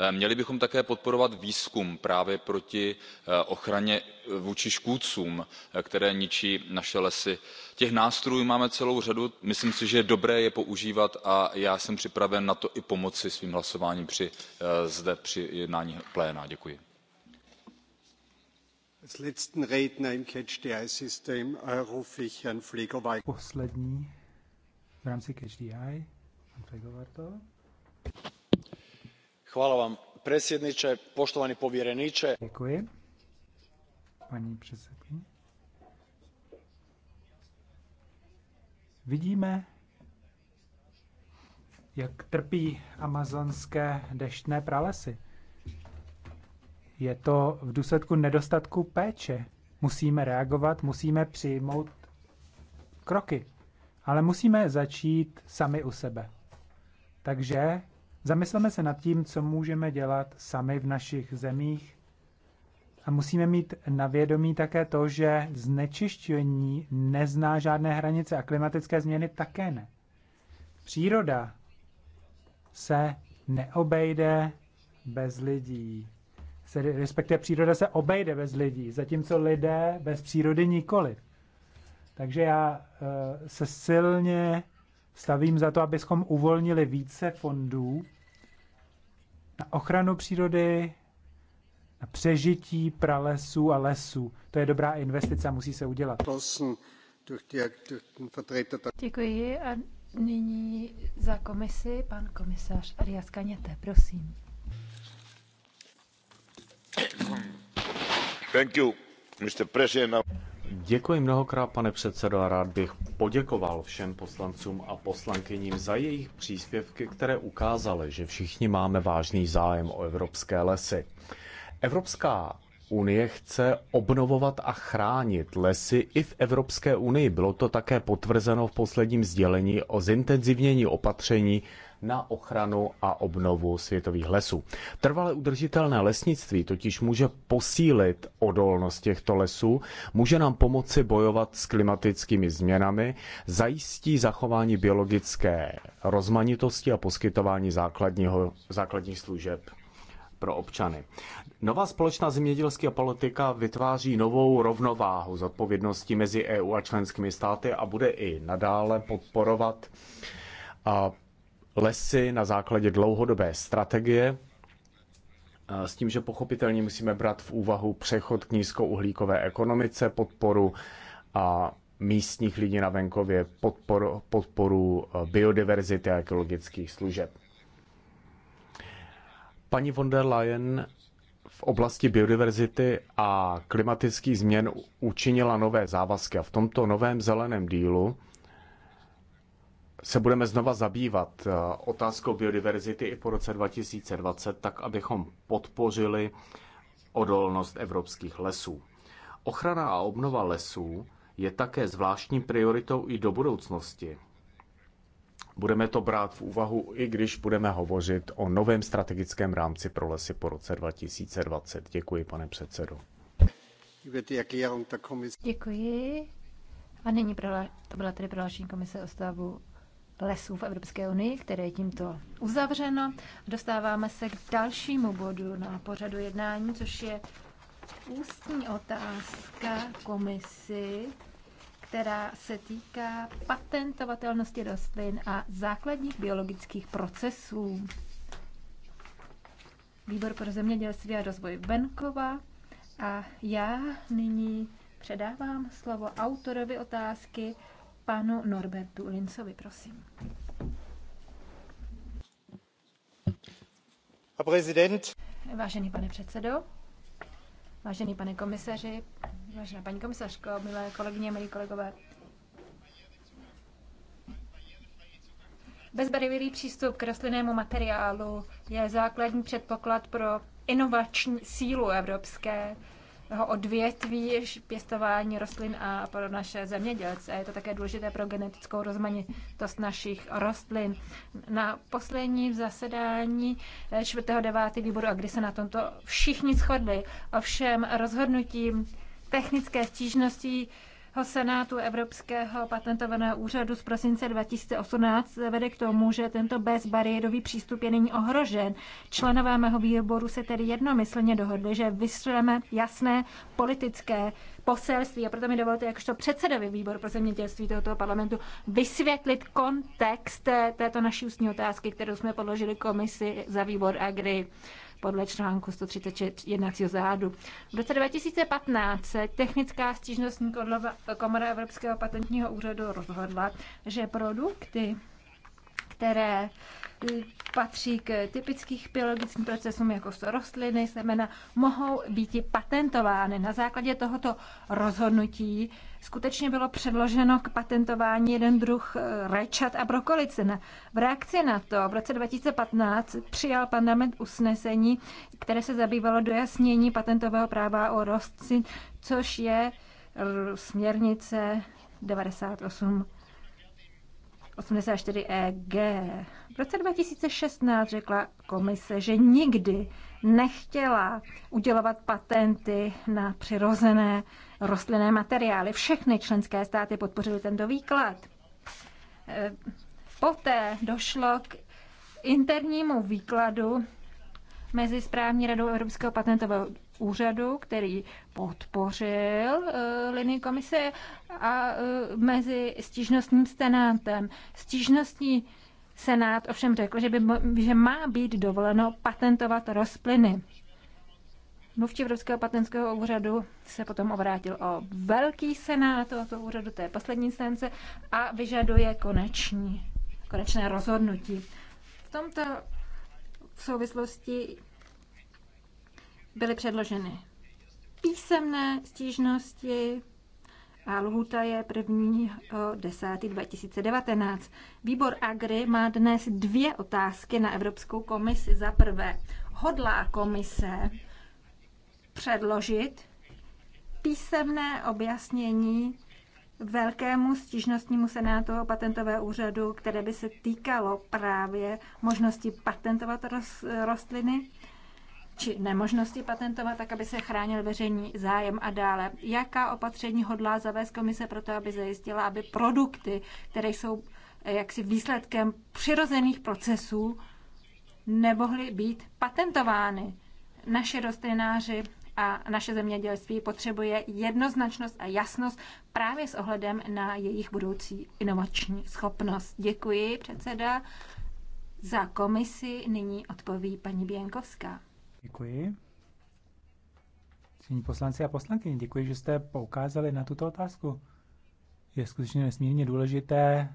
Eh, měli bychom také podporovat výzkum právě proti eh, ochraně eh, vůči škůdcům kteří ničí naše lesy. těch nástrojů máme celou řadu myslím si že je dobré je používat a já jsem připraven na to i pomoci svým hlasováním zde při jednání pléna. děkuji. Chvála předsedniče, Děkuji, Vidíme, jak trpí amazonské deštné pralesy. Je to v důsledku nedostatku péče. Musíme reagovat, musíme přijmout kroky, ale musíme začít sami u sebe. Takže Zamysleme se nad tím, co můžeme dělat sami v našich zemích a musíme mít na vědomí také to, že znečišťování nezná žádné hranice a klimatické změny také ne. Příroda se neobejde bez lidí. Se, respektive příroda se obejde bez lidí, zatímco lidé bez přírody nikoli. Takže já uh, se silně stavím za to, abychom uvolnili více fondů na ochranu přírody, na přežití pralesů a lesů. To je dobrá investice a musí se udělat. Děkuji a nyní za komisi pan komisař Arias Kaněte, prosím. Thank you, Mr. President. Děkuji mnohokrát, pane předsedo, a rád bych poděkoval všem poslancům a poslankyním za jejich příspěvky, které ukázaly, že všichni máme vážný zájem o evropské lesy. Evropská unie chce obnovovat a chránit lesy i v Evropské unii. Bylo to také potvrzeno v posledním sdělení o zintenzivnění opatření na ochranu a obnovu světových lesů. Trvale udržitelné lesnictví totiž může posílit odolnost těchto lesů, může nám pomoci bojovat s klimatickými změnami, zajistí zachování biologické rozmanitosti a poskytování základního, základních služeb pro občany. Nová společná zemědělská politika vytváří novou rovnováhu zodpovědnosti mezi EU a členskými státy a bude i nadále podporovat lesy na základě dlouhodobé strategie, s tím, že pochopitelně musíme brát v úvahu přechod k nízkouhlíkové ekonomice, podporu a místních lidí na venkově, podporu, podporu eh, biodiverzity a ekologických služeb. Paní von der Leyen v oblasti biodiverzity a klimatických změn učinila nové závazky a v tomto novém zeleném dílu se budeme znova zabývat eh, otázkou biodiverzity i po roce 2020, tak abychom podpořili odolnost evropských lesů. Ochrana a obnova lesů je také zvláštní prioritou i do budoucnosti. Budeme to brát v úvahu, i když budeme hovořit o novém strategickém rámci pro lesy po roce 2020. Děkuji, pane předsedo. Děkuji. A nyní to byla tedy prohlášení komise o stavu lesů v Evropské unii, které je tímto uzavřeno. Dostáváme se k dalšímu bodu na pořadu jednání, což je ústní otázka komisi, která se týká patentovatelnosti rostlin a základních biologických procesů. Výbor pro zemědělství a rozvoj venkova a já nyní předávám slovo autorovi otázky, panu Norbertu Lincovi, prosím. Vážený pane předsedo, vážený pane komisaři, vážená paní komisařko, milé kolegyně, milí kolegové. Bezbarivý přístup k rostlinnému materiálu je základní předpoklad pro inovační sílu evropské toho odvětví pěstování rostlin a pro naše zemědělce. Je to také důležité pro genetickou rozmanitost našich rostlin. Na posledním zasedání 4.9. Eh, výboru a kdy se na tomto všichni shodli, ovšem rozhodnutím technické stížnosti Senátu Evropského patentovaného úřadu z prosince 2018 vede k tomu, že tento bezbariérový přístup je nyní ohrožen. Členové mého výboru se tedy jednomyslně dohodli, že vyšleme jasné politické poselství a proto mi dovolte, jakožto předsedovi výboru pro zemědělství tohoto parlamentu, vysvětlit kontext této naší ústní otázky, kterou jsme podložili komisi za výbor Agri podle článku 136 jednacího zádu. V roce 2015 technická stížnostní komora Evropského patentního úřadu rozhodla, že produkty které hm, patří k typických biologickým procesům, jako jsou rostliny, semena, mohou být patentovány. Na základě tohoto rozhodnutí skutečně bylo předloženo k patentování jeden druh eh, rajčat a brokolice V reakci na to v roce 2015 přijal parlament usnesení, které se zabývalo dojasnění patentového práva o rostlin, což je eh, směrnice 98 84 EG. V roce 2016 řekla komise, že nikdy nechtěla udělovat patenty na přirozené rostlinné materiály. Všechny členské státy podpořily tento výklad. E, poté došlo k internímu výkladu mezi správní radou Evropského patentového úřadu, který podpořil eh, linii komise a eh, mezi stížnostním senátem. Stížnostní senát ovšem řekl, že, by, že má být dovoleno patentovat rozplyny. Mluvčí Evropského patentského úřadu se potom obrátil o velký senát tohoto úřadu, to je poslední instance, a vyžaduje koneční, konečné rozhodnutí. V tomto v souvislosti byly předloženy písemné stížnosti a lhuta je 1.10.2019. Výbor Agri má dnes dvě otázky na Evropskou komisi. Za prvé, hodlá komise předložit písemné objasnění velkému stížnostnímu senátu patentového úřadu, které by se týkalo právě možnosti patentovat rostliny či nemožnosti patentovat, tak aby se chránil veřejný zájem a dále. Jaká opatření hodlá zavést komise pro to, aby zajistila, aby produkty, které jsou eh, jaksi výsledkem přirozených procesů, nemohly být patentovány. Naše rostlináři a naše zemědělství potřebuje jednoznačnost a jasnost právě s ohledem na jejich budoucí inovační schopnost. Děkuji, předseda. Za komisi nyní odpoví paní Běnkovská. Děkuji. Cení poslanci a poslankyně, děkuji, že jste poukázali na tuto otázku. Je skutečně nesmírně důležité,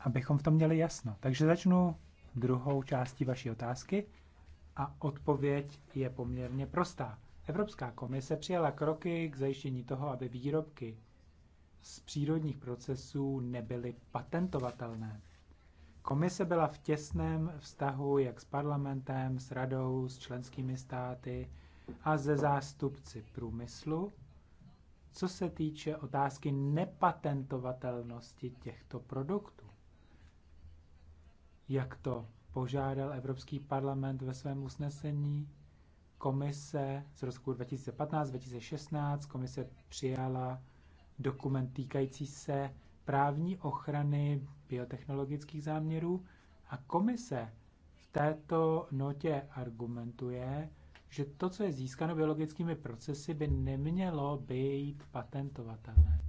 abychom v tom měli jasno. Takže začnu druhou částí vaší otázky a odpověď je poměrně prostá. Evropská komise přijala kroky k zajištění toho, aby výrobky z přírodních procesů nebyly patentovatelné. Komise byla v těsném vztahu jak s parlamentem, s radou, s členskými státy a ze zástupci průmyslu, co se týče otázky nepatentovatelnosti těchto produktů. Jak to požádal Evropský parlament ve svém usnesení komise z roku 2015-2016, komise přijala dokument týkající se právní ochrany biotechnologických záměrů a komise v této notě argumentuje, že to, co je získáno biologickými procesy, by nemělo být patentovatelné.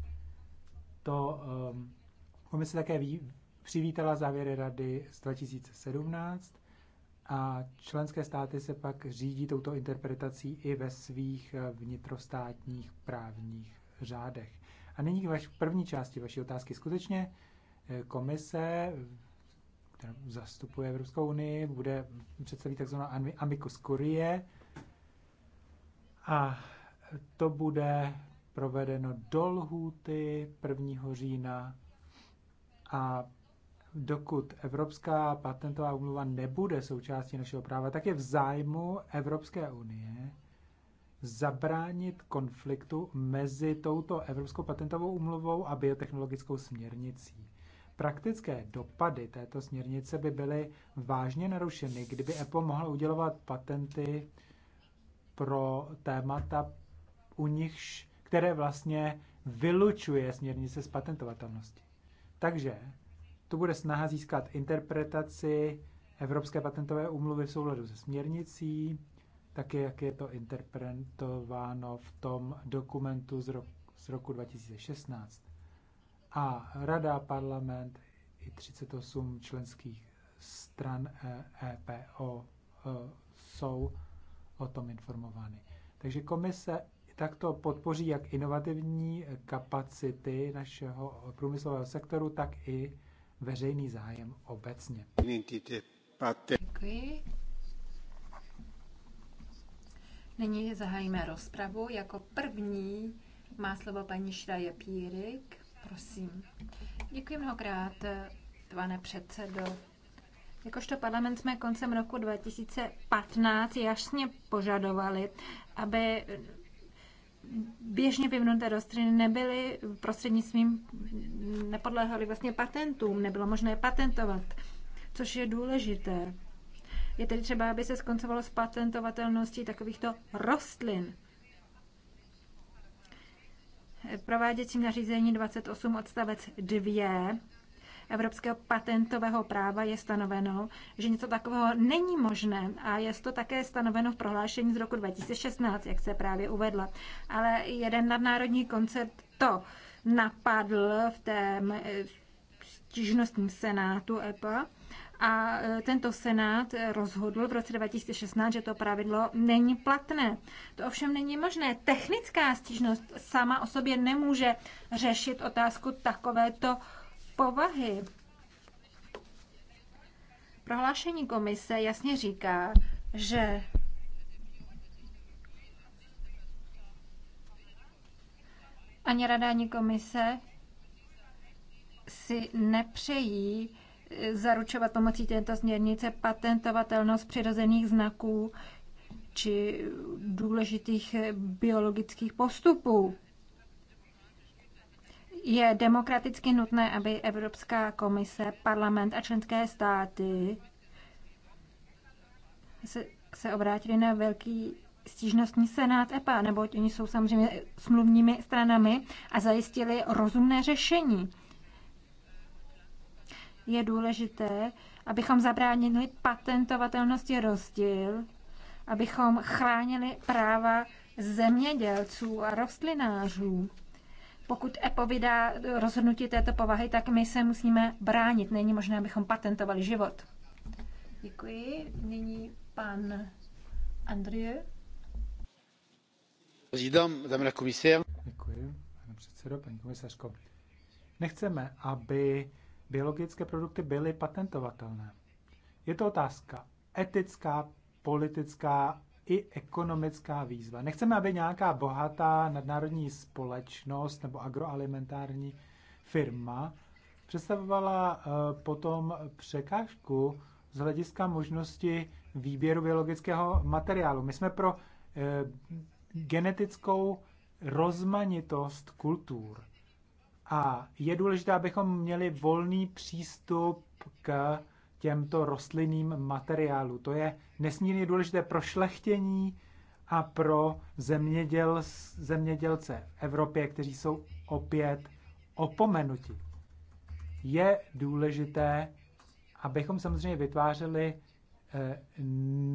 To um, komise také ví, přivítala závěry rady z 2017 a členské státy se pak řídí touto interpretací i ve svých eh, vnitrostátních právních řádech. A nyní k první části vaší otázky. Skutečně eh, komise, která zastupuje Evropskou unii, bude představit tzv. amicus curie a to bude provedeno do lhůty 1. října a dokud Evropská patentová umluva nebude součástí našeho práva, tak je v zájmu Evropské unie, zabránit konfliktu mezi touto Evropskou patentovou umluvou a biotechnologickou směrnicí. Praktické dopady této směrnice by byly vážně narušeny, kdyby Apple mohla udělovat patenty pro témata, u nichž, které vlastně vylučuje směrnice z patentovatelnosti. Takže to bude snaha získat interpretaci Evropské patentové úmluvy v souladu se směrnicí, taky jak je to interpretováno v tom dokumentu z roku, z roku 2016. A Rada, parlament i 38 členských stran EPO eh, e eh, jsou o tom informovány. Takže komise takto podpoří jak inovativní kapacity našeho průmyslového sektoru, tak i veřejný zájem obecně. Děkuji. Nyní zahájíme rozpravu. Jako první má slovo paní Šraje Pírik. Prosím. Děkuji mnohokrát, pane předsedo. Jakožto parlament jsme koncem roku 2015 jasně požadovali, aby běžně vyvnuté rostliny nebyly prostřednictvím, nepodléhaly vlastně patentům, nebylo možné patentovat, což je důležité. Je tedy třeba, aby se skoncovalo s patentovatelností takovýchto rostlin. Prováděcím nařízení 28 odstavec 2 evropského patentového práva je stanoveno, že něco takového není možné a je to také stanoveno v prohlášení z roku 2016, jak se právě uvedla. Ale jeden nadnárodní koncert to napadl v té stížnostním senátu EPA a e, tento senát rozhodl v roce 2016, že to pravidlo není platné. To ovšem není možné. Technická stížnost sama o sobě nemůže řešit otázku takovéto povahy. Prohlášení komise jasně říká, že ani rada, ani komise si nepřejí zaručovat pomocí této směrnice patentovatelnost přirozených znaků či důležitých biologických postupů. Je demokraticky nutné, aby Evropská komise, parlament a členské státy se, se obrátili na velký stížnostní senát EPA, neboť oni jsou samozřejmě smluvními stranami a zajistili rozumné řešení je důležité, abychom zabránili patentovatelnosti rozdíl, abychom chránili práva zemědělců a rostlinářů. Pokud EPO vydá rozhodnutí této povahy, tak my se musíme bránit. Není možné, abychom patentovali život. Děkuji. Nyní pan Andrie. Děkuji, pane předsedo, paní komisařko. Nechceme, aby biologické produkty byly patentovatelné. Je to otázka etická, politická i ekonomická výzva. Nechceme, aby nějaká bohatá nadnárodní společnost nebo agroalimentární firma představovala eh, potom překážku z hlediska možnosti výběru biologického materiálu. My jsme pro eh, genetickou rozmanitost kultur. A je důležité, abychom měli volný přístup k těmto rostlinným materiálům. To je nesmírně důležité pro šlechtění a pro zeměděl, zemědělce v Evropě, kteří jsou opět opomenuti. Je důležité, abychom samozřejmě vytvářeli eh,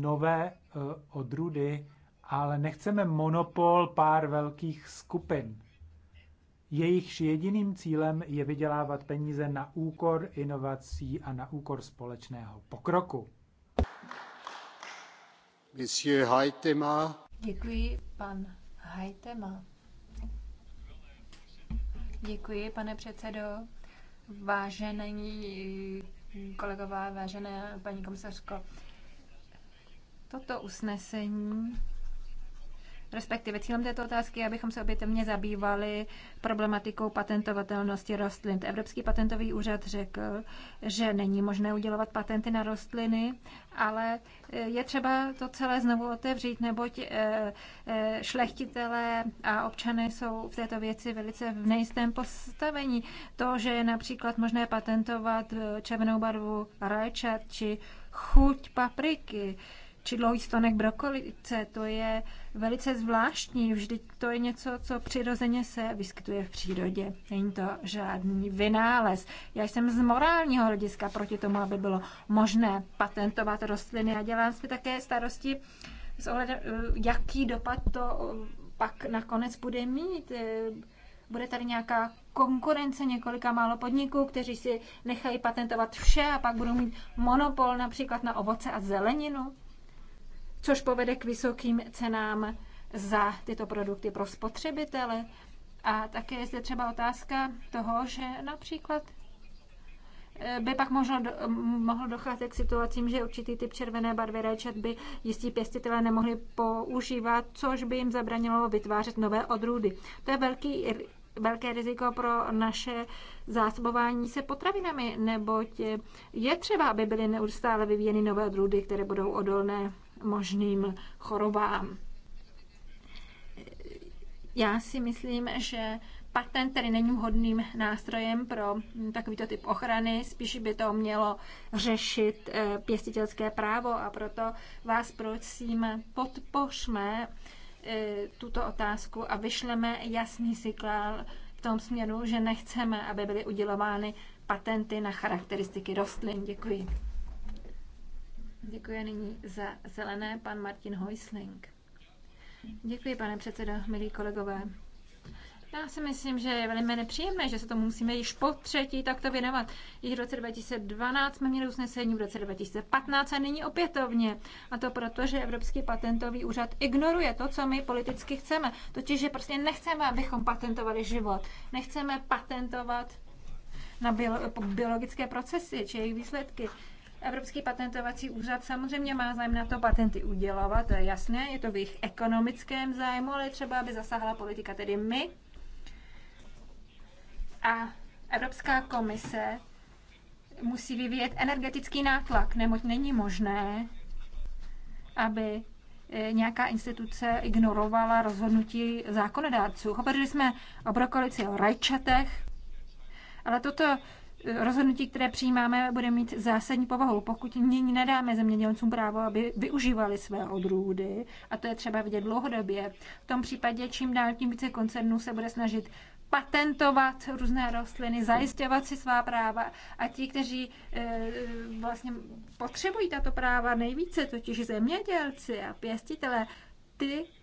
nové eh, odrudy, ale nechceme monopol pár velkých skupin jejichž jediným cílem je vydělávat peníze na úkor inovací a na úkor společného pokroku. Monsieur Haitema. Děkuji, pan Haitema. Děkuji, pane předsedo. Vážení kolegové, vážené paní komisařko, toto usnesení respektive cílem této otázky je, abychom se obětemně zabývali problematikou patentovatelnosti rostlin. Evropský patentový úřad řekl, že není možné udělovat patenty na rostliny, ale eh, je třeba to celé znovu otevřít, neboť eh, eh, šlechtitelé a občané jsou v této věci velice v nejistém postavení. To, že je například možné patentovat červenou barvu rajčat či chuť papriky, či dlouhý stonek brokolice, to je velice zvláštní. Vždyť to je něco, co přirozeně se vyskytuje v přírodě. Není to žádný vynález. Já jsem z morálního hlediska proti tomu, aby bylo možné patentovat rostliny a dělám si také starosti s ohledem, eh, jaký dopad to eh, pak nakonec bude mít. Eh, bude tady nějaká konkurence několika málo podniků, kteří si nechají patentovat vše a pak budou mít monopol například na ovoce a zeleninu což povede k vysokým cenám za tyto produkty pro spotřebitele. A také je zde třeba otázka toho, že například eh, by pak možno, do, mohlo docházet k situacím, že určitý typ červené barvy rajčat by jistí pěstitelé nemohli používat, což by jim zabranilo vytvářet nové odrůdy. To je velký, velké riziko pro naše zásobování se potravinami, neboť je třeba, aby byly neustále vyvíjeny nové odrůdy, které budou odolné možným chorobám. Já si myslím, že patent tedy není vhodným nástrojem pro takovýto typ ochrany, spíš by to mělo řešit eh, pěstitelské právo a proto vás prosím, podpořme eh, tuto otázku a vyšleme jasný signál v tom směru, že nechceme, aby byly udělovány patenty na charakteristiky rostlin. Děkuji. Děkuji nyní za zelené pan Martin Hoisling. Děkuji, pane předsedo, milí kolegové. Já si myslím, že je velmi nepříjemné, že se to musíme již po třetí takto věnovat. Již v roce 2012 jsme měli usnesení, v roce 2015 a nyní opětovně. A to proto, že Evropský patentový úřad ignoruje to, co my politicky chceme. Totiž, že prostě nechceme, abychom patentovali život. Nechceme patentovat na biologické procesy či jejich výsledky. Evropský patentovací úřad samozřejmě má zájem na to patenty udělovat, to je jasné, je to v jejich ekonomickém zájmu, ale třeba, aby zasáhla politika, tedy my. A Evropská komise musí vyvíjet energetický nátlak, neboť není možné, aby eh, nějaká instituce ignorovala rozhodnutí zákonodárců. Hovořili jsme o brokolici, o rajčatech, ale toto rozhodnutí, které přijímáme, bude mít zásadní povahu. Pokud nyní nedáme zemědělcům právo, aby využívali své odrůdy, a to je třeba vidět dlouhodobě, v tom případě čím dál tím více koncernů se bude snažit patentovat různé rostliny, zajistěvat si svá práva a ti, kteří e, vlastně potřebují tato práva nejvíce, totiž zemědělci a pěstitelé, ty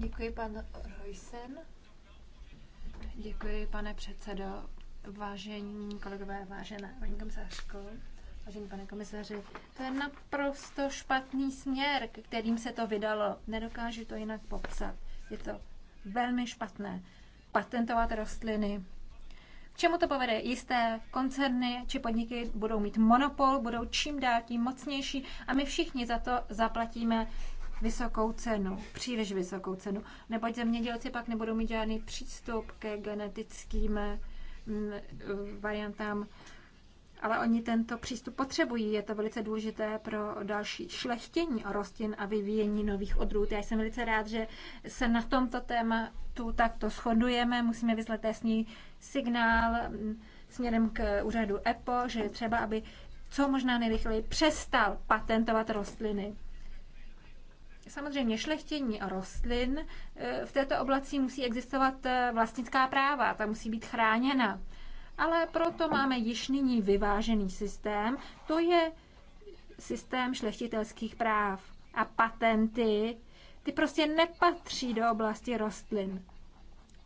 Děkuji, pan Reusen. Děkuji, pane předsedo. Vážení kolegové, vážená paní komisařko, vážený pane komisaři, to je naprosto špatný směr, kterým se to vydalo. Nedokážu to jinak popsat. Je to velmi špatné. Patentovat rostliny, čemu to povede? Jisté koncerny či podniky budou mít monopol, budou čím dál tím mocnější a my všichni za to zaplatíme vysokou cenu, příliš vysokou cenu, neboť zemědělci pak nebudou mít žádný přístup ke genetickým mm, variantám ale oni tento přístup potřebují. Je to velice důležité pro další šlechtění rostlin a vyvíjení nových odrůd. Já jsem velice rád, že se na tomto tématu takto shodujeme. Musíme vyslat jasný signál mm, směrem k úřadu EPO, že je třeba, aby co možná nejrychleji přestal patentovat rostliny. Samozřejmě šlechtění rostlin eh, v této oblasti musí existovat eh, vlastnická práva, ta musí být chráněna ale proto máme již nyní vyvážený systém, to je systém šlechtitelských práv a patenty, ty prostě nepatří do oblasti rostlin.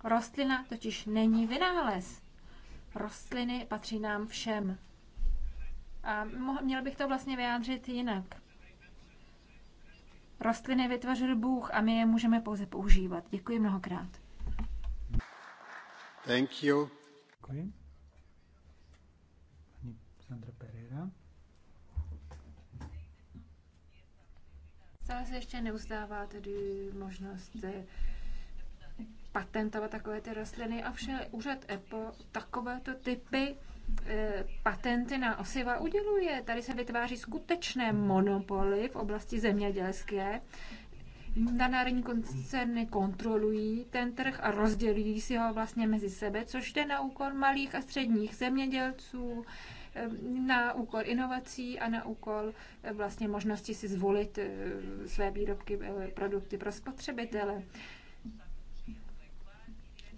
Rostlina totiž není vynález. Rostliny patří nám všem. A měl bych to vlastně vyjádřit jinak. Rostliny vytvořil Bůh a my je můžeme pouze používat. Děkuji mnohokrát. Thank you. Děkuji. Sandra Pereira. Stále se ještě neuzdává tedy možnost eh, patentovat takové ty rostliny a vše úřad EPO takovéto typy eh, patenty na osiva uděluje. Tady se vytváří skutečné monopoly v oblasti zemědělské. Danárodní koncerny kontrolují ten trh a rozdělují si ho vlastně mezi sebe, což jde na úkor malých a středních zemědělců, Eh, na úkol inovací a na úkol eh, vlastně možnosti si zvolit eh, své výrobky, produkty pro spotřebitele.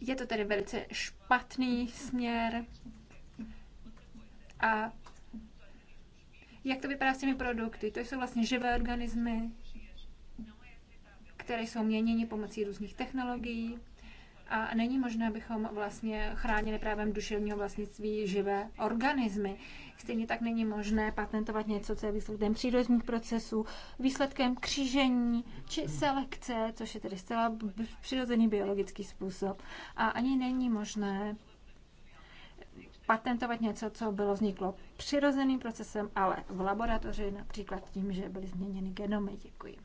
Je to tedy velice špatný směr a jak to vypadá s těmi produkty? To jsou vlastně živé organismy, které jsou měněny pomocí různých technologií a není možné, abychom vlastně chránili právem duševního vlastnictví živé organismy. Stejně tak není možné patentovat něco, co je výsledkem přírodních procesů, výsledkem křížení či selekce, což je tedy zcela přirozený biologický způsob. A ani není možné patentovat něco, co bylo vzniklo přirozeným procesem, ale v laboratoři, například tím, že byly změněny genomy. Děkuji.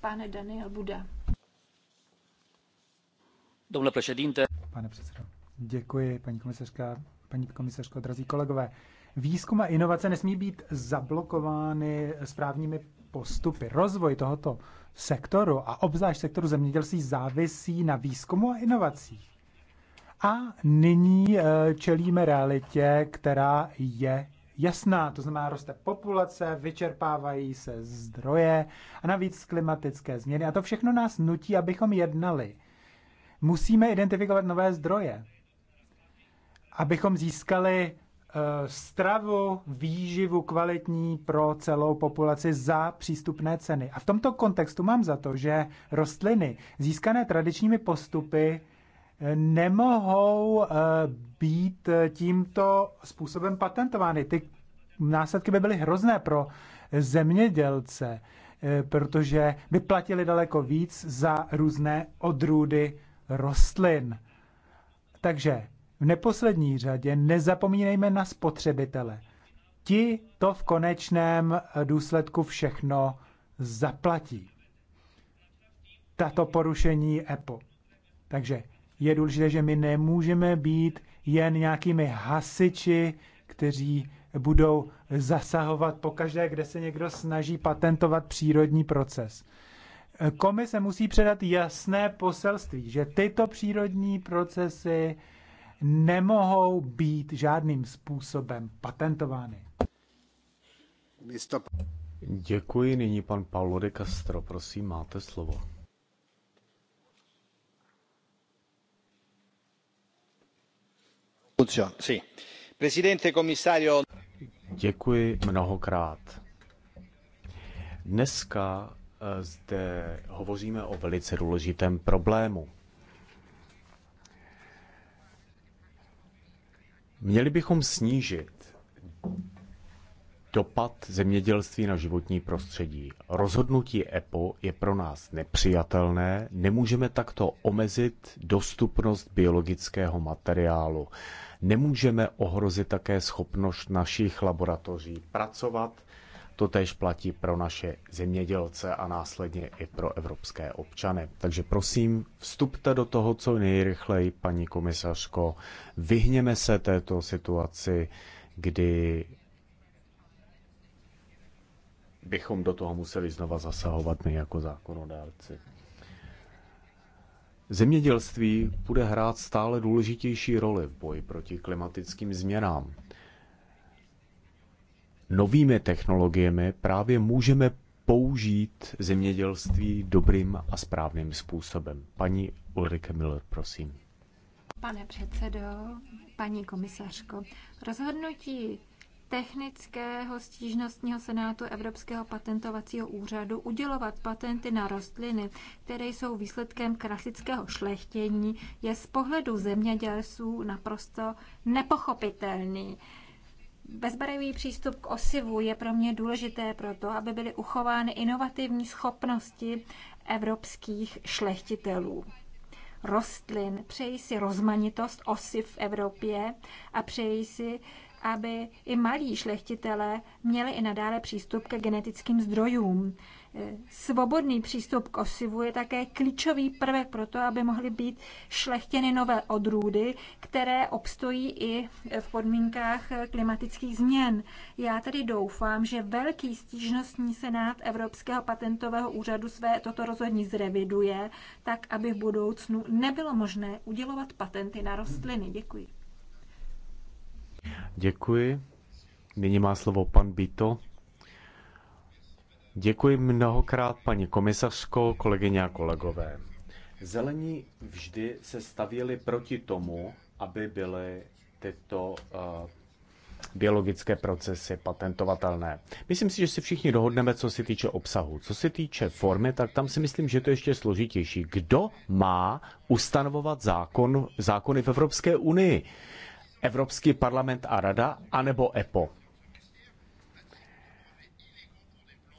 Pane Daniel Buda. Domnule președinte. Pane předsedo, děkuji, paní komisařka, paní komisařko, drazí kolegové. Výzkum a inovace nesmí být zablokovány správními postupy. Rozvoj tohoto sektoru a obzvlášť sektoru zemědělství závisí na výzkumu a inovacích. A nyní eh, čelíme realitě, která je jasná, to znamená roste populace, vyčerpávají se zdroje a navíc klimatické změny. A to všechno nás nutí, abychom jednali musíme identifikovat nové zdroje, abychom získali eh, stravu, výživu kvalitní pro celou populaci za přístupné ceny. A v tomto kontextu mám za to, že rostliny získané tradičními postupy eh, nemohou eh, být tímto způsobem patentovány. Ty následky by byly hrozné pro zemědělce, protože by platili daleko víc za různé odrůdy rostlin. Takže v neposlední řadě nezapomínejme na spotřebitele. Ti to v konečném důsledku všechno zaplatí. Tato porušení EPO. Takže je důležité, že my nemůžeme být jen nějakými hasiči, kteří budou zasahovat pokaždé, kde se někdo snaží patentovat přírodní proces komise musí předat jasné poselství, že tyto přírodní procesy nemohou být žádným způsobem patentovány. Děkuji. Nyní pan Paulo de Castro, prosím, máte slovo. Děkuji mnohokrát. Dneska Eh, zde hovoříme o velice důležitém problému. Měli bychom snížit dopad zemědělství na životní prostředí. Rozhodnutí EPO je pro nás nepřijatelné, nemůžeme takto omezit dostupnost biologického materiálu. Nemůžeme ohrozit také schopnost našich laboratoří pracovat to tež platí pro naše zemědělce a následně i pro evropské občany. Takže prosím, vstupte do toho co nejrychleji, paní komisařko. Vyhněme se této situaci, kdy bychom do toho museli znova zasahovat my jako zákonodárci. Zemědělství bude hrát stále důležitější roli v boji proti klimatickým změnám novými technologiemi právě můžeme použít zemědělství dobrým a správným způsobem. Paní Ulrike Miller, prosím. Pane předsedo, paní komisařko, rozhodnutí technického stížnostního senátu Evropského patentovacího úřadu udělovat patenty na rostliny, které jsou výsledkem klasického šlechtění, je z pohledu zemědělců naprosto nepochopitelný. Bezbarevý přístup k osivu je pro mě důležité proto, aby byly uchovány inovativní schopnosti evropských šlechtitelů rostlin. přejí si rozmanitost osiv v Evropě a přejí si, aby i malí šlechtitelé měli i nadále přístup ke genetickým zdrojům. Svobodný přístup k osivu je také klíčový prvek pro to, aby mohly být šlechtěny nové odrůdy, které obstojí i v podmínkách klimatických změn. Já tedy doufám, že velký stížnostní senát Evropského patentového úřadu své toto rozhodní zreviduje, tak aby v budoucnu nebylo možné udělovat patenty na rostliny. Děkuji. Děkuji. Nyní má slovo pan Bito. Děkuji mnohokrát, paní komisařko, kolegyně a kolegové. Zelení vždy se stavěli proti tomu, aby byly tyto uh, biologické procesy patentovatelné. Myslím si, že si všichni dohodneme, co se týče obsahu. Co se týče formy, tak tam si myslím, že to je ještě složitější. Kdo má ustanovovat zákon, zákony v Evropské unii? Evropský parlament a rada, anebo EPO?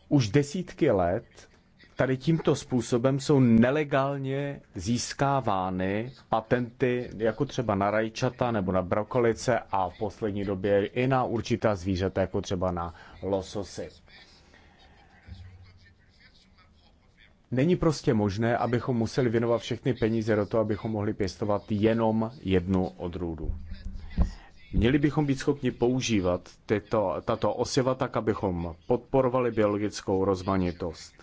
Už desítky let tady tímto způsobem jsou nelegálně získávány patenty jako třeba na rajčata nebo na brokolice a v poslední době i na určitá zvířata jako třeba na lososy. Není prostě možné, abychom museli věnovat všechny peníze do toho, abychom mohli pěstovat jenom jednu odrůdu. Měli bychom být schopni používat tyto, tato osiva tak, abychom podporovali biologickou rozmanitost.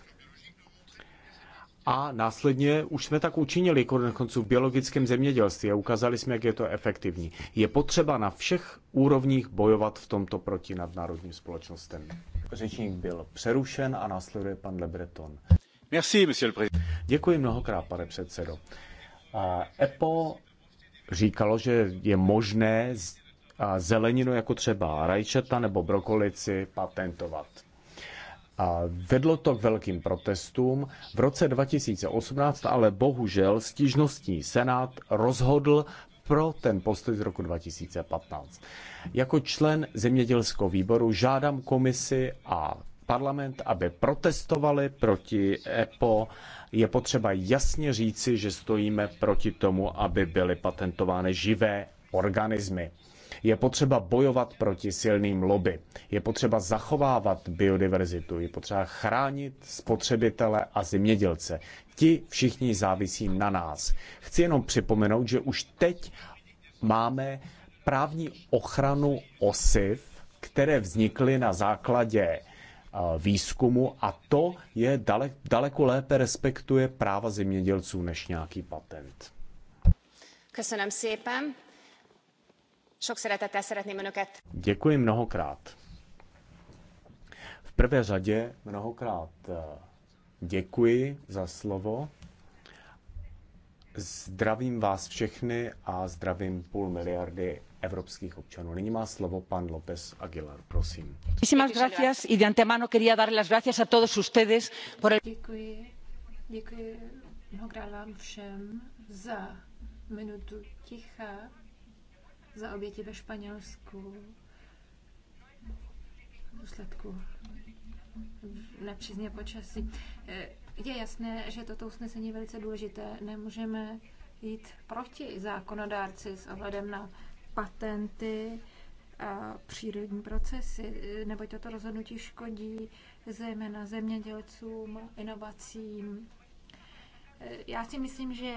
A následně už jsme tak učinili konců v biologickém zemědělství a ukázali jsme, jak je to efektivní. Je potřeba na všech úrovních bojovat v tomto proti nadnárodním společnostem. Řečník byl přerušen a následuje pan Lebreton. Merci, monsieur le président. Děkuji mnohokrát, pane předsedo. EPO říkalo, že je možné a zeleninu jako třeba rajčata nebo brokolici patentovat. A vedlo to k velkým protestům. V roce 2018 ale bohužel stížnostní senát rozhodl pro ten postoj z roku 2015. Jako člen zemědělského výboru žádám komisi a parlament, aby protestovali proti EPO. Je potřeba jasně říci, že stojíme proti tomu, aby byly patentovány živé organismy. Je potřeba bojovat proti silným lobby. Je potřeba zachovávat biodiverzitu. Je potřeba chránit spotřebitele a zemědělce. Ti všichni závisí na nás. Chci jenom připomenout, že už teď máme právní ochranu osiv, které vznikly na základě eh, výzkumu a to je dalek, daleko lépe respektuje práva zemědělců než nějaký patent. Köszönöm szépen. Sok szeretettel szeretném önöket. Děkuji mnohokrát. V prvé řadě mnohokrát eh, děkuji za slovo. Zdravím vás všechny a zdravím půl miliardy evropských občanů. Nyní má slovo pan López Aguilar, prosím. Děkuji. Děkuji mnohokrát vám všem za minutu ticha za oběti ve Španělsku v důsledku nepřízně počasí. Je jasné, že toto usnesení je velice důležité. Nemůžeme jít proti zákonodárci s ohledem na patenty a přírodní procesy, neboť toto rozhodnutí škodí zejména zemědělcům, inovacím. Já si myslím, že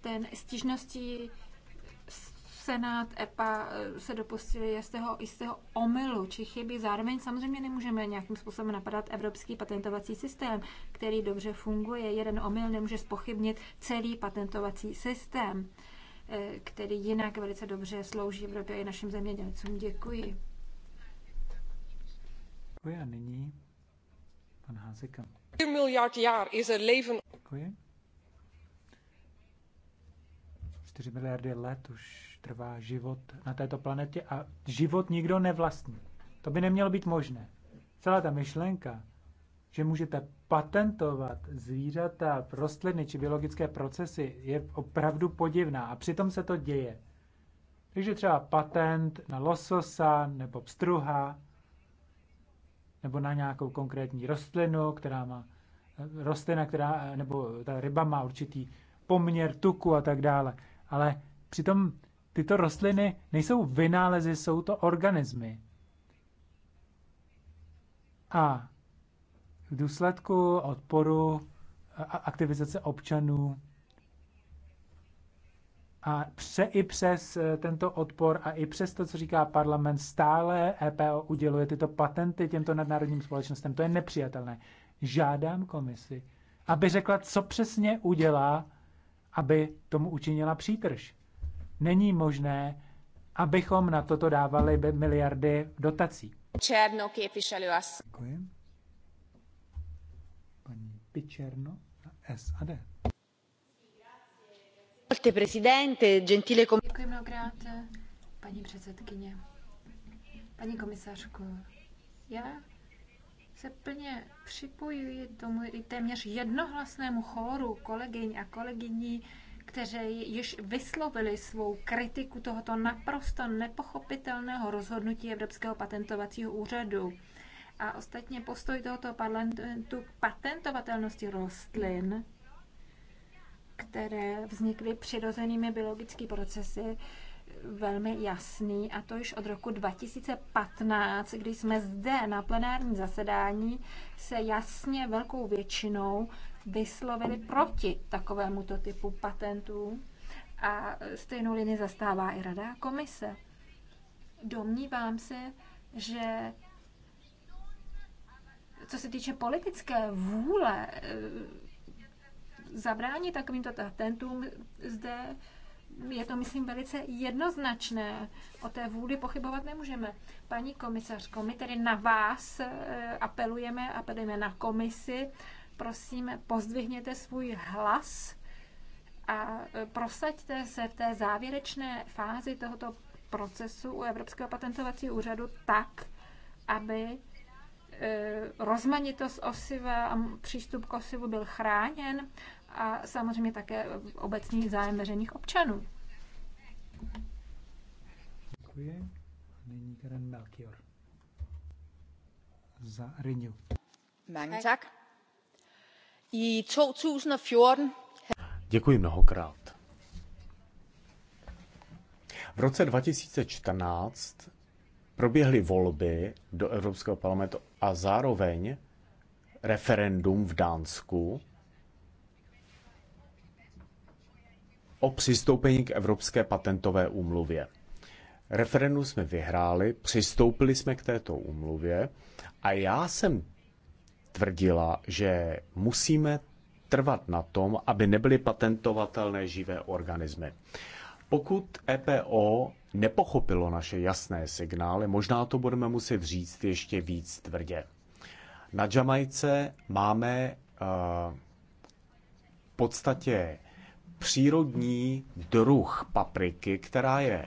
ten stížností Senát, EPA eh, se dopustili jistého, jistého omylu či chyby. Zároveň samozřejmě nemůžeme nějakým způsobem napadat evropský patentovací systém, který dobře funguje. Jeden omyl nemůže spochybnit celý patentovací systém, eh, který jinak velice dobře slouží Evropě i našim zemědělcům. Děkuji. Děkuji a nyní pan Házeka. miliard jár je er leven... Děkuji. 4 miliardy let už trvá život na této planetě a život nikdo nevlastní. To by nemělo být možné. Celá ta myšlenka, že můžete patentovat zvířata, rostliny či biologické procesy, je opravdu podivná a přitom se to děje. Takže třeba patent na lososa nebo pstruha, nebo na nějakou konkrétní rostlinu, která má rostlina, která, nebo ta ryba má určitý poměr tuku a tak dále. Ale přitom tyto rostliny nejsou vynálezy, jsou to organismy. A v důsledku odporu a aktivizace občanů a pře, i přes eh, tento odpor a i přes to, co říká parlament, stále EPO uděluje tyto patenty těmto nadnárodním společnostem. To je nepřijatelné. Žádám komisi, aby řekla, co přesně udělá, aby tomu učinila přítrž není možné, abychom na toto dávali miliardy dotací. Černo, képviselő Děkuji. Paní Pičerno, SAD. Děkuji mnohokrát, paní předsedkyně. Paní komisařko, já se plně připojuji tomu i téměř jednohlasnému chóru kolegyň a kolegyní, kteří již vyslovili svou kritiku tohoto naprosto nepochopitelného rozhodnutí Evropského patentovacího úřadu. A ostatně postoj tohoto parlamentu k patentovatelnosti rostlin, které vznikly přirozenými biologickými procesy, velmi jasný a to již od roku 2015, kdy jsme zde na plenárním zasedání se jasně velkou většinou vyslovili proti takovémuto typu patentů a stejnou linii zastává i Rada a komise. Domnívám se, že co se týče politické vůle eh, zabránit takovýmto patentům, zde je to, myslím, velice jednoznačné. O té vůli pochybovat nemůžeme. Paní komisařko, my tedy na vás eh, apelujeme, apelujeme na komisi, prosím, pozdvihněte svůj hlas a prosaďte se v té závěrečné fázi tohoto procesu u Evropského patentovacího úřadu tak, aby e, rozmanitost osiva a přístup k osivu byl chráněn a samozřejmě také obecný zájem veřejných občanů. Děkuji. Nyní Karen Melchior za Renew. Mange Děkuji mnohokrát. V roce 2014 proběhly volby do Evropského parlamentu a zároveň referendum v Dánsku o přistoupení k Evropské patentové úmluvě. Referendum jsme vyhráli, přistoupili jsme k této úmluvě a já jsem tvrdila, že musíme trvat na tom, aby nebyly patentovatelné živé organismy. Pokud EPO nepochopilo naše jasné signály, možná to budeme muset říct ještě víc tvrdě. Na Jamajce máme uh, v podstatě přírodní druh papriky, která je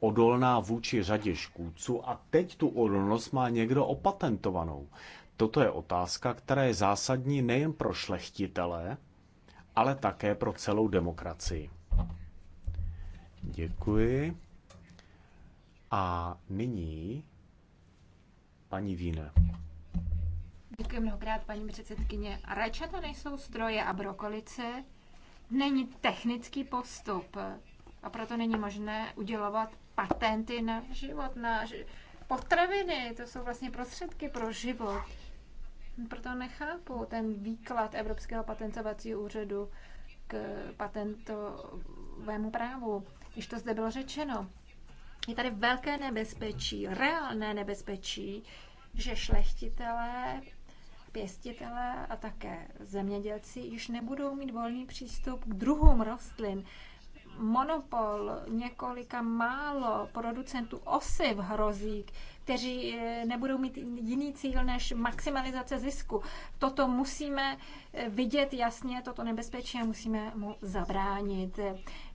odolná vůči řadě škůdců a teď tu odolnost má někdo opatentovanou. Toto je otázka, která je zásadní nejen pro šlechtitele, ale také pro celou demokracii. Děkuji. A nyní paní Víne. Děkuji mnohokrát, paní předsedkyně. Rajčata nejsou stroje a brokolice. Není technický postup a proto není možné udělovat patenty na život, na potraviny. To jsou vlastně prostředky pro život. Proto nechápu ten výklad Evropského patentovacího úřadu k patentovému právu. Když to zde bylo řečeno, je tady velké nebezpečí, reálné nebezpečí, že šlechtitelé, pěstitelé a také zemědělci již nebudou mít volný přístup k druhům rostlin, monopol několika málo producentů osiv hrozí, kteří eh, nebudou mít jiný cíl než maximalizace zisku. Toto musíme eh, vidět jasně, toto nebezpečí a musíme mu zabránit.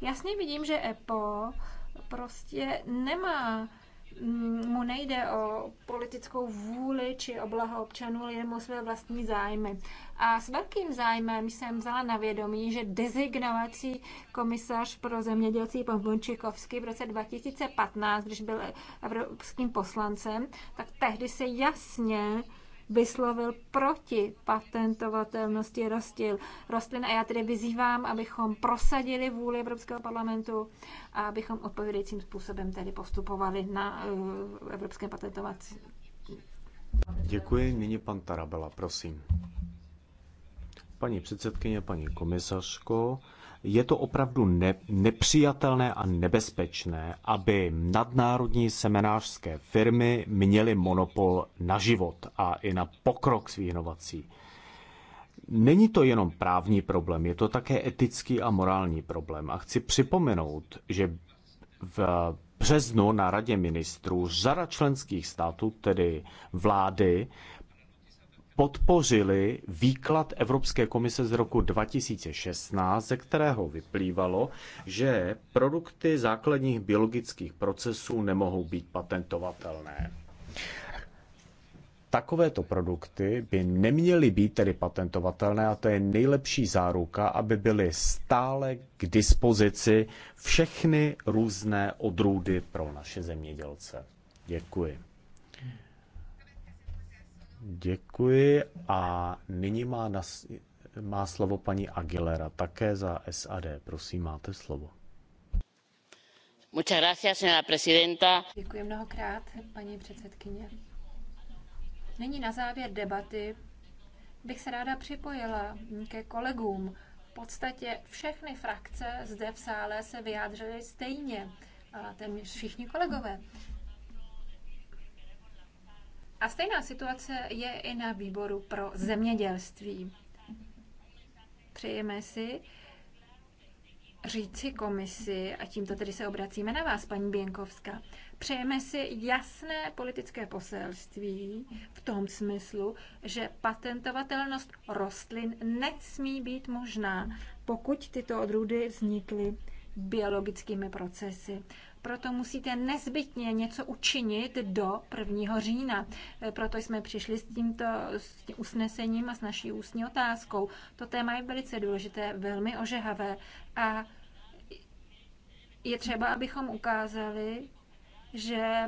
Jasně vidím, že EPO prostě nemá Mm, mu nejde o politickou vůli či o blaho občanů, ale jen o své vlastní zájmy. A s velkým zájmem jsem vzala na vědomí, že dezignovací komisař pro zemědělství pan Vončikovský v roce 2015, když byl evropským poslancem, tak tehdy se jasně vyslovil proti patentovatelnosti rostlin. A já tedy vyzývám, abychom prosadili vůli Evropského parlamentu a abychom odpovědějícím způsobem tedy postupovali na uh, Evropském patentovací. Děkuji. Nyní pan Tarabela, prosím. Paní předsedkyně, paní komisařko, je to opravdu ne, nepřijatelné a nebezpečné, aby nadnárodní seminářské firmy měly monopol na život a i na pokrok svých inovací. Není to jenom právní problém, je to také etický a morální problém. A chci připomenout, že v březnu na Radě ministrů řada členských států, tedy vlády, podpořili výklad Evropské komise z roku 2016, ze kterého vyplývalo, že produkty základních biologických procesů nemohou být patentovatelné. Takovéto produkty by neměly být tedy patentovatelné a to je nejlepší záruka, aby byly stále k dispozici všechny různé odrůdy pro naše zemědělce. Děkuji. Děkuji a nyní má, na, má slovo paní Aguilera také za SAD. Prosím, máte slovo. Děkuji mnohokrát, paní předsedkyně. Nyní na závěr debaty bych se ráda připojila ke kolegům. V podstatě všechny frakce zde v sále se vyjádřily stejně, a téměř všichni kolegové. A stejná situace je i na výboru pro zemědělství. Přejeme si říci komisi, a tímto tedy se obracíme na vás, paní Běnkovská, přejeme si jasné politické poselství v tom smyslu, že patentovatelnost rostlin nesmí být možná, pokud tyto odrůdy vznikly biologickými procesy. Proto musíte nezbytně něco učinit do 1. října. E, proto jsme přišli s tímto s tím usnesením a s naší ústní otázkou. To téma je velice důležité, velmi ožehavé a je třeba, abychom ukázali, že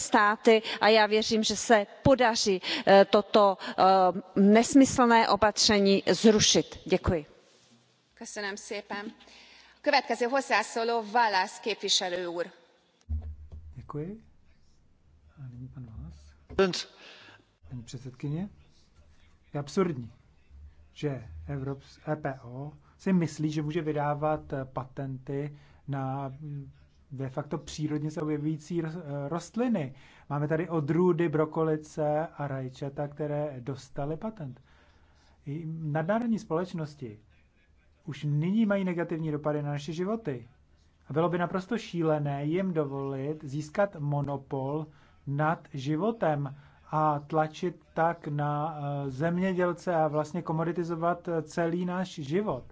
státy a já věřím že se podaří eh, toto eh, nesmyslné opatření zrušit. děkuji. děkuji. paní předsedkyně je absurdní že EPO e si myslí, že může vydávat eh, patenty na de facto přírodně se objevující eh, rostliny. Máme tady odrůdy brokolice a rajčata, které dostaly patent. I nadnárodní společnosti už nyní mají negativní dopady na naše životy. A bylo by naprosto šílené jim dovolit získat monopol nad životem a tlačit tak na eh, zemědělce a vlastně komoditizovat eh, celý náš život.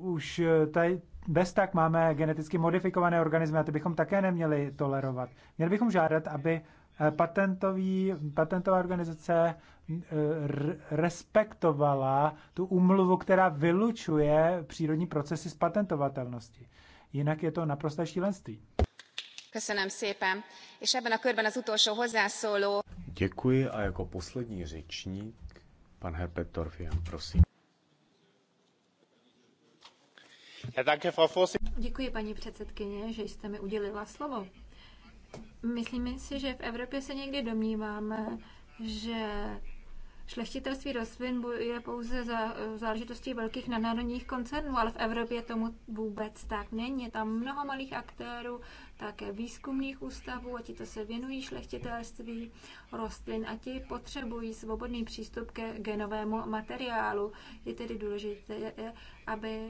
Už tady, bez tak máme geneticky modifikované organismy a ty bychom také neměli tolerovat. Měli bychom žádat, aby eh, patentový, patentová organizace eh, respektovala tu umluvu, která vylučuje přírodní procesy z patentovatelnosti. Jinak je to naprosté šílenství. Děkuji a jako poslední řečník pan Herbert Torfian, prosím. Děkuji, paní předsedkyně, že jste mi udělila slovo. Myslím si, že v Evropě se někdy domníváme, že šlechtitelství rostlin je pouze za eh, záležitostí velkých nadnárodních koncernů, ale v Evropě tomu vůbec tak není. Je tam mnoho malých aktérů, také výzkumných ústavů a ti to se věnují šlechtitelství rostlin a ti potřebují svobodný přístup ke genovému materiálu. Je tedy důležité, aby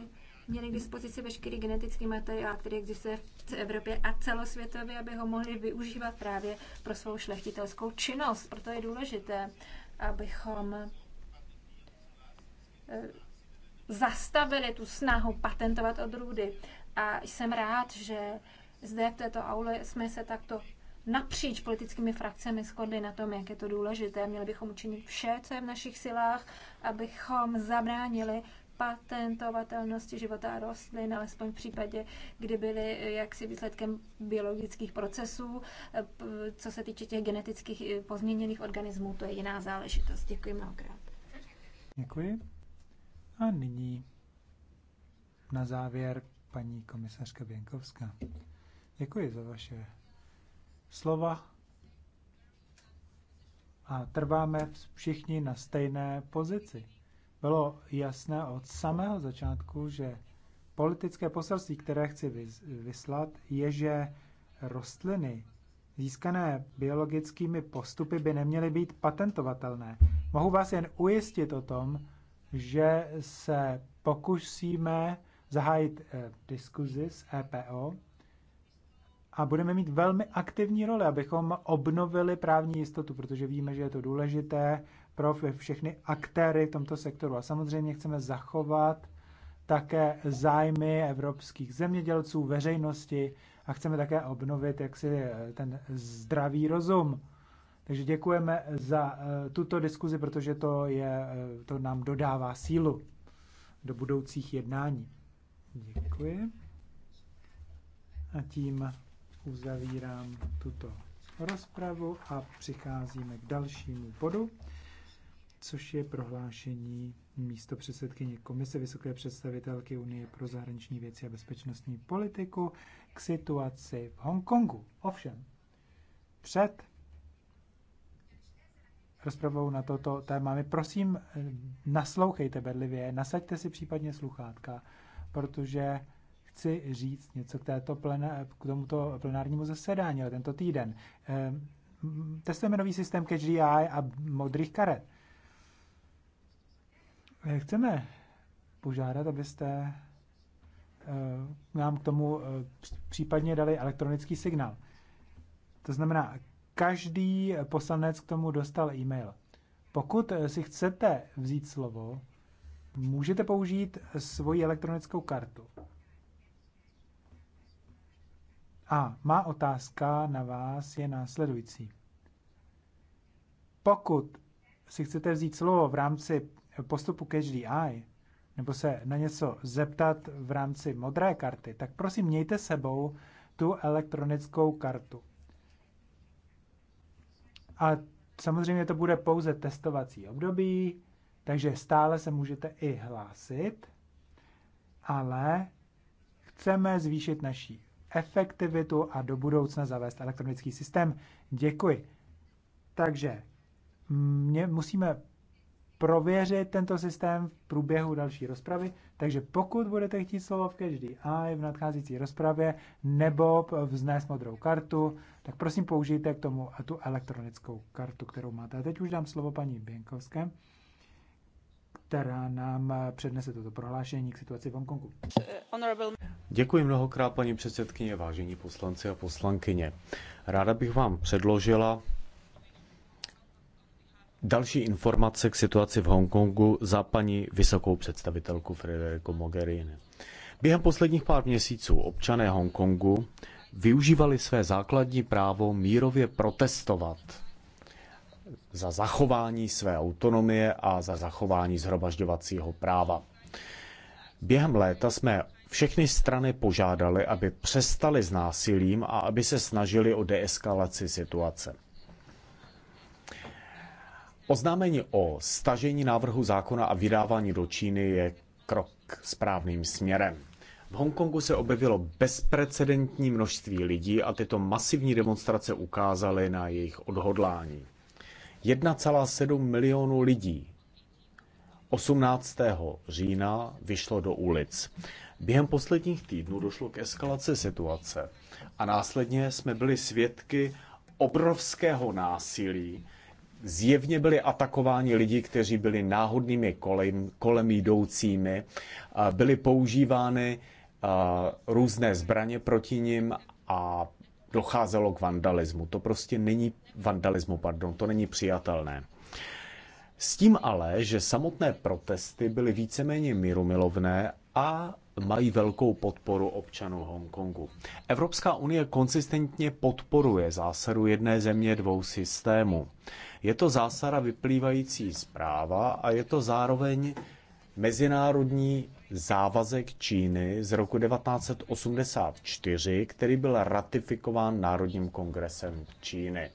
měli k dispozici veškerý genetický materiál, který existuje v Evropě a celosvětově, aby ho mohli využívat právě pro svou šlechtitelskou činnost. Proto je důležité, abychom eh, zastavili tu snahu patentovat odrůdy. A jsem rád, že zde v této aule jsme se takto napříč politickými frakcemi shodli na tom, jak je to důležité. Měli bychom učinit vše, co je v našich silách, abychom zabránili patentovatelnosti života a rostlin, alespoň v případě, kdy byly eh, jaksi výsledkem biologických procesů. Eh, co se týče těch genetických eh, pozměněných organismů, to je jiná záležitost. Děkuji mnohokrát. Děkuji. A nyní na závěr paní komisařka Běnkovská. Děkuji za vaše slova a trváme všichni na stejné pozici bylo jasné od samého začátku, že politické poselství, které chci vyslat, je, že rostliny získané biologickými postupy by neměly být patentovatelné. Mohu vás jen ujistit o tom, že se pokusíme zahájit eh, diskuzi s EPO a budeme mít velmi aktivní roli, abychom obnovili právní jistotu, protože víme, že je to důležité pro všechny aktéry v tomto sektoru. A samozřejmě chceme zachovat také zájmy evropských zemědělců, veřejnosti a chceme také obnovit jaksi eh, ten zdravý rozum. Takže děkujeme za eh, tuto diskuzi, protože to, je, eh, to nám dodává sílu do budoucích jednání. Děkuji. A tím uzavírám tuto rozpravu a přicházíme k dalšímu bodu což je prohlášení místo předsedkyně Komise Vysoké představitelky Unie pro zahraniční věci a bezpečnostní politiku k situaci v Hongkongu. Ovšem, před rozpravou na toto téma my prosím eh, naslouchejte bedlivě, nasaďte si případně sluchátka, protože chci říct něco k, této plena, k tomuto plenárnímu zasedání, ale tento týden. Eh, testujeme nový systém KGI a modrých karet Eh, chceme požádat, abyste eh, nám k tomu eh, případně dali elektronický signál. To znamená, každý poslanec k tomu dostal e-mail. Pokud si chcete vzít slovo, můžete použít svoji elektronickou kartu. A má otázka na vás je následující. Pokud si chcete vzít slovo v rámci postupu Catch the Eye nebo se na něco zeptat v rámci modré karty, tak prosím mějte sebou tu elektronickou kartu. A samozřejmě to bude pouze testovací období, takže stále se můžete i hlásit, ale chceme zvýšit naší efektivitu a do budoucna zavést elektronický systém. Děkuji. Takže mě musíme prověřit tento systém v průběhu další rozpravy, takže pokud budete chtít slovo v každý a v nadcházející rozpravě nebo vznést modrou kartu, tak prosím použijte k tomu a tu elektronickou kartu, kterou máte. A teď už dám slovo paní Běnkovské, která nám eh, přednese toto prohlášení k situaci v Hongkongu. Děkuji mnohokrát, paní předsedkyně, vážení poslanci a poslankyně. Ráda bych vám předložila Další informace k situaci v Hongkongu za paní vysokou představitelku Frederico Mogherini. Během posledních pár měsíců občané Hongkongu využívali své základní právo mírově protestovat za zachování své autonomie a za zachování zhromažďovacího práva. Během léta jsme všechny strany požádali, aby přestali s násilím a aby se snažili o deeskalaci situace. Oznámení o stažení návrhu zákona a vydávání do Číny je krok správným směrem. V Hongkongu se objevilo bezprecedentní množství lidí a tyto masivní demonstrace ukázaly na jejich odhodlání. 1,7 milionu lidí 18. října vyšlo do ulic. Během posledních týdnů došlo k eskalaci situace a následně jsme byli svědky obrovského násilí, zjevně byli atakováni lidi, kteří byli náhodnými kolem, kolem jdoucími, byly používány různé zbraně proti nim a docházelo k vandalismu. To prostě není vandalismu, pardon, to není přijatelné. S tím ale, že samotné protesty byly víceméně mírumilovné a mají velkou podporu občanů Hongkongu. Evropská unie konsistentně podporuje zásadu jedné země dvou systémů. Je to zásada vyplývající z práva a je to zároveň mezinárodní závazek Číny z roku 1984, který byl ratifikován Národním kongresem Číny.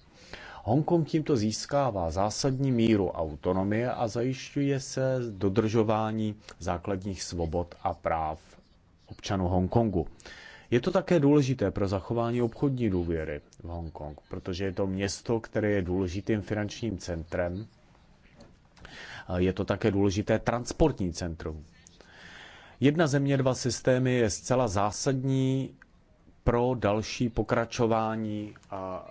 Hongkong tímto získává zásadní míru autonomie a zajišťuje se dodržování základních svobod a práv občanů Hongkongu. Je to také důležité pro zachování obchodní důvěry v Hongkong, protože je to město, které je důležitým finančním centrem. Je to také důležité transportní centrum. Jedna země, dva systémy je zcela zásadní pro další pokračování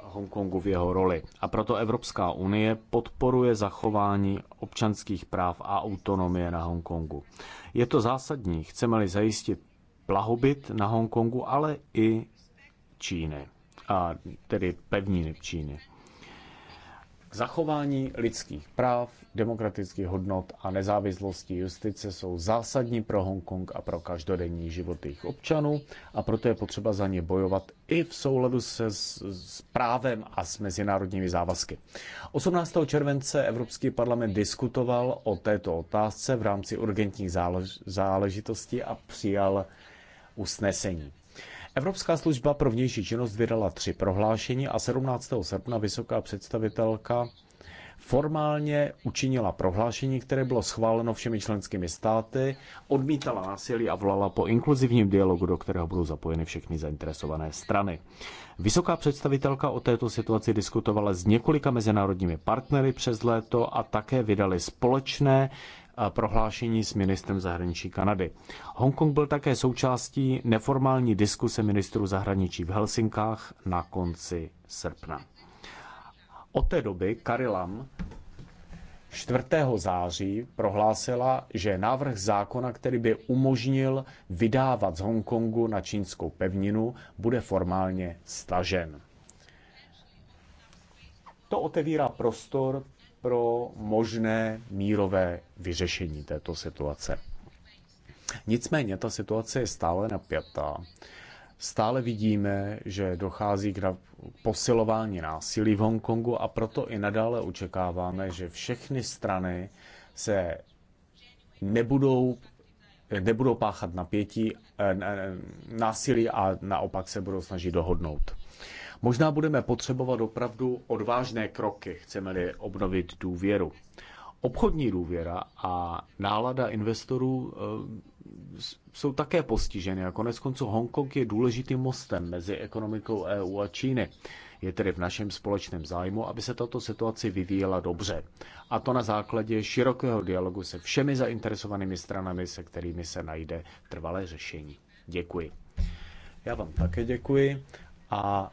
Hongkongu v jeho roli. A proto Evropská unie podporuje zachování občanských práv a autonomie na Hongkongu. Je to zásadní, chceme-li zajistit blahobyt na Hongkongu, ale i Číny a tedy pevniny Číny. Zachování lidských práv, demokratických hodnot a nezávislosti justice jsou zásadní pro Hongkong a pro každodenní život jejich občanů a proto je potřeba za ně bojovat i v souladu se s, s právem a s mezinárodními závazky. 18. července Evropský parlament diskutoval o této otázce v rámci urgentních zálež, záležitostí a přijal usnesení. Evropská služba pro vnější činnost vydala tři prohlášení a 17. srpna vysoká představitelka formálně učinila prohlášení, které bylo schváleno všemi členskými státy, odmítala násilí a volala po inkluzivním dialogu, do kterého budou zapojeny všechny zainteresované strany. Vysoká představitelka o této situaci diskutovala s několika mezinárodními partnery přes léto a také vydali společné prohlášení s ministrem zahraničí Kanady. Hongkong byl také součástí neformální diskuse ministrů zahraničí v Helsinkách na konci srpna. Od té doby Karilam 4. září prohlásila, že návrh zákona, který by umožnil vydávat z Hongkongu na čínskou pevninu, bude formálně stažen. To otevírá prostor pro možné mírové vyřešení této situace. Nicméně ta situace je stále napjatá. Stále vidíme, že dochází k posilování násilí v Hongkongu a proto i nadále očekáváme, že všechny strany se nebudou, nebudou páchat napětí, eh, násilí a naopak se budou snažit dohodnout. Možná budeme potřebovat opravdu odvážné kroky, chceme-li obnovit důvěru. Obchodní důvěra a nálada investorů eh, jsou také postiženy a konec konců Hongkong je důležitým mostem mezi ekonomikou EU a Číny. Je tedy v našem společném zájmu, aby se tato situace vyvíjela dobře. A to na základě širokého dialogu se všemi zainteresovanými stranami, se kterými se najde trvalé řešení. Děkuji. Já vám také děkuji a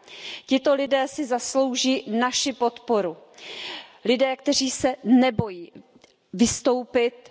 tito lidé si zaslouží naši podporu lidé kteří se nebojí vystoupit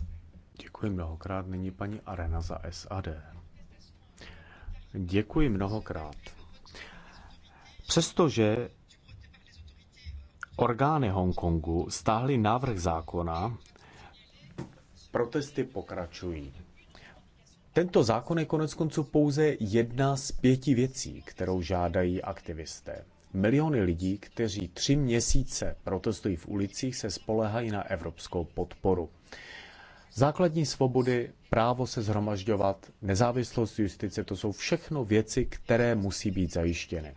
Děkuji mnohokrát. Nyní paní Arena za SAD. Děkuji mnohokrát. Přestože orgány Hongkongu stáhly návrh zákona, protesty pokračují. Tento zákon je konec konců pouze jedna z pěti věcí, kterou žádají aktivisté. Miliony lidí, kteří tři měsíce protestují v ulicích, se spolehají na evropskou podporu. Základní svobody, právo se zhromažďovat, nezávislost justice, to jsou všechno věci, které musí být zajištěny.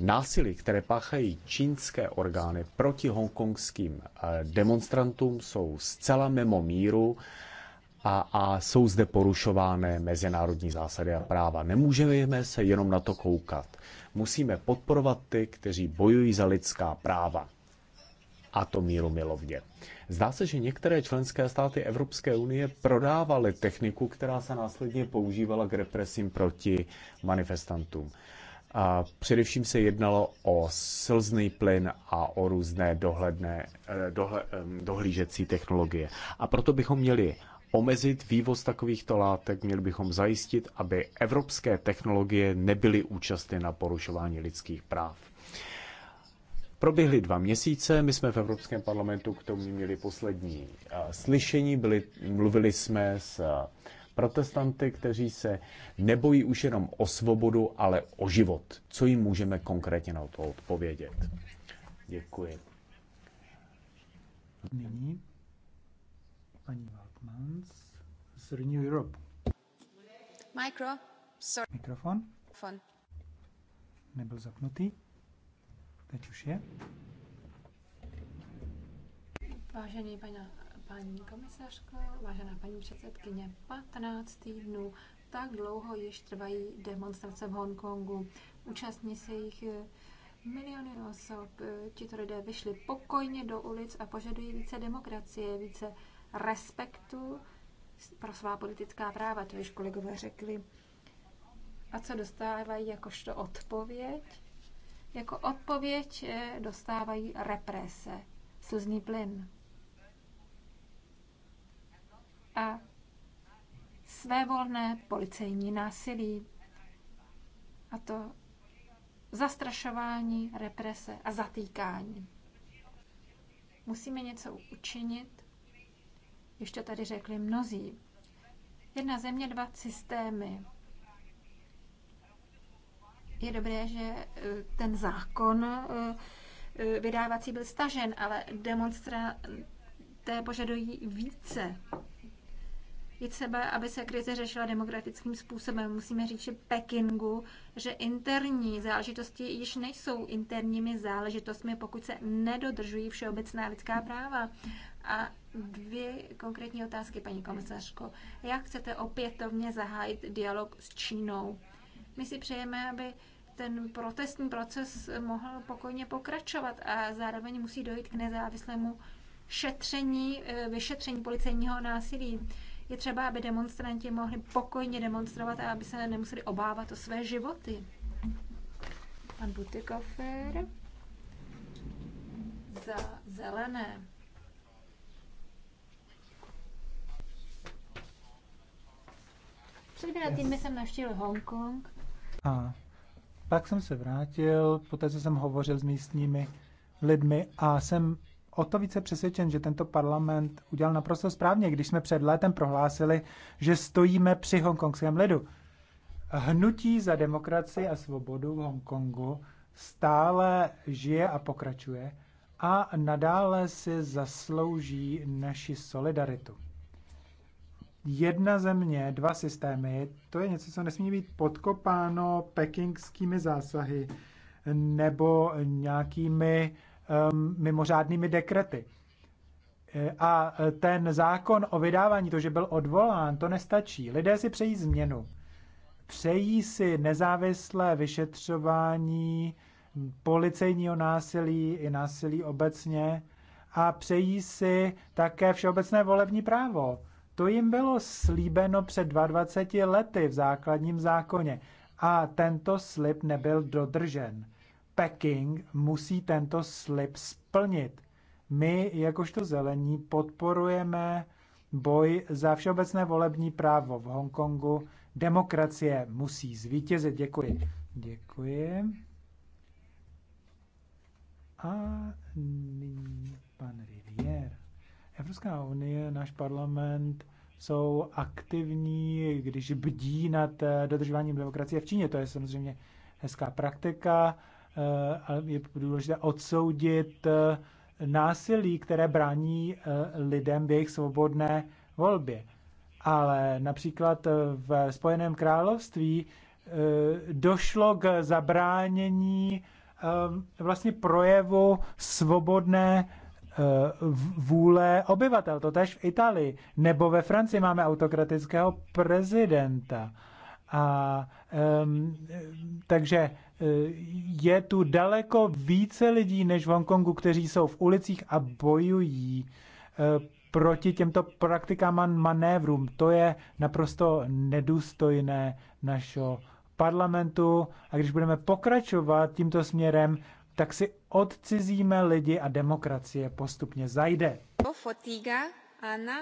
Násilí, které páchají čínské orgány proti hongkongským eh, demonstrantům, jsou zcela mimo míru a, a jsou zde porušovány mezinárodní zásady a práva. Nemůžeme se jenom na to koukat. Musíme podporovat ty, kteří bojují za lidská práva. A to míru milovně. Zdá se, že některé členské státy Evropské unie prodávaly techniku, která se následně používala k represím proti manifestantům. A především se jednalo o slzný plyn a o různé dohledné, eh, dohle, dohlížecí technologie. A proto bychom měli omezit vývoz takovýchto látek, měli bychom zajistit, aby evropské technologie nebyly účastny na porušování lidských práv. Proběhly dva měsíce, my jsme v Evropském parlamentu k tomu měli poslední slyšení, byli, mluvili jsme s protestanty, kteří se nebojí už jenom o svobodu, ale o život. Co jim můžeme konkrétně na to odpovědět? Děkuji. Nyní paní Waltmans z Renew Europe. Mikro. Sorry. Mikrofon. Nebyl zapnutý. Teď už je. Vážený paní, paní komisařko, vážená paní předsedkyně, 15 týdnů tak dlouho již trvají demonstrace v Hongkongu. Účastní se jich eh, miliony osob. Eh, tito lidé vyšli pokojně do ulic a požadují více demokracie, více respektu pro svá politická práva, to již kolegové řekli. A co dostávají jakožto odpověď? jako odpověď eh, dostávají represe, slzný plyn. A svévolné policejní násilí. A to zastrašování, represe a zatýkání. Musíme něco učinit, ještě tady řekli mnozí. Jedna země, dva systémy. Je dobré, že e, ten zákon e, e, vydávací byl stažen, ale demonstranté požadují více. Je třeba, aby se krize řešila demokratickým způsobem. Musíme říct že Pekingu, že interní záležitosti již nejsou interními záležitostmi, pokud se nedodržují všeobecná lidská práva. A dvě konkrétní otázky, paní komisařko. Jak chcete opětovně zahájit dialog s Čínou? My si přejeme, aby ten protestní proces mohl pokojně pokračovat a zároveň musí dojít k nezávislému šetření, eh, vyšetření policejního násilí. Je třeba, aby demonstranti mohli pokojně demonstrovat a aby se nemuseli obávat o své životy. Pan Butikofer za zelené. Před dvěma týdny jsem navštívil Hongkong a pak jsem se vrátil, poté co jsem hovořil s místními lidmi a jsem o to více přesvědčen, že tento parlament udělal naprosto správně, když jsme před létem prohlásili, že stojíme při hongkongském lidu. Hnutí za demokracii a svobodu v Hongkongu stále žije a pokračuje a nadále si zaslouží naši solidaritu jedna země, dva systémy, to je něco, co nesmí být podkopáno pekingskými zásahy nebo nějakými um, mimořádnými dekrety. E, a ten zákon o vydávání, to, že byl odvolán, to nestačí. Lidé si přejí změnu. Přejí si nezávislé vyšetřování policejního násilí i násilí obecně a přejí si také všeobecné volební právo to jim bylo slíbeno před 22 lety v základním zákoně a tento slib nebyl dodržen. Peking musí tento slib splnit. My, jakožto zelení, podporujeme boj za všeobecné volební právo v Hongkongu. Demokracie musí zvítězit. Děkuji. Děkuji. A nyní pan Rivière. Evropská unie, náš parlament jsou aktivní, když bdí nad eh, dodržováním demokracie v Číně. To je samozřejmě hezká praktika, eh, ale je důležité odsoudit eh, násilí, které brání lidem v jejich svobodné volbě. Ale například v Spojeném království došlo k zabránění vlastně projevu svobodné Eh, vůle obyvatel. To tež v Itálii. Nebo ve Francii máme autokratického prezidenta. A um, takže eh, je tu daleko více lidí než v Hongkongu, kteří jsou v ulicích a bojují eh, proti těmto praktikám a manévrům. To je naprosto nedůstojné našeho parlamentu a když budeme pokračovat tímto směrem, tak si odcizíme lidi a demokracie postupně zajde. Fotiga, Anna.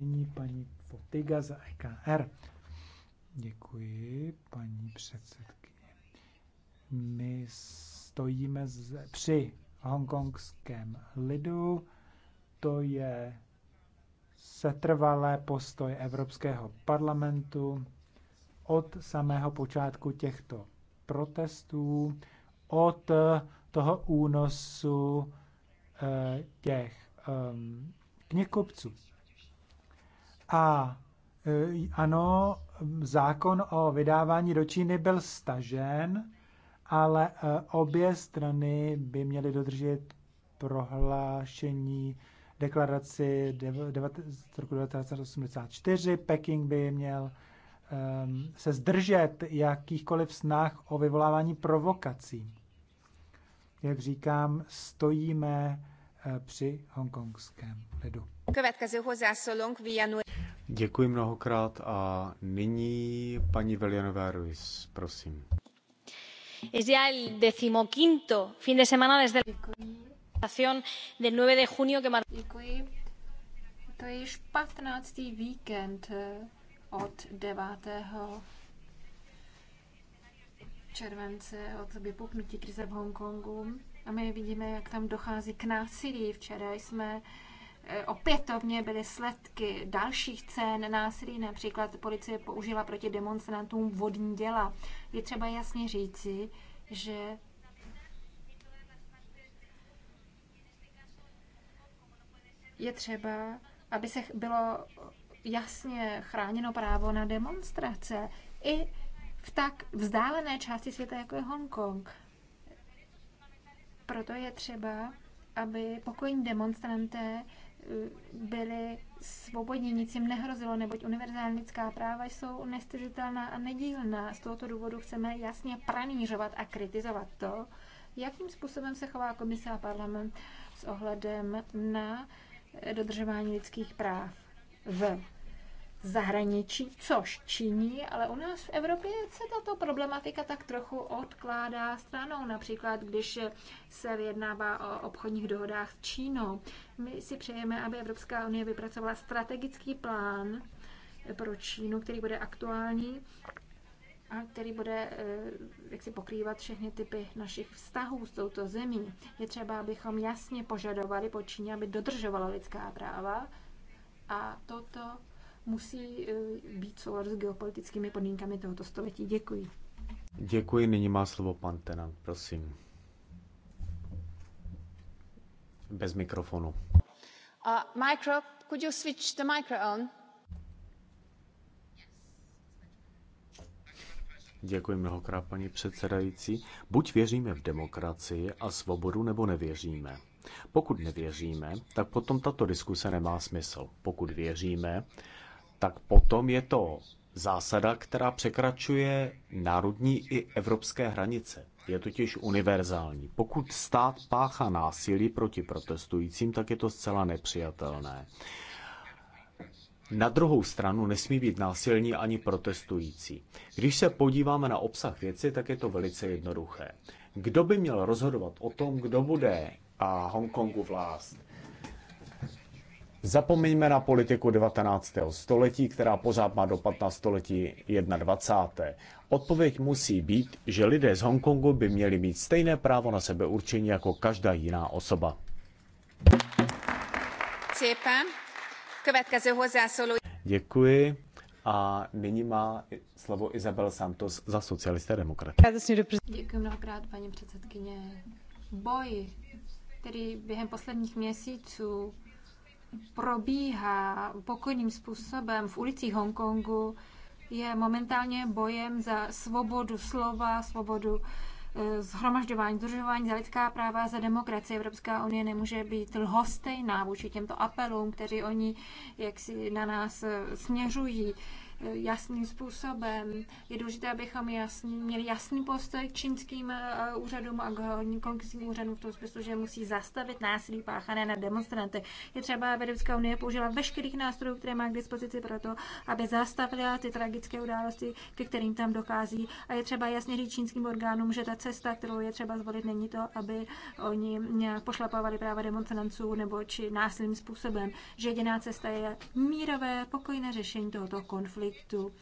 Nyní paní Fotiga za EKR. Děkuji, paní předsedkyně. My stojíme z, při hongkongském lidu. To je setrvalé postoj Evropského parlamentu od samého počátku těchto protestů, od toho únosu eh, těch ehm, kněkupců. A eh, ano, zákon o vydávání do Číny byl stažen, ale eh, obě strany by měly dodržet prohlášení deklaraci z roku 1984. Peking by měl ehm, se zdržet jakýchkoliv snah o vyvolávání provokací jak říkám, stojíme eh, při hongkongském lidu. Děkuji mnohokrát a nyní paní Velianová Ruiz, prosím. Es fin de semana 9 Děkuji. To je již 15. víkend eh, od 9 července od vypuknutí krize v Hongkongu a my vidíme, jak tam dochází k násilí. Včera jsme e, opětovně byly sledky dalších cen násilí. Například policie použila proti demonstrantům vodní děla. Je třeba jasně říci, že je třeba, aby se bylo jasně chráněno právo na demonstrace i v tak vzdálené části světa, jako je Hongkong. Proto je třeba, aby pokojní demonstranté eh, byli svobodní, nic jim nehrozilo, neboť univerzální lidská práva jsou nestizitelná a nedílná. Z tohoto důvodu chceme jasně pranířovat a kritizovat to, jakým způsobem se chová komise a parlament s ohledem na eh, dodržování lidských práv v zahraničí, což činí, ale u nás v Evropě se tato problematika tak trochu odkládá stranou. Například, když se vyjednává o obchodních dohodách s Čínou. My si přejeme, aby Evropská unie vypracovala strategický plán pro Čínu, který bude aktuální a který bude eh, jak si pokrývat všechny typy našich vztahů s touto zemí. Je třeba, abychom jasně požadovali po Číně, aby dodržovala lidská práva a toto musí eh, být solar s geopolitickými podmínkami tohoto století. Děkuji. Děkuji, nyní má slovo pan Tenant, prosím. Bez mikrofonu. Uh, micro, could you switch the micro on? Děkuji mnohokrát, paní předsedající. Buď věříme v demokracii a svobodu, nebo nevěříme. Pokud nevěříme, tak potom tato diskuse nemá smysl. Pokud věříme, tak potom je to zásada, která překračuje národní i evropské hranice. Je totiž univerzální. Pokud stát páchá násilí proti protestujícím, tak je to zcela nepřijatelné. Na druhou stranu nesmí být násilní ani protestující. Když se podíváme na obsah věci, tak je to velice jednoduché. Kdo by měl rozhodovat o tom, kdo bude a Hongkongu vlast? Zapomeňme na politiku 19. století, která pořád má dopad na století 21. Odpověď musí být, že lidé z Hongkongu by měli mít stejné právo na sebeurčení jako každá jiná osoba. Děkuji. A nyní má slovo Isabel Santos za socialisté demokraty. Děkuji mnohokrát, paní předsedkyně. Boj, který během posledních měsíců probíhá pokojným způsobem v ulicích Hongkongu, je momentálně bojem za svobodu slova, svobodu eh, zhromažďování, združování za lidská práva, za demokracii. Evropská unie nemůže být lhostejná vůči těmto apelům, kteří oni jaksi na nás eh, směřují jasným způsobem. Je důležité, abychom jasný, měli jasný postoj k čínským eh, úřadům a k konkrétním úřadům v tom smyslu, že musí zastavit násilí páchané na demonstranty. Je třeba, aby Evropská unie použila veškerých nástrojů, které má k dispozici pro to, aby zastavila ty tragické události, ke kterým tam dochází. A je třeba jasně říct čínským orgánům, že ta cesta, kterou je třeba zvolit, není to, aby oni pošlapovali práva demonstrantů nebo či násilným způsobem, že jediná cesta je mírové, pokojné řešení tohoto konfliktu konfliktu.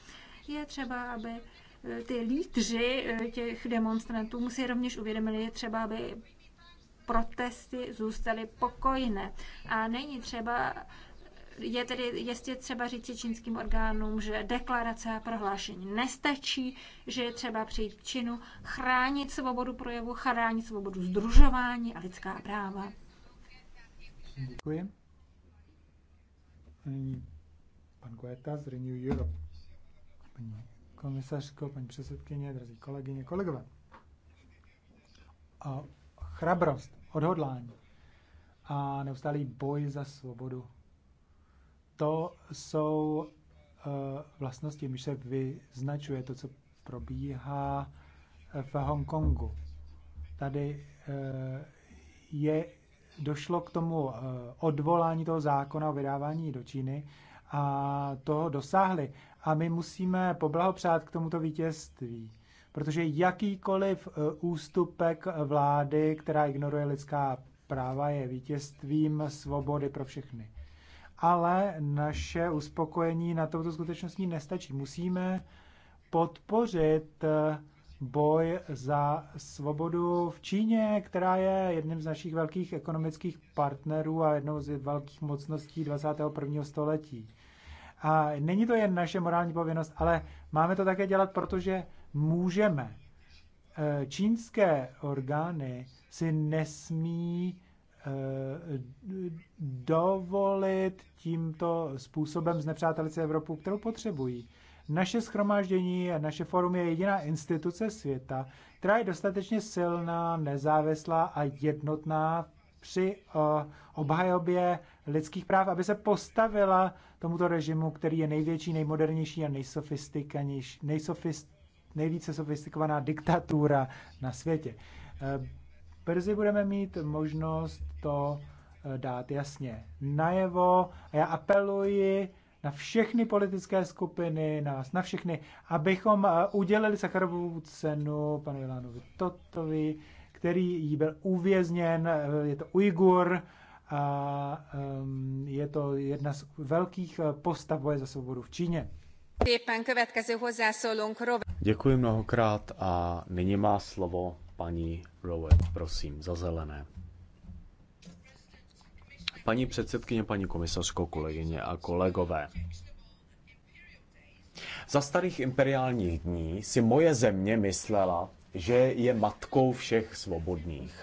Je třeba, aby eh, ty lídři eh, těch demonstrantů musí rovněž uvědomili, je třeba, aby protesty zůstaly pokojné. A není třeba, je tedy jestli třeba říct čínským orgánům, že deklarace a prohlášení nestačí, že je třeba přijít k činu, chránit svobodu projevu, chránit svobodu združování a lidská práva. Děkuji. Nyní pan Guetta z Renew Europe. Paní komisařko, paní předsedkyně, drazí kolegyně, kolegové. A chrabrost, odhodlání a neustálý boj za svobodu. To jsou uh, vlastnosti, když se vyznačuje to, co probíhá eh, v Hongkongu. Tady uh, je došlo k tomu odvolání toho zákona o vydávání do Číny, a toho dosáhli. A my musíme poblahopřát k tomuto vítězství, protože jakýkoliv e, ústupek vlády, která ignoruje lidská práva, je vítězstvím svobody pro všechny. Ale naše uspokojení na touto skutečností nestačí. Musíme podpořit e, boj za svobodu v Číně, která je jedním z našich velkých ekonomických partnerů a jednou z velkých mocností 21. století. A není to jen naše morální povinnost, ale máme to také dělat, protože můžeme. E, čínské orgány si nesmí e, dovolit tímto způsobem znepřátelit si Evropu, kterou potřebují. Naše schromáždění a naše forum je jediná instituce světa, která je dostatečně silná, nezávislá a jednotná při obhajobě lidských práv, aby se postavila tomuto režimu, který je největší, nejmodernější a nejsofist, nejvíce sofistikovaná diktatura na světě. E, brzy budeme mít možnost to e, dát jasně najevo a já apeluji na všechny politické skupiny, nás na všechny, abychom eh, udělili Sacharovou cenu panu Jelánovi Totovi, který jí byl uvězněn, eh, je to Ujgur, a ehm, je to jedna z velkých eh, postav boje za svobodu v Číně. Děkuji mnohokrát a nyní má slovo paní Rowe, prosím, za zelené. Paní předsedkyně, paní komisařko, kolegyně a kolegové. Za starých imperiálních dní si moje země myslela, že je matkou všech svobodných.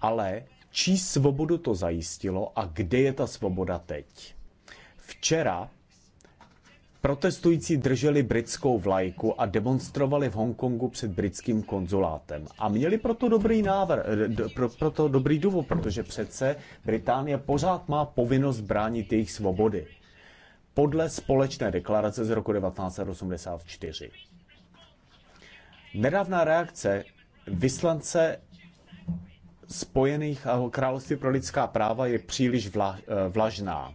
Ale čí svobodu to zajistilo a kde je ta svoboda teď? Včera Protestující drželi britskou vlajku a demonstrovali v Hongkongu před britským konzulátem. A měli proto dobrý návrh, eh, pro, proto dobrý důvod, protože přece Británie pořád má povinnost bránit jejich svobody. Podle společné deklarace z roku 1984. Nedávná reakce vyslance Spojených království pro lidská práva je příliš vla, eh, vlažná.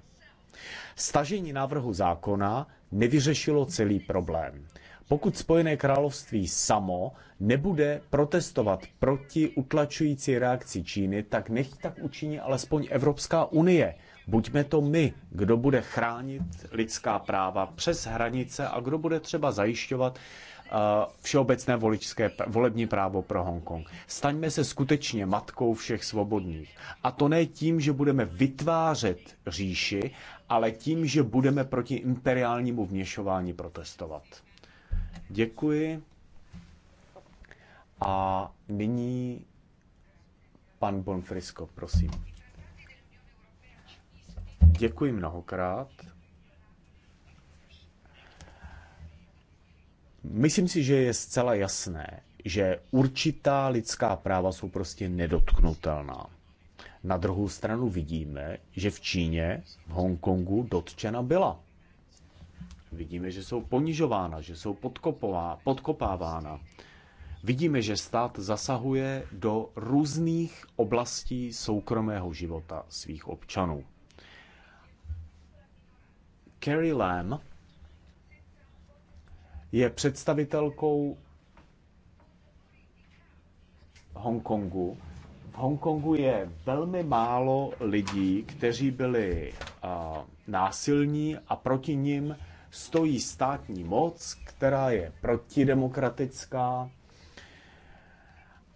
Stažení návrhu zákona nevyřešilo celý problém. Pokud Spojené království samo nebude protestovat proti utlačující reakci Číny, tak nech tak učiní alespoň Evropská unie. Buďme to my, kdo bude chránit lidská práva přes hranice a kdo bude třeba zajišťovat, Eh, všeobecné voličské, volební právo pro Hongkong. Staňme se skutečně matkou všech svobodných. A to ne tím, že budeme vytvářet říši, ale tím, že budeme proti imperiálnímu vněšování protestovat. Děkuji. A nyní pan Bonfrisko, prosím. Děkuji mnohokrát. Myslím si, že je zcela jasné, že určitá lidská práva jsou prostě nedotknutelná. Na druhou stranu vidíme, že v Číně, v Hongkongu dotčena byla. Vidíme, že jsou ponižována, že jsou podkopávána. Vidíme, že stát zasahuje do různých oblastí soukromého života svých občanů. Carrie Lam, je představitelkou Hongkongu. V Hongkongu je velmi málo lidí, kteří byli uh, násilní a proti nim stojí státní moc, která je protidemokratická.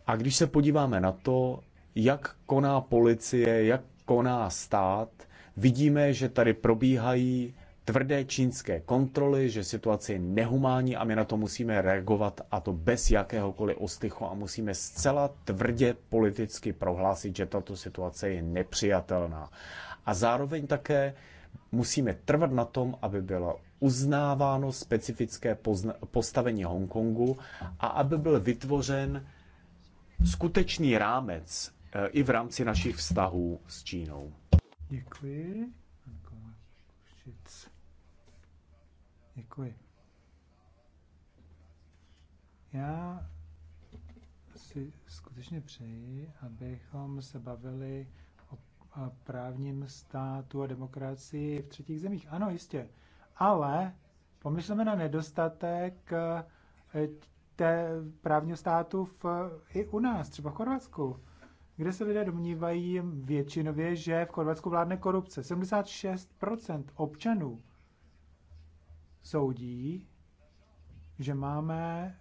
A když se podíváme na to, jak koná policie, jak koná stát, vidíme, že tady probíhají tvrdé čínské kontroly, že situace je nehumánní a my na to musíme reagovat a to bez jakéhokoliv ostychu a musíme zcela tvrdě politicky prohlásit, že tato situace je nepřijatelná. A zároveň také musíme trvat na tom, aby bylo uznáváno specifické postavení Hongkongu a aby byl vytvořen skutečný rámec eh, i v rámci našich vztahů s Čínou. Děkuji. Děkuji. Já si skutečně přeji, abychom se bavili o právním státu a demokracii v třetích zemích. Ano, jistě. Ale pomysleme na nedostatek eh, té právního státu v, i u nás, třeba v Chorvatsku, kde se lidé domnívají většinově, že v Chorvatsku vládne korupce. 76% občanů soudí, že máme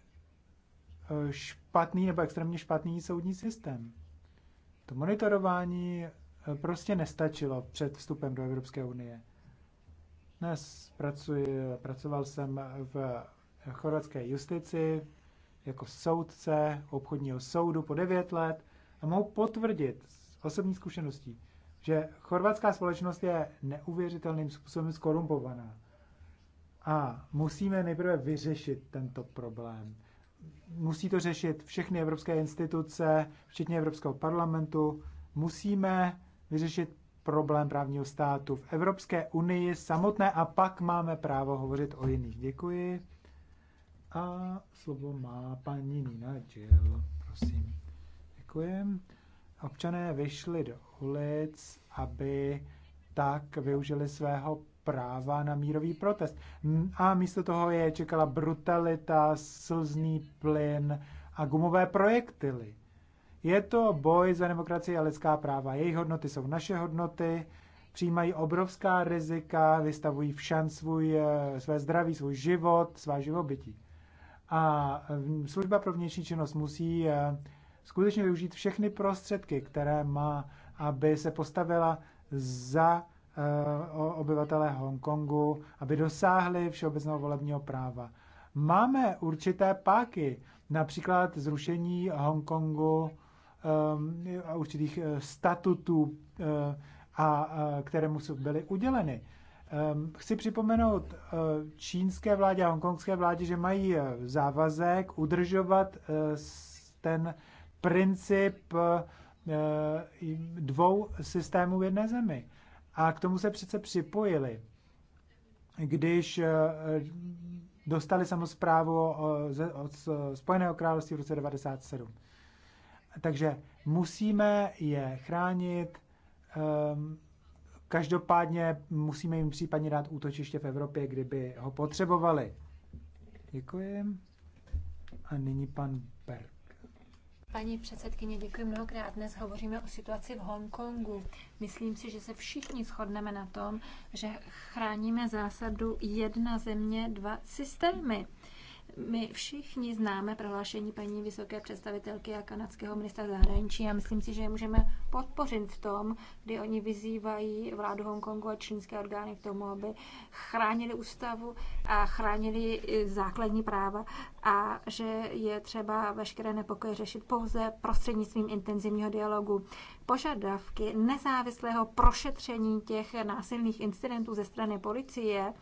eh, špatný nebo extrémně špatný soudní systém. To monitorování eh, prostě nestačilo před vstupem do Evropské unie. Dnes pracuji, pracoval jsem v chorvatské justici jako soudce obchodního soudu po 9 let a mohu potvrdit z osobní zkušeností, že chorvatská společnost je neuvěřitelným způsobem skorumpovaná. A musíme nejprve vyřešit tento problém. Musí to řešit všechny evropské instituce, včetně Evropského parlamentu. Musíme vyřešit problém právního státu v Evropské unii samotné a pak máme právo hovořit o jiných. Děkuji. A slovo má paní Nina Jill, prosím. Děkuji. Občané vyšli do ulic, aby tak využili svého práva na mírový protest. A místo toho je čekala brutalita, slzný plyn a gumové projektily. Je to boj za demokracii a lidská práva. Jejich hodnoty jsou naše hodnoty, přijímají obrovská rizika, vystavují všem svůj, eh, své zdraví, svůj život, svá živobytí. A eh, služba pro vnější činnost musí eh, skutečně využít všechny prostředky, které má, aby se postavila za Eh, obyvatelé Hongkongu, aby dosáhli všeobecného volebního práva. Máme určité páky, například zrušení Hongkongu eh, a určitých eh, statutů, a, které mu byly uděleny. Chci připomenout čínské vládě a hongkongské vládě, že mají závazek udržovat ten princip dvou systémů v jedné zemi. A k tomu se přece připojili, když eh, dostali samozprávu eh, od eh, Spojeného království v roce 1997. Takže musíme je chránit, ehm, každopádně musíme jim případně dát útočiště v Evropě, kdyby ho potřebovali. Děkuji. A nyní pan Paní předsedkyně, děkuji mnohokrát. Dnes hovoříme o situaci v Hongkongu. Myslím si, že se všichni shodneme na tom, že chráníme zásadu jedna země, dva systémy. My všichni známe prohlášení paní vysoké představitelky a kanadského ministra zahraničí a myslím si, že je můžeme podpořit v tom, kdy oni vyzývají vládu Hongkongu a čínské orgány k tomu, aby chránili ústavu a chránili základní práva a že je třeba veškeré nepokoje řešit pouze prostřednictvím intenzivního dialogu. Požadavky nezávislého prošetření těch násilných incidentů ze strany policie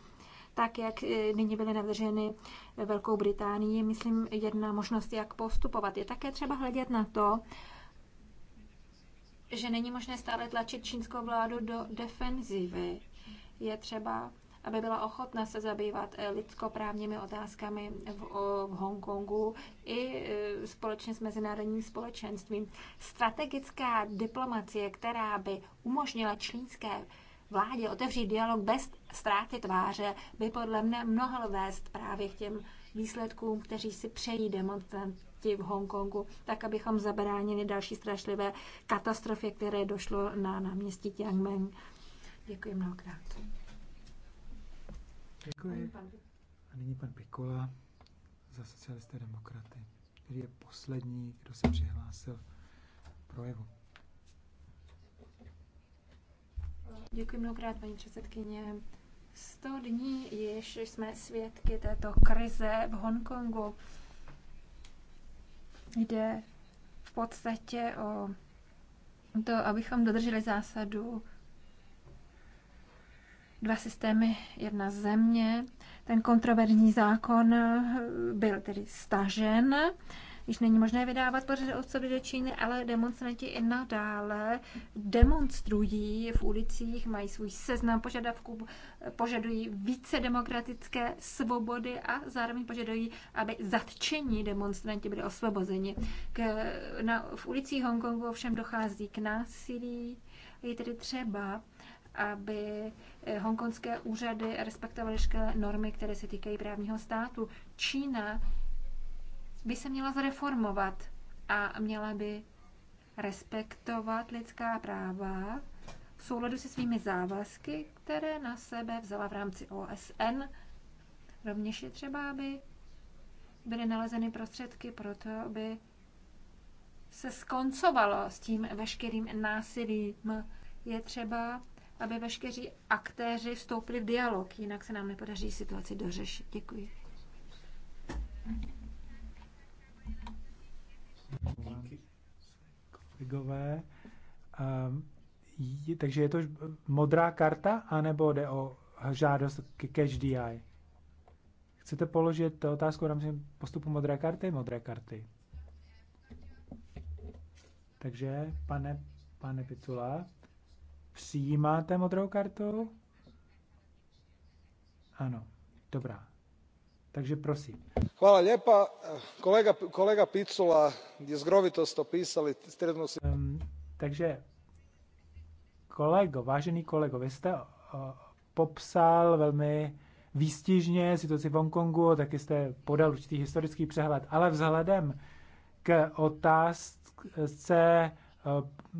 tak jak e, nyní byly navrženy Velkou Británii, myslím, jedna možnost, jak postupovat. Je také třeba hledět na to, že není možné stále tlačit čínskou vládu do defenzivy. Je třeba, aby byla ochotna se zabývat e, lidskoprávními otázkami v, v Hongkongu i e, společně s mezinárodním společenstvím. Strategická diplomacie, která by umožnila čínské vládě otevřít dialog bez ztráty tváře by podle mne mnohl vést právě k těm výsledkům, kteří si přejí demonstranti v Hongkongu, tak abychom zabránili další strašlivé katastrofě, které došlo na náměstí Tiangmen. Děkuji mnohokrát. Děkuji. A nyní pan Pikola za socialisté demokraty, který je poslední, kdo se přihlásil k projevu. Děkuji mnohokrát, paní předsedkyně. 100 dní již jsme svědky této krize v Hongkongu. Jde v podstatě o to, abychom dodrželi zásadu dva systémy, jedna země. Ten kontroverzní zákon byl tedy stažen již není možné vydávat pořady osoby do Číny, ale demonstranti i nadále demonstrují v ulicích, mají svůj seznam požadavků, požadují více demokratické svobody a zároveň požadují, aby zatčení demonstranti byli osvobozeni. K, na, v ulicích Hongkongu ovšem dochází k násilí, je tedy třeba, aby eh, hongkongské úřady respektovaly normy, které se týkají právního státu. Čína by se měla zreformovat a měla by respektovat lidská práva v souladu se svými závazky, které na sebe vzala v rámci OSN. Rovněž je třeba, aby byly nalezeny prostředky pro to, aby se skoncovalo s tím veškerým násilím. Je třeba, aby veškeří aktéři vstoupili v dialog, jinak se nám nepodaří situaci dořešit. Děkuji. Kolegové. Um, takže je to modrá karta, anebo jde o žádost k cash DI? Chcete položit otázku v rámci postupu modré karty? Modré karty. Takže, pane, pane Picula, přijímáte modrou kartu? Ano, dobrá. Takže prosím. Hvala lijepa. Kolega, kolega Picula je zgrovitost opísali střednou um, Takže kolego, vážený kolego, vy jste uh, popsal velmi výstižně situaci v Hongkongu, taky jste podal určitý historický přehled, ale vzhledem k otázce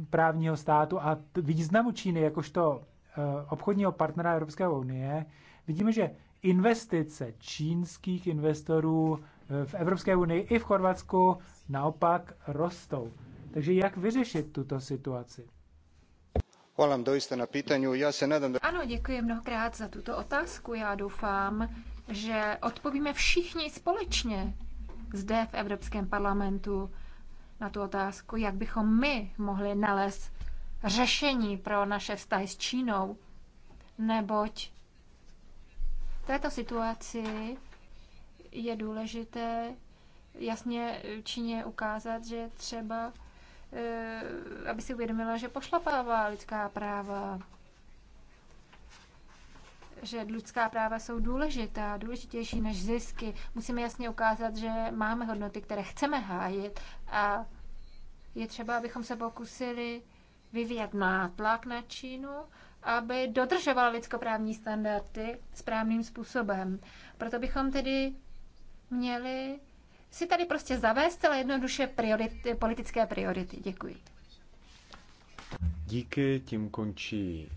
právního státu a významu Číny jakožto obchodního partnera Evropské unie, vidíme, že investice čínských investorů eh, v Evropské unii i v Chorvatsku naopak rostou. Takže jak vyřešit tuto situaci? na Já se Ano, děkuji mnohokrát za tuto otázku. Já doufám, že odpovíme všichni společně zde v Evropském parlamentu na tu otázku, jak bychom my mohli nalézt řešení pro naše vztahy s Čínou, neboť této situaci je důležité jasně Číně ukázat, že třeba, eh, aby si uvědomila, že pošlapává lidská práva, že lidská práva jsou důležitá, důležitější než zisky. Musíme jasně ukázat, že máme hodnoty, které chceme hájit a je třeba, abychom se pokusili vyvíjet nátlak na Čínu aby dodržovala lidskoprávní standardy správným způsobem. Proto bychom tedy měli si tady prostě zavést celé jednoduše priority, politické priority. Děkuji. Díky, tím končí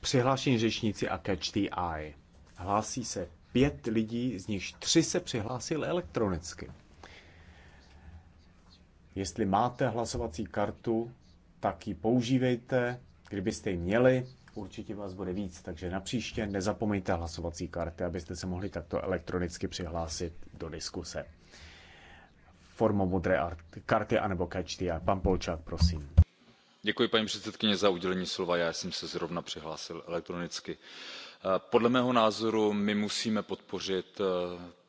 přihlášení řečníci a catch the eye. Hlásí se pět lidí, z nichž tři se přihlásili elektronicky. Jestli máte hlasovací kartu, tak ji používejte. Kdybyste ji měli, určitě vás bude víc, takže na příště nezapomeňte hlasovací karty, abyste se mohli takto elektronicky přihlásit do diskuse. Formou modré karty anebo kečty. a Pan Polčák, prosím. Děkuji paní předsedkyně za udělení slova. Já jsem se zrovna přihlásil elektronicky. Eh, podle mého názoru my musíme podpořit eh,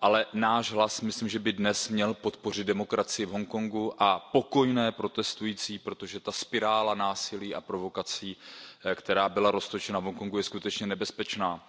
ale náš hlas myslím že by dnes měl podpořit demokracii v hongkongu a pokojné protestující protože ta spirála násilí a provokací eh, která byla roztočena v hongkongu je skutečně nebezpečná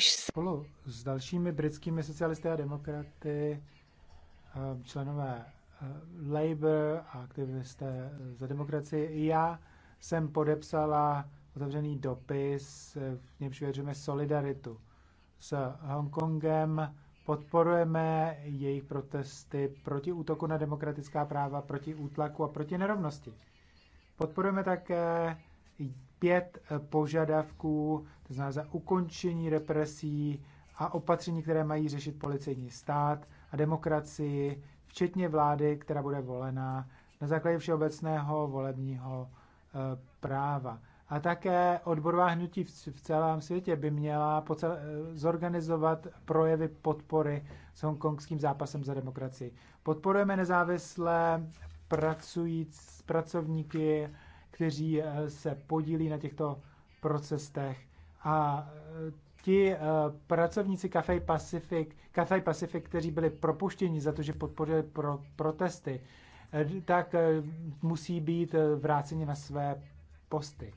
Spolu s dalšími britskými socialisty a demokraty, eh, členové eh, Labour a aktivisté za demokracii, já jsem podepsala otevřený dopis, eh, v němž vyjadřujeme solidaritu s Hongkongem, podporujeme jejich protesty proti útoku na demokratická práva, proti útlaku a proti nerovnosti. Podporujeme také pět eh, požadavků, to znamená za ukončení represí a opatření, které mají řešit policejní stát a demokracii, včetně vlády, která bude volená na základě všeobecného volebního eh, práva. A také odborová hnutí v celém světě by měla eh, zorganizovat projevy podpory s hongkongským zápasem za demokracii. Podporujeme nezávislé pracující pracovníky kteří eh, se podílí na těchto procesech. A eh, ti eh, pracovníci Cafe Pacific, Cafe Pacific, kteří byli propuštěni za to, že podpořili pro, protesty, tak musí být vráceni na své posty.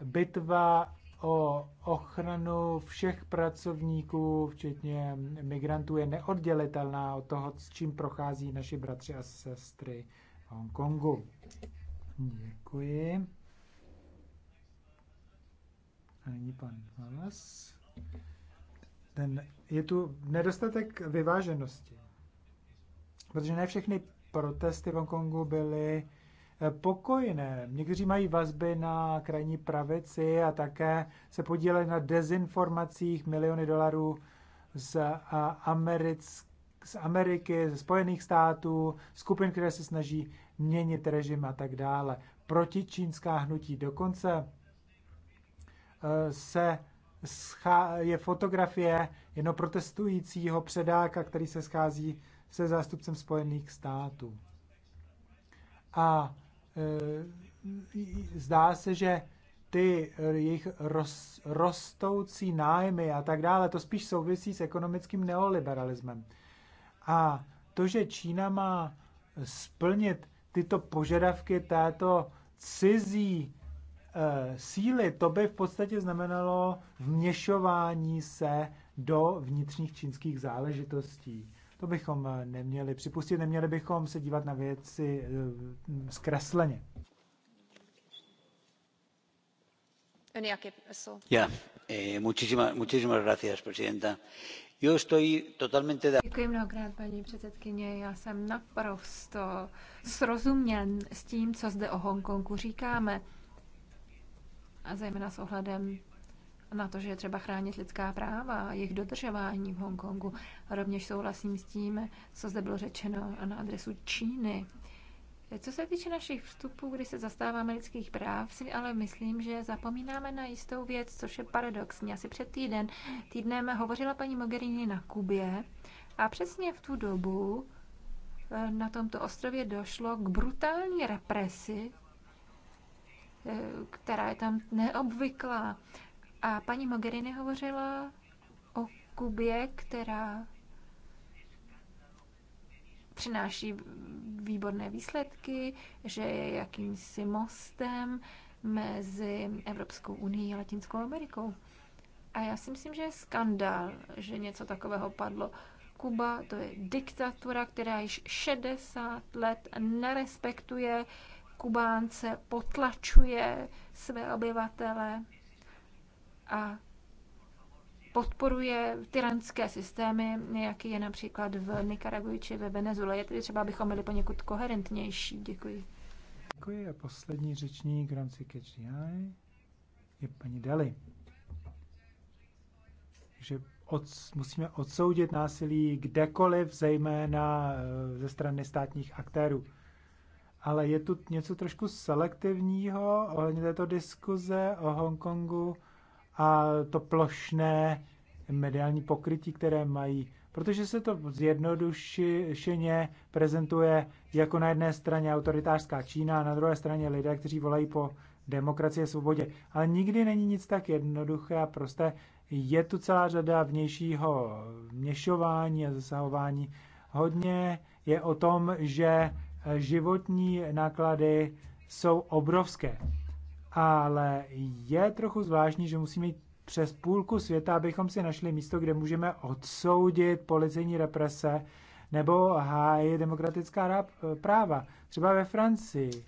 Bitva o ochranu všech pracovníků, včetně migrantů, je neoddělitelná od toho, s čím prochází naši bratři a sestry v Hongkongu. Děkuji. A nyní pan Valas. Ten, je tu nedostatek vyváženosti, protože ne všechny protesty v Hongkongu byly eh, pokojné. Někteří mají vazby na krajní pravici a také se podíleli na dezinformacích miliony dolarů z, eh, Americk, z Ameriky, ze Spojených států, skupin, které se snaží měnit režim a tak dále. Protičínská hnutí dokonce eh, se je fotografie jedno protestujícího předáka, který se schází se zástupcem Spojených států. A e, zdá se, že ty eh, jejich roz, rostoucí nájmy a tak dále, to spíš souvisí s ekonomickým neoliberalismem. A to, že Čína má splnit tyto požadavky této cizí e, síly, to by v podstatě znamenalo vměšování se do vnitřních čínských záležitostí. To bychom eh, neměli připustit, neměli bychom se dívat na věci e, zkresleně. Eh, Děkuji paní předsedající Já jsem naprosto srozuměn s tím, co zde o Hongkongu říkáme. A zejména s ohledem na to, že je třeba chránit lidská práva a jejich dodržování v Hongkongu. rovněž souhlasím s tím, co zde bylo řečeno na adresu Číny. Co se týče našich vstupů, kdy se zastáváme lidských práv, si ale myslím, že zapomínáme na jistou věc, což je paradoxní. Asi před týden, týdnem hovořila paní Mogherini na Kubě a přesně v tu dobu eh, na tomto ostrově došlo k brutální represi, eh, která je tam neobvyklá. A paní Mogherini hovořila o Kubě, která přináší výborné výsledky, že je jakýmsi mostem mezi Evropskou unii a Latinskou Amerikou. A já si myslím, že je skandál, že něco takového padlo. Kuba to je diktatura, která již 60 let nerespektuje Kubánce, potlačuje své obyvatele a podporuje tyranské systémy, jaký je například v Nikaraguji či ve Venezuele. Je tedy třeba, abychom byli poněkud koherentnější. Děkuji. Děkuji a poslední řečník v rámci KGI je paní Deli. Takže od, musíme odsoudit násilí kdekoliv, zejména eh, ze strany státních aktérů. Ale je tu něco trošku selektivního ohledně této diskuze o Hongkongu a to plošné mediální pokrytí, které mají. Protože se to zjednodušeně prezentuje jako na jedné straně autoritářská Čína a na druhé straně lidé, kteří volají po demokracie a svobodě. Ale nikdy není nic tak jednoduché a prosté. Je tu celá řada vnějšího měšování a zasahování. Hodně je o tom, že životní náklady jsou obrovské ale je trochu zvláštní, že musíme jít přes půlku světa, abychom si našli místo, kde můžeme odsoudit policejní represe nebo hájit demokratická práva. Třeba ve Francii, eh,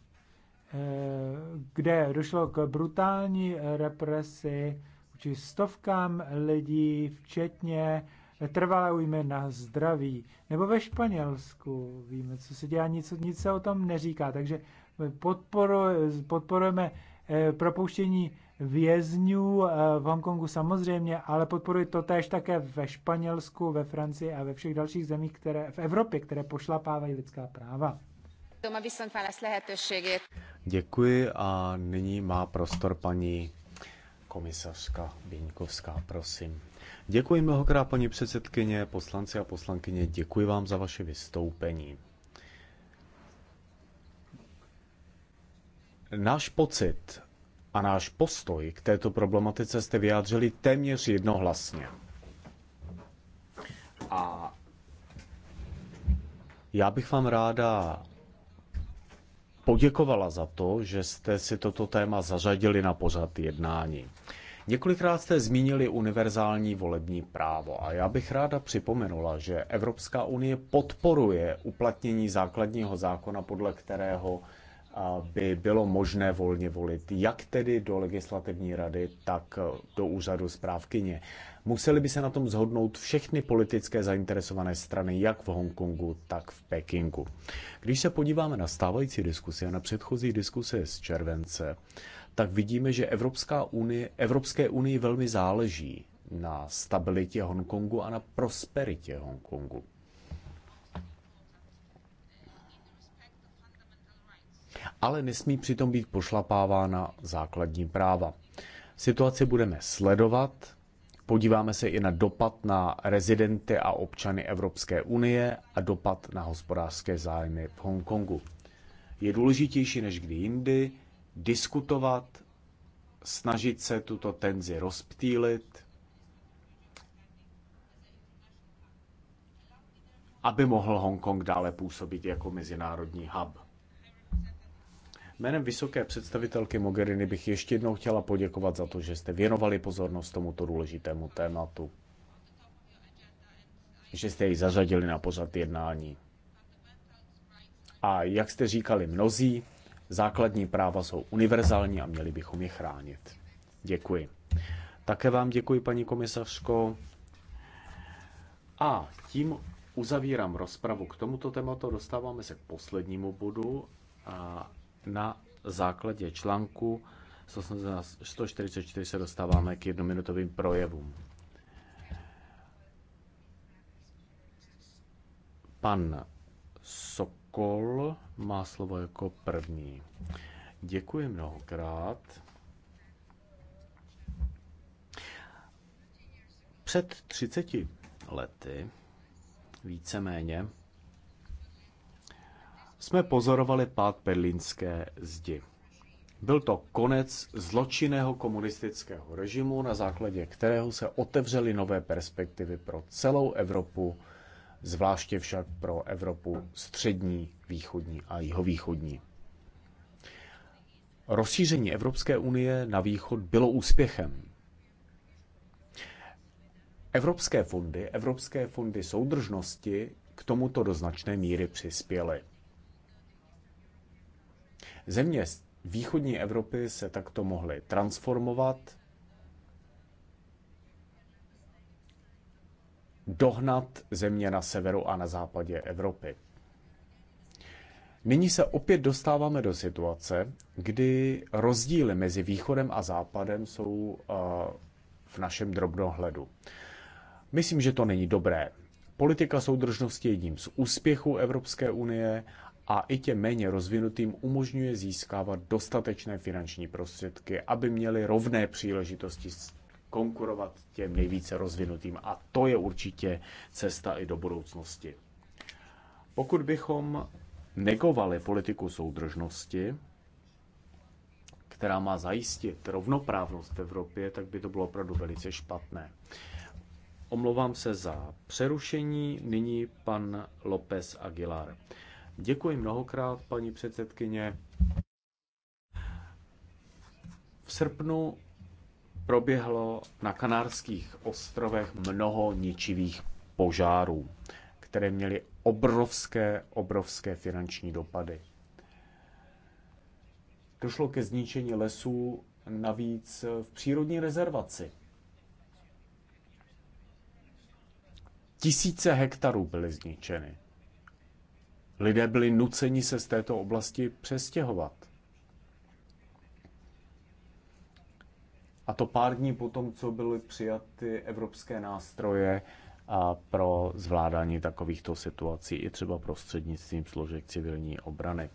kde došlo k brutální represi či stovkám lidí, včetně trvalé ujmy na zdraví. Nebo ve Španělsku, víme, co se dělá, nic, nic se o tom neříká. Takže podporu, podporujeme Eh, propouštění vězňů eh, v Hongkongu samozřejmě, ale podporuji to též také ve Španělsku, ve Francii a ve všech dalších zemích které, v Evropě, které pošlapávají lidská práva. Děkuji a nyní má prostor paní komisařka Běňkovská, prosím. Děkuji mnohokrát, paní předsedkyně, poslanci a poslankyně, děkuji vám za vaše vystoupení. Náš pocit a náš postoj k této problematice jste vyjádřili téměř jednohlasně. A já bych vám ráda poděkovala za to, že jste si toto téma zařadili na pořad jednání. Několikrát jste zmínili univerzální volební právo a já bych ráda připomenula, že Evropská unie podporuje uplatnění základního zákona, podle kterého by bylo možné volně volit, jak tedy do legislativní rady, tak do úřadu zprávkyně. Museli by se na tom zhodnout všechny politické zainteresované strany, jak v Hongkongu, tak v Pekingu. Když se podíváme na stávající diskusi a na předchozí diskuse z července, tak vidíme, že Evropská unie, Evropské unii velmi záleží na stabilitě Hongkongu a na prosperitě Hongkongu. ale nesmí přitom být pošlapávána základní práva. Situaci budeme sledovat, podíváme se i na dopad na rezidenty a občany Evropské unie a dopad na hospodářské zájmy v Hongkongu. Je důležitější než kdy jindy diskutovat, snažit se tuto tenzi rozptýlit, aby mohl Hongkong dále působit jako mezinárodní hub. Jménem vysoké představitelky Mogheriny bych ještě jednou chtěla poděkovat za to, že jste věnovali pozornost tomuto důležitému tématu, že jste ji zařadili na pořad jednání. A jak jste říkali mnozí, základní práva jsou univerzální a měli bychom je chránit. Děkuji. Také vám děkuji, paní komisařko. A tím uzavírám rozpravu k tomuto tématu. Dostáváme se k poslednímu bodu. A na základě článku 144 se dostáváme k jednominutovým projevům. Pan Sokol má slovo jako první. Děkuji mnohokrát. Před 30 lety, víceméně, jsme pozorovali pád berlínské zdi. Byl to konec zločinného komunistického režimu, na základě kterého se otevřely nové perspektivy pro celou Evropu, zvláště však pro Evropu střední, východní a jihovýchodní. Rozšíření Evropské unie na východ bylo úspěchem. Evropské fondy, evropské fondy soudržnosti k tomuto do značné míry přispěly. Země z východní Evropy se takto mohly transformovat, dohnat země na severu a na západě Evropy. Nyní se opět dostáváme do situace, kdy rozdíly mezi východem a západem jsou eh, v našem drobnohledu. Myslím, že to není dobré. Politika soudržnosti je jedním z úspěchů Evropské unie a i těm méně rozvinutým umožňuje získávat dostatečné finanční prostředky, aby měli rovné příležitosti konkurovat těm nejvíce rozvinutým. A to je určitě cesta i do budoucnosti. Pokud bychom negovali politiku soudržnosti, která má zajistit rovnoprávnost v Evropě, tak by to bylo opravdu velice špatné. Omlouvám se za přerušení. Nyní pan López Aguilar. Děkuji mnohokrát, paní předsedkyně. V srpnu proběhlo na Kanárských ostrovech mnoho ničivých požárů, které měly obrovské, obrovské finanční dopady. Došlo ke zničení lesů navíc v přírodní rezervaci. Tisíce hektarů byly zničeny lidé byli nuceni se z této oblasti přestěhovat. A to pár dní potom, co byly přijaty evropské nástroje a pro zvládání takovýchto situací, i třeba prostřednictvím složek civilní obrany.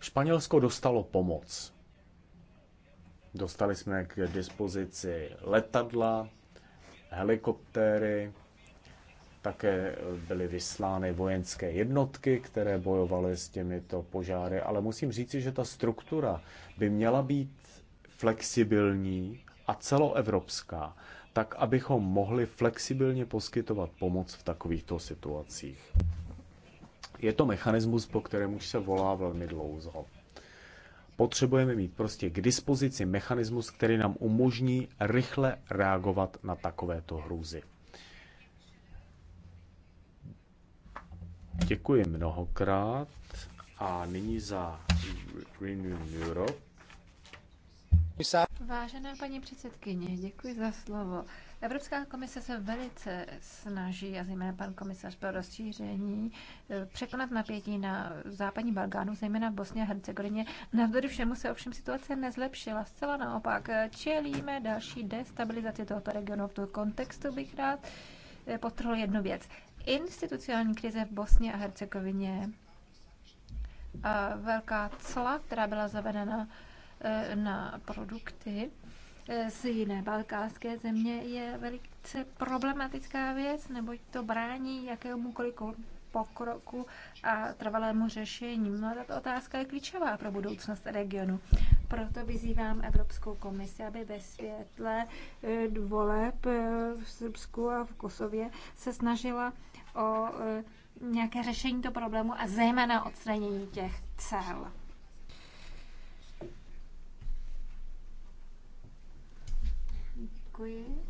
Španělsko dostalo pomoc. Dostali jsme k dispozici letadla, helikoptéry, také byly vyslány vojenské jednotky, které bojovaly s těmito požáry, ale musím říci, že ta struktura by měla být flexibilní a celoevropská, tak abychom mohli flexibilně poskytovat pomoc v takovýchto situacích. Je to mechanismus, po kterém už se volá velmi dlouho. Potřebujeme mít prostě k dispozici mechanismus, který nám umožní rychle reagovat na takovéto hrůzy. Děkuji mnohokrát a nyní za Renew Europe. Vážená paní předsedkyně, děkuji za slovo. Evropská komise se velice snaží, a zejména pan komisař pro rozšíření, překonat napětí na západní Balkánu, zejména v Bosně a Hercegovině. Navzdory všemu se ovšem situace nezlepšila, zcela naopak. Čelíme další destabilizaci tohoto regionu. V tom kontextu bych rád potrhl jednu věc. Institucionální krize v Bosně a Hercegovině a velká cla, která byla zavedena e, na produkty e, z jiné balkánské země, je velice problematická věc, neboť to brání jakémukoliv pokroku a trvalému řešení. No, tato otázka je klíčová pro budoucnost regionu. Proto vyzývám Evropskou komisi, aby ve světle eh, voleb eh, v Srbsku a v Kosově se snažila o eh, nějaké řešení toho problému a zejména odstranění těch cel. Děkuji.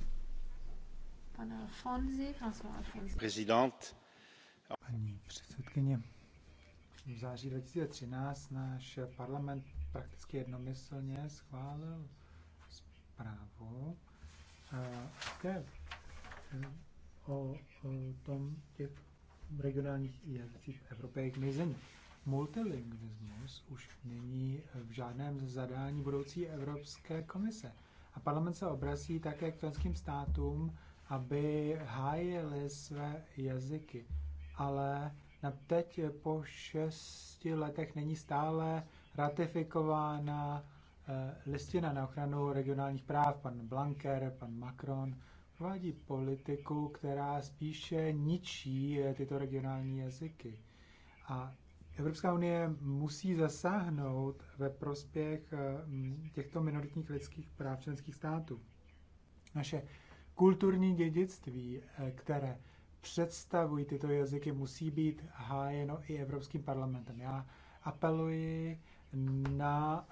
Pane Alfonzi, François Alfonzi. Prezident. Paní předsedkyně, v září 2013 náš parlament prakticky jednomyslně schválil zprávu, eh, které eh, o, o tom těch regionálních jazycích v Evropě a jejich mizení. Multilingvismus už není v žádném zadání budoucí Evropské komise. A parlament se obrací také k členským státům, aby hájili své jazyky ale na teď po šesti letech není stále ratifikována eh, listina na ochranu regionálních práv. Pan Blanker, pan Macron provádí politiku, která spíše ničí eh, tyto regionální jazyky. A Evropská unie musí zasáhnout ve prospěch eh, těchto minoritních lidských práv členských států. Naše kulturní dědictví, které představují tyto jazyky, musí být hájeno i Evropským parlamentem. Já apeluji na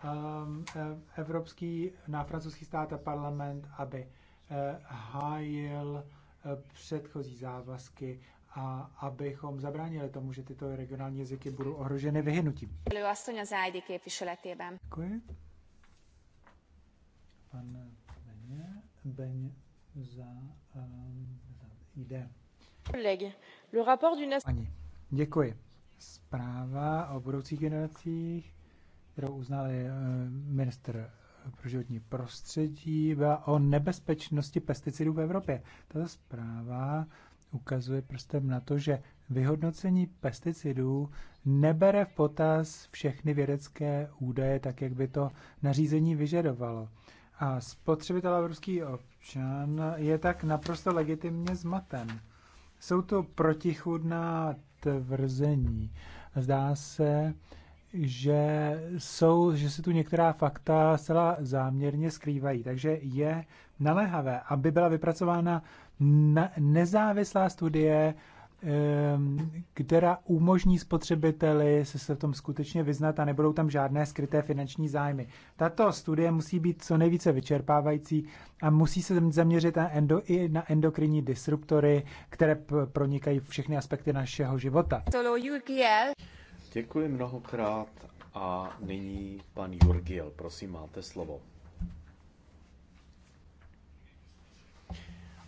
um, e, evropský, na francouzský stát a parlament, aby uh, hájil uh, předchozí závazky a abychom zabránili tomu, že tyto regionální jazyky budou ohroženy vyhynutím. Děkuji. Pan Beně, Beně za, um, za jde. Pani, děkuji. Zpráva o budoucích generacích, kterou uznali eh, minister pro životní prostředí, byla o nebezpečnosti pesticidů v Evropě. Tato zpráva ukazuje prstem na to, že vyhodnocení pesticidů nebere v potaz všechny vědecké údaje, tak jak by to nařízení vyžadovalo. A spotřebitel evropský občan je tak naprosto legitimně zmaten. Jsou to protichudná tvrzení. Zdá se, že, jsou, že se tu některá fakta zcela záměrně skrývají. Takže je naléhavé, aby byla vypracována nezávislá studie Ehm, která umožní spotřebiteli se, se v tom skutečně vyznat a nebudou tam žádné skryté finanční zájmy. Tato studie musí být co nejvíce vyčerpávající a musí se zaměřit na endo, i na endokrinní disruptory, které pronikají všechny aspekty našeho života. Děkuji mnohokrát a nyní pan Jurgiel, prosím, máte slovo.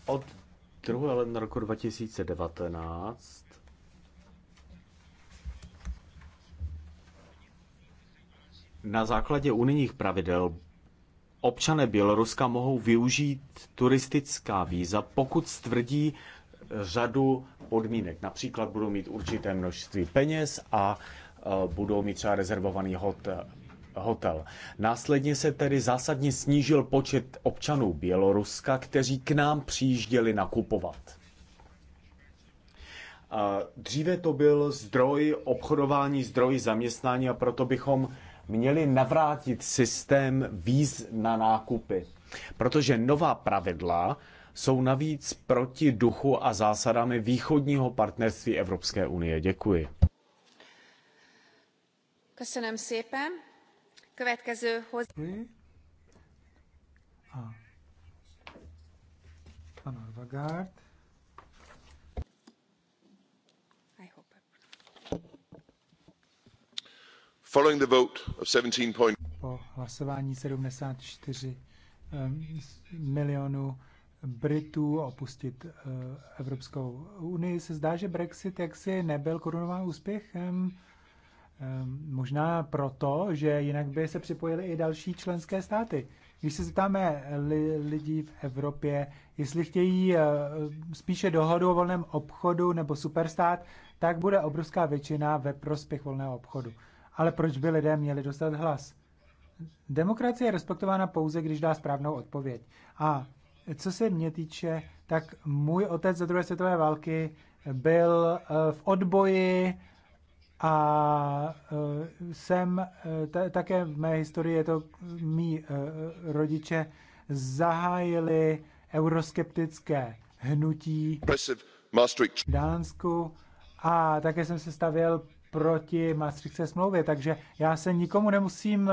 Od trhu, ale na roku 2019 na základě unijních pravidel občané Běloruska mohou využít turistická víza, pokud stvrdí řadu podmínek. Například budou mít určité množství peněz a e, budou mít třeba rezervovaný hotel hotel. Následně se tedy zásadně snížil počet občanů Běloruska, kteří k nám přijížděli nakupovat. Dříve to byl zdroj obchodování, zdroj zaměstnání a proto bychom měli navrátit systém víz na nákupy. Protože nová pravidla jsou navíc proti duchu a zásadami východního partnerství Evropské unie. Děkuji. Köszönöm szépen. Következő hoz... Hm? A. Pan Following the vote of 17 point... Po hlasování 74 eh, milionů Britů opustit eh, Evropskou unii se zdá, že Brexit jaksi nebyl korunován úspěchem. Ehm, možná proto, že jinak by se připojili i další členské státy. Když se zeptáme li, lidí v Evropě, jestli chtějí eh, spíše dohodu o volném obchodu nebo superstát, tak bude obrovská většina ve prospěch volného obchodu. Ale proč by lidé měli dostat hlas? Demokracie je respektována pouze, když dá správnou odpověď. A co se mě týče, tak můj otec za druhé světové války byl eh, v odboji a e, jsem e, také v mé historii, je to mý e, rodiče, zahájili euroskeptické hnutí v Dánsku a také jsem se stavěl proti Maastrichtské smlouvě, takže já se nikomu nemusím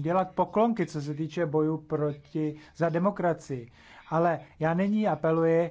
dělat poklonky, co se týče boju proti, za demokracii. Ale já není apeluji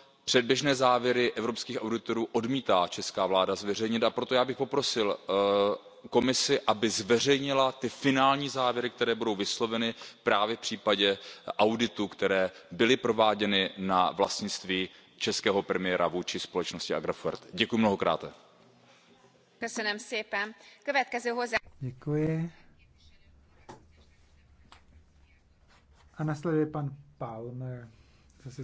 předběžné závěry evropských auditorů odmítá česká vláda zveřejnit a proto já bych poprosil eh, komisi aby zveřejnila ty finální závěry které budou vysloveny právě v případě auditů které byly prováděny na vlastnictví českého premiéra vůči společnosti agrofert. děkuji mnohokrát. Děkuji. A následuje pan za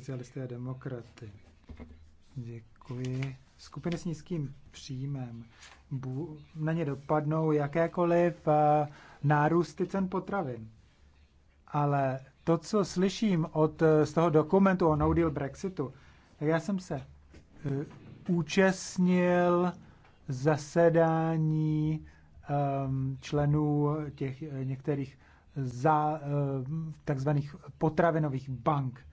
Děkuji. Skupiny s nízkým příjmem bu, na ně dopadnou jakékoliv eh, nárůsty cen potravin. Ale to, co slyším od, eh, z toho dokumentu o no deal Brexitu, tak já jsem se uh, účastnil zasedání um, členů těch uh, některých za, uh, takzvaných potravinových bank.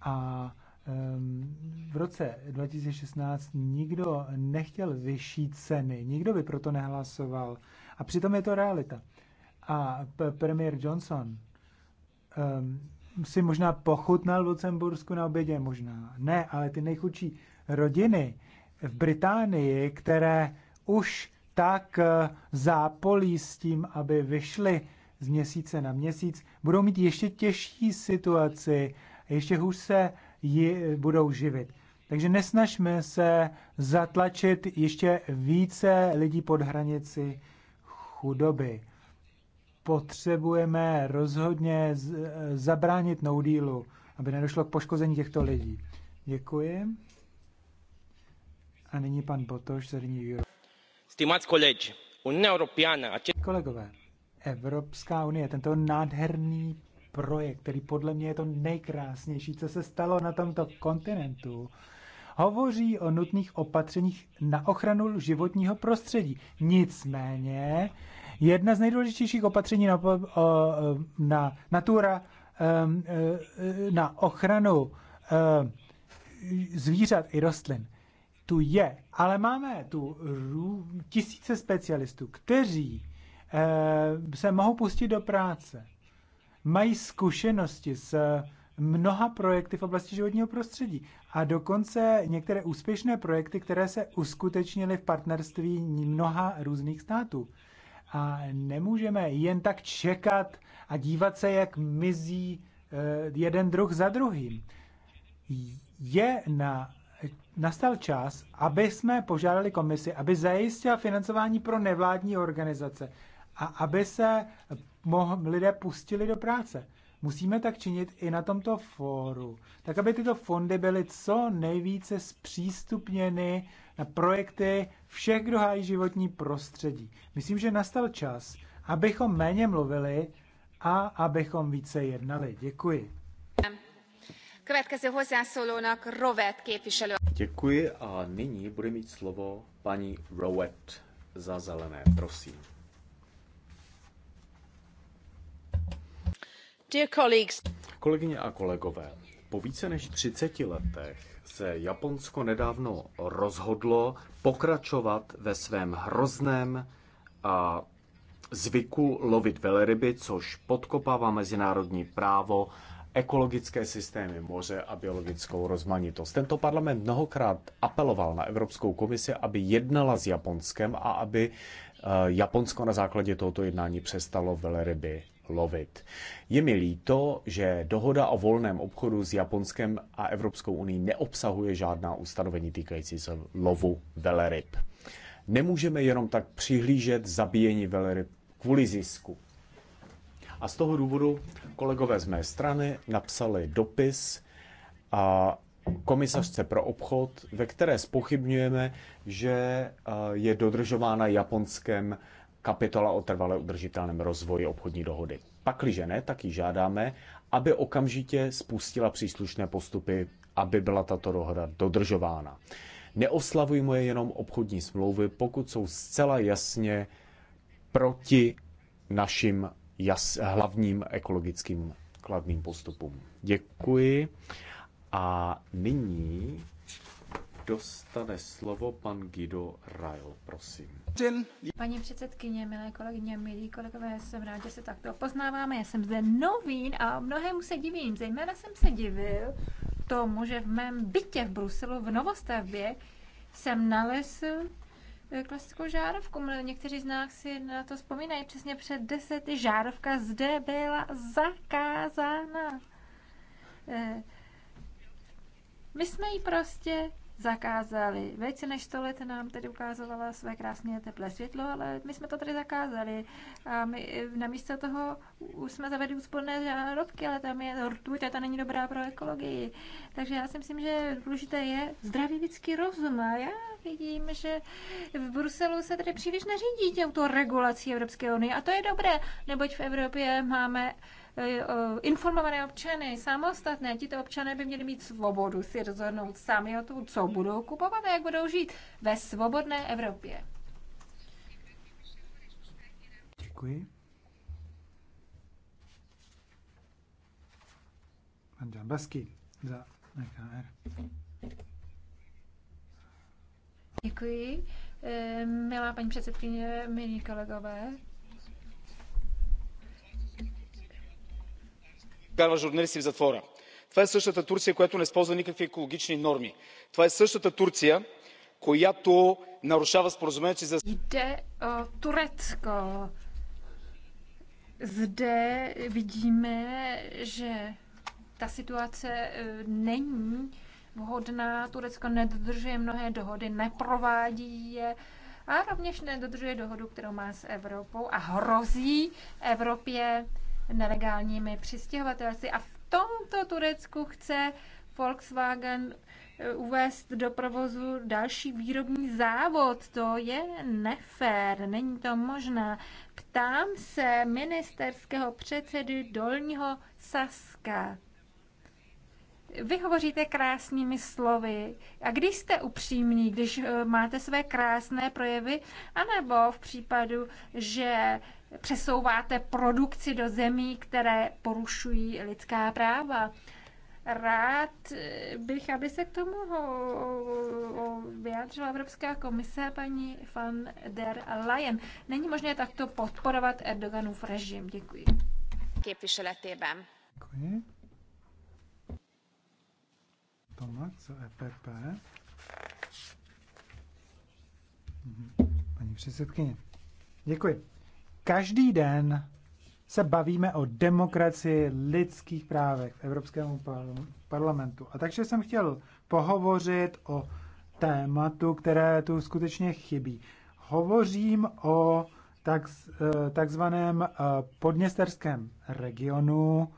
A Ehm, v roce 2016 nikdo nechtěl vyšší ceny, nikdo by proto nehlasoval. A přitom je to realita. A premiér Johnson um, si možná pochutnal v Lucembursku na obědě, možná ne, ale ty nejchudší rodiny v Británii, které už tak eh, zápolí s tím, aby vyšly z měsíce na měsíc, budou mít ještě těžší situaci, ještě hůř se ji eh, budou živit. Takže nesnažme se zatlačit ještě více lidí pod hranici chudoby. Potřebujeme rozhodně eh, zabránit no dealu, aby nedošlo k poškození těchto lidí. Děkuji. A nyní pan Botoš z Renew Stimați colegi, Uniunea Europeană... Kolegové, Evropská unie, tento nádherný projekt, který podle mě je to nejkrásnější, co se stalo na tomto kontinentu, hovoří o nutných opatřeních na ochranu životního prostředí. Nicméně, jedna z nejdůležitějších opatření na, na natura, e, na ochranu e, zvířat i rostlin, tu je. Ale máme tu tisíce specialistů, kteří e, se mohou pustit do práce mají zkušenosti s eh, mnoha projekty v oblasti životního prostředí a dokonce některé úspěšné projekty, které se uskutečnily v partnerství mnoha různých států. A nemůžeme jen tak čekat a dívat se, jak mizí eh, jeden druh za druhým. Je na, nastal čas, aby jsme požádali komisi, aby zajistila financování pro nevládní organizace a aby se moh- lidé pustili do práce. Musíme tak činit i na tomto fóru, tak aby tyto fondy byly co nejvíce zpřístupněny na projekty všech, kdo hájí životní prostředí. Myslím, že nastal čas, abychom méně mluvili a abychom více jednali. Děkuji. Děkuji a nyní bude mít slovo paní Rowett za zelené, prosím. Dear colleagues. Kolegyně a kolegové, po více než 30 letech se Japonsko nedávno rozhodlo pokračovat ve svém hrozném a zvyku lovit velryby, což podkopává mezinárodní právo, ekologické systémy moře a biologickou rozmanitost. Tento parlament mnohokrát apeloval na Evropskou komisi, aby jednala s Japonskem a aby eh, Japonsko na základě tohoto jednání přestalo velryby lovit. Je mi líto, že dohoda o volném obchodu s Japonskem a Evropskou uní neobsahuje žádná ustanovení týkající se lovu veleryb. Nemůžeme jenom tak přihlížet zabíjení veleryb kvůli zisku. A z toho důvodu kolegové z mé strany napsali dopis a komisařce pro obchod, ve které spochybňujeme, že eh, je dodržována Japonskem kapitola o trvale udržitelném rozvoji obchodní dohody. Pakliže ne, tak ji žádáme, aby okamžitě spustila příslušné postupy, aby byla tato dohoda dodržována. Neoslavujme jenom obchodní smlouvy, pokud jsou zcela jasně proti našim jas, hlavním ekologickým kladným postupům. Děkuji. A nyní dostane slovo pan Guido Rajl, prosím. Paní předsedkyně, milé kolegyně, milí kolegové, jsem rád, že se takto poznáváme. Já jsem zde novín a mnohému se divím. Zejména jsem se divil tomu, že v mém bytě v Bruselu v novostavbě jsem nalesl eh, klasickou žárovku. Někteří z nás si na to vzpomínají. Přesně před deseti žárovka zde byla zakázána. Eh, my jsme ji prostě zakázali. Více než to let nám tedy ukázovala své krásné teplé světlo, ale my jsme to tady zakázali. A my na místo toho jsme zavedli úsporné žárovky, ale tam je rtuť a ta není dobrá pro ekologii. Takže já si myslím, že důležité je zdravý lidský rozum. A já vidím, že v Bruselu se tady příliš neřídí těmto regulací Evropské unie. A to je dobré, neboť v Evropě máme Eh, eh, informované občany, samostatné. Tito občané by měli mít svobodu si rozhodnout sami o tom, co budou kupovat a jak budou žít ve svobodné Evropě. Děkuji. Pan Džambasky za EKR. Děkuji. Eh, milá paní předsedkyně, milí kolegové, вкарва журналисти в затвора. това е същата турция която не спазва никакви екологични норми. това е същата турция която нарушава споразумението си за... Jde o Turecko. Zde vidíme, že ta situace není vhodná. Turecko nedodržuje mnohé dohody, neprovádí je a rovněž nedodržuje dohodu, kterou má s Evropou a hrozí Evropě nelegálními přistěhovatelci. A v tomto Turecku chce Volkswagen eh, uvést do provozu další výrobní závod. To je nefér, není to možné. Ptám se ministerského předsedy Dolního Saska. Vy hovoříte krásnými slovy. A když jste eh, upřímní, když máte své krásné projevy, anebo v případu, že přesouváte produkci do zemí, které porušují lidská práva. Rád bych, aby se k tomu vyjádřila Evropská komise paní van der Leyen. Není možné takto podporovat Erdoganův režim. Děkuji. Děkuji. Tomáš za EPP. Mhm. Paní předsedkyně, děkuji. Každý den se bavíme o demokracii, lidských právech v Evropském parlamentu. A takže jsem chtěl pohovořit o tématu, které tu skutečně chybí. Hovořím o tak, eh, takzvaném eh, podněsterském regionu,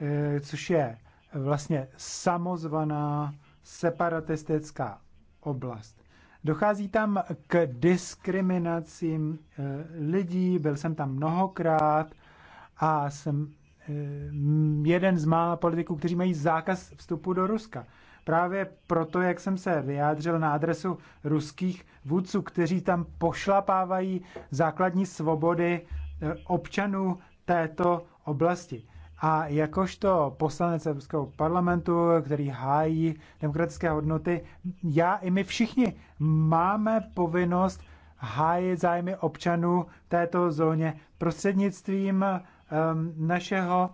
eh, což je vlastně samozvaná separatistická oblast. Dochází tam k diskriminacím eh, lidí, byl jsem tam mnohokrát a jsem eh, jeden z mála politiků, kteří mají zákaz vstupu do Ruska. Právě proto, jak jsem se vyjádřil na adresu ruských vůdců, kteří tam pošlapávají základní svobody eh, občanů této oblasti. A jakožto poslanec Evropského parlamentu, který hájí demokratické hodnoty, já i my všichni máme povinnost hájit zájmy občanů této zóně prostřednictvím um, našeho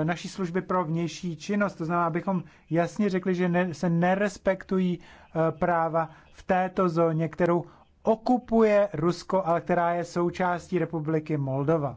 eh, naší služby pro vnější činnost. To znamená, abychom jasně řekli, že ne, se nerespektují eh, práva v této zóně, kterou okupuje Rusko, ale která je součástí Republiky Moldova.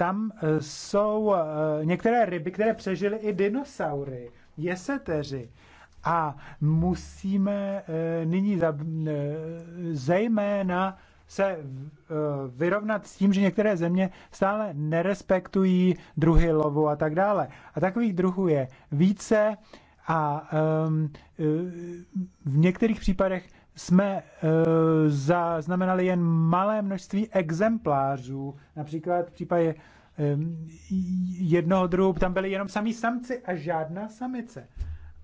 tam eh, jsou eh, některé ryby, které přežily i dinosaury, jeseteři. A musíme eh, nyní zejména se vyrovnat s tím, že některé země stále nerespektují druhy lovu a tak dále. A takových druhů je více a ehm, v některých případech jsme e, zaznamenali jen malé množství exemplářů. Například v případě e, jednoho druhu tam byly jenom samí samci a žádná samice.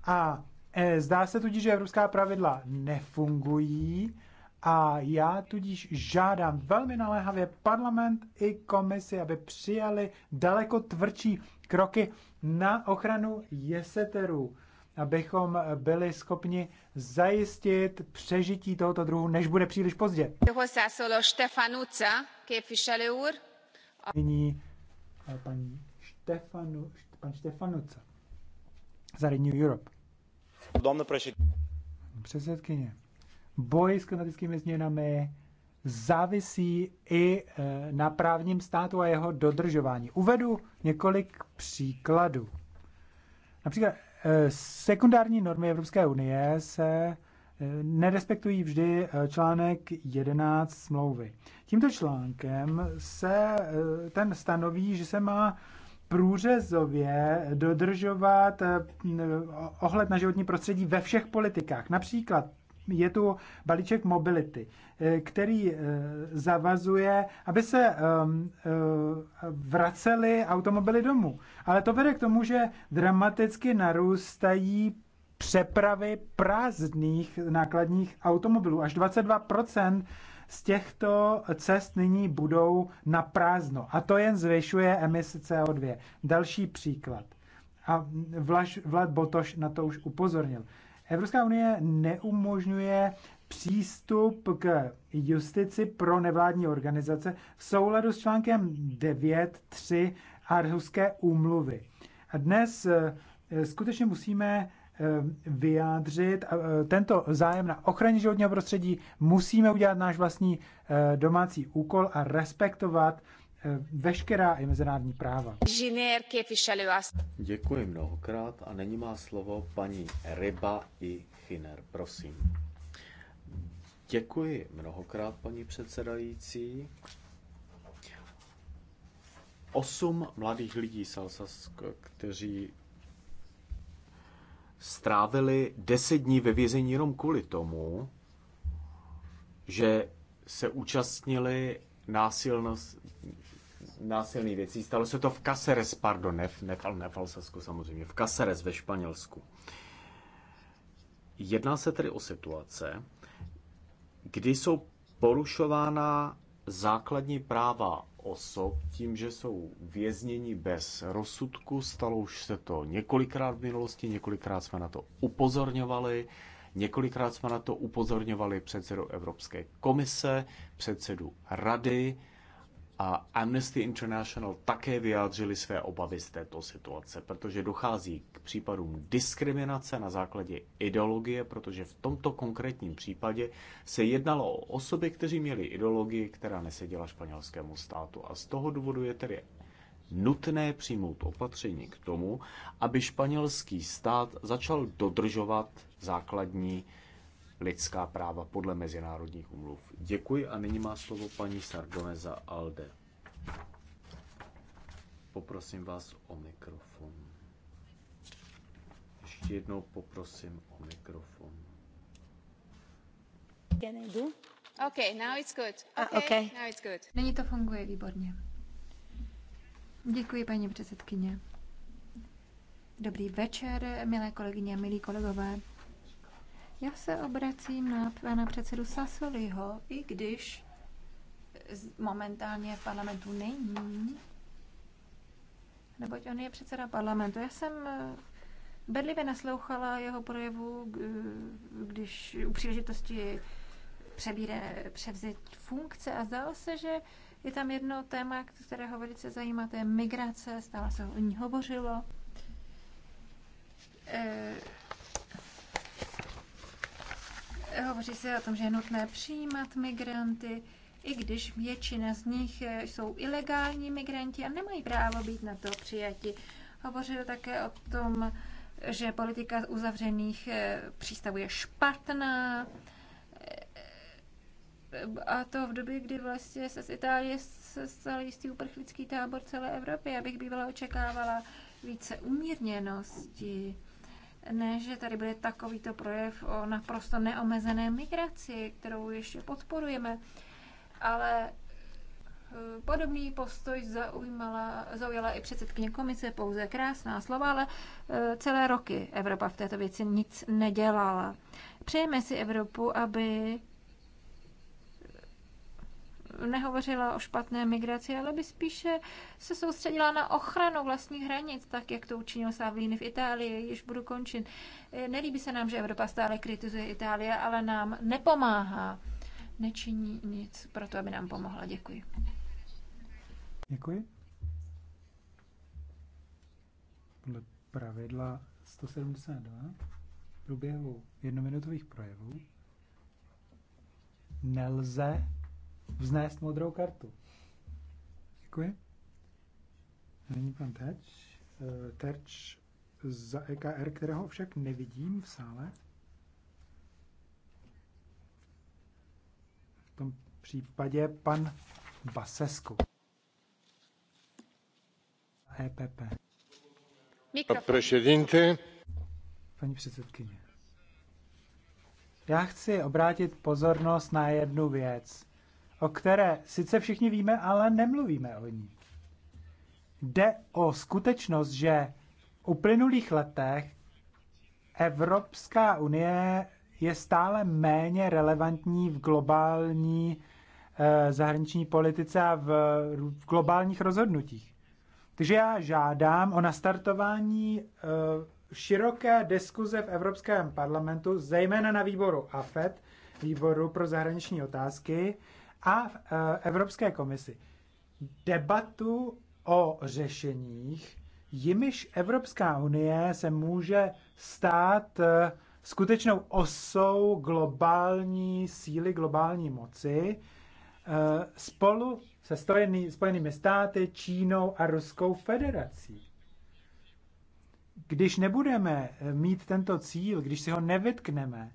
A e, zdá se tudíž, že evropská pravidla nefungují a já tudíž žádám velmi naléhavě parlament i komisi, aby přijali daleko tvrdší kroky na ochranu jeseterů abychom byli schopni zajistit přežití tohoto druhu, než bude příliš pozdě. Nyní paní eh, Štefanu, pan Štefanuca za Renew Europe. Předsedkyně, boj s klimatickými změnami závisí i eh, na právním státu a jeho dodržování. Uvedu několik příkladů. Například Eh, sekundární normy Evropské unie se eh, nerespektují vždy eh, článek 11 smlouvy. Tímto článkem se ten stanoví, že se má průřezově dodržovat ohled na životní prostředí ve všech politikách. Například je tu balíček mobility, eh, který eh, zavazuje, aby se eh, vracely automobily domů. Ale to vede k tomu, že dramaticky narůstají přepravy prázdných nákladních automobilů. Až 22% z těchto cest nyní budou na prázdno. A to jen zvyšuje emise CO2. Další příklad. A Vlad Botoš na to už upozornil. Evropská unie neumožňuje přístup k justici pro nevládní organizace v souladu s článkem 9.3 Arhuské úmluvy. A dnes eh, skutečně musíme eh, vyjádřit eh, tento zájem na ochraně životního prostředí. Musíme udělat náš vlastní domácí úkol a respektovat Eh, veškerá i mezinárodní práva. Děkuji mnohokrát a není má slovo paní Ryba i Chiner, prosím. Děkuji mnohokrát, paní předsedající. Osm mladých lidí z Alsaska, kteří strávili deset dní ve vězení jenom kvůli tomu, že se účastnili násilnost, násilné věcí. Stalo se to v Caceres, pardon, ne, ne, ne v Alsasku samozřejmě, v Caceres ve Španělsku. Jedná se tedy o situace, kdy jsou porušována základní práva osob tím, že jsou vězněni bez rozsudku. Stalo už se to několikrát v minulosti, několikrát jsme na to upozorňovali, několikrát jsme na to upozorňovali předsedu Evropské komise, předsedu rady, a Amnesty International také vyjádřili své obavy z této situace, protože dochází k případům diskriminace na základě ideologie, protože v tomto konkrétním případě se jednalo o osoby, kteří měli ideologii, která neseděla španělskému státu. A z toho důvodu je tedy nutné přijmout opatření k tomu, aby španělský stát začal dodržovat základní lidská práva podle mezinárodních umluv. Děkuji a nyní má slovo paní Sargoneza Alde. Poprosím vás o mikrofon. Ještě jednou poprosím o mikrofon. Can I do? Okay, now it's good. Okay, okay. Now it's good. Nyní to funguje výborně. Děkuji, paní předsedkyně. Dobrý večer, milé kolegyně milí kolegové. Já se obracím na pana předsedu Sasoliho, i když momentálně v parlamentu není, neboť on je předseda parlamentu. Já jsem eh, bedlivě naslouchala jeho projevu, eh, když u příležitosti přebíre, převzít funkce a zdálo se, že je tam jedno téma, které ho velice zajímá, to je migrace, stále se o ní hovořilo. E Hovoří se o tom, že je nutné přijímat migranty, i když většina z nich jsou ilegální migranti a nemají právo být na to přijati. Hovořil také o tom, že politika uzavřených eh, přístavů je špatná, eh, a to v době, kdy vlastně se z Itálie stal jistý uprchlický tábor celé Evropy. abych bývala očekávala více umírněnosti ne, že tady bude takovýto projev o naprosto neomezené migraci, kterou ještě podporujeme, ale eh, Podobný postoj zaujímala, zaujala i předsedkyně komise, pouze krásná slova, ale eh, celé roky Evropa v této věci nic nedělala. Přejeme si Evropu, aby nehovořila o špatné migraci, ale by spíše se soustředila na ochranu vlastních hranic, tak jak to učinil Savini v Itálii, již budu končit. Nelíbí se nám, že Evropa stále kritizuje Itálie, ale nám nepomáhá. Nečiní nic pro to, aby nám pomohla. Děkuji. Děkuji. Podle pravidla 172 v průběhu jednominutových projevů nelze vznést modrou kartu. Děkuji. Není pan Terč. Eh, Terč za EKR, kterého však nevidím v sále. V tom případě pan Basesku. EPP. Mikrofon. Paní předsedkyně. Já chci obrátit pozornost na jednu věc o které sice všichni víme, ale nemluvíme o ní. Jde o skutečnost, že v uplynulých letech Evropská unie je stále méně relevantní v globální eh, zahraniční politice a v, v globálních rozhodnutích. Takže já žádám o nastartování eh, široké diskuze v Evropském parlamentu, zejména na výboru AFET, výboru pro zahraniční otázky, a v eh, Evropské komisi debatu o řešeních, jimiž Evropská unie se může stát eh, skutečnou osou globální síly, globální moci, eh, spolu se spojený, Spojenými státy, Čínou a Ruskou federací. Když nebudeme mít tento cíl, když si ho nevytkneme,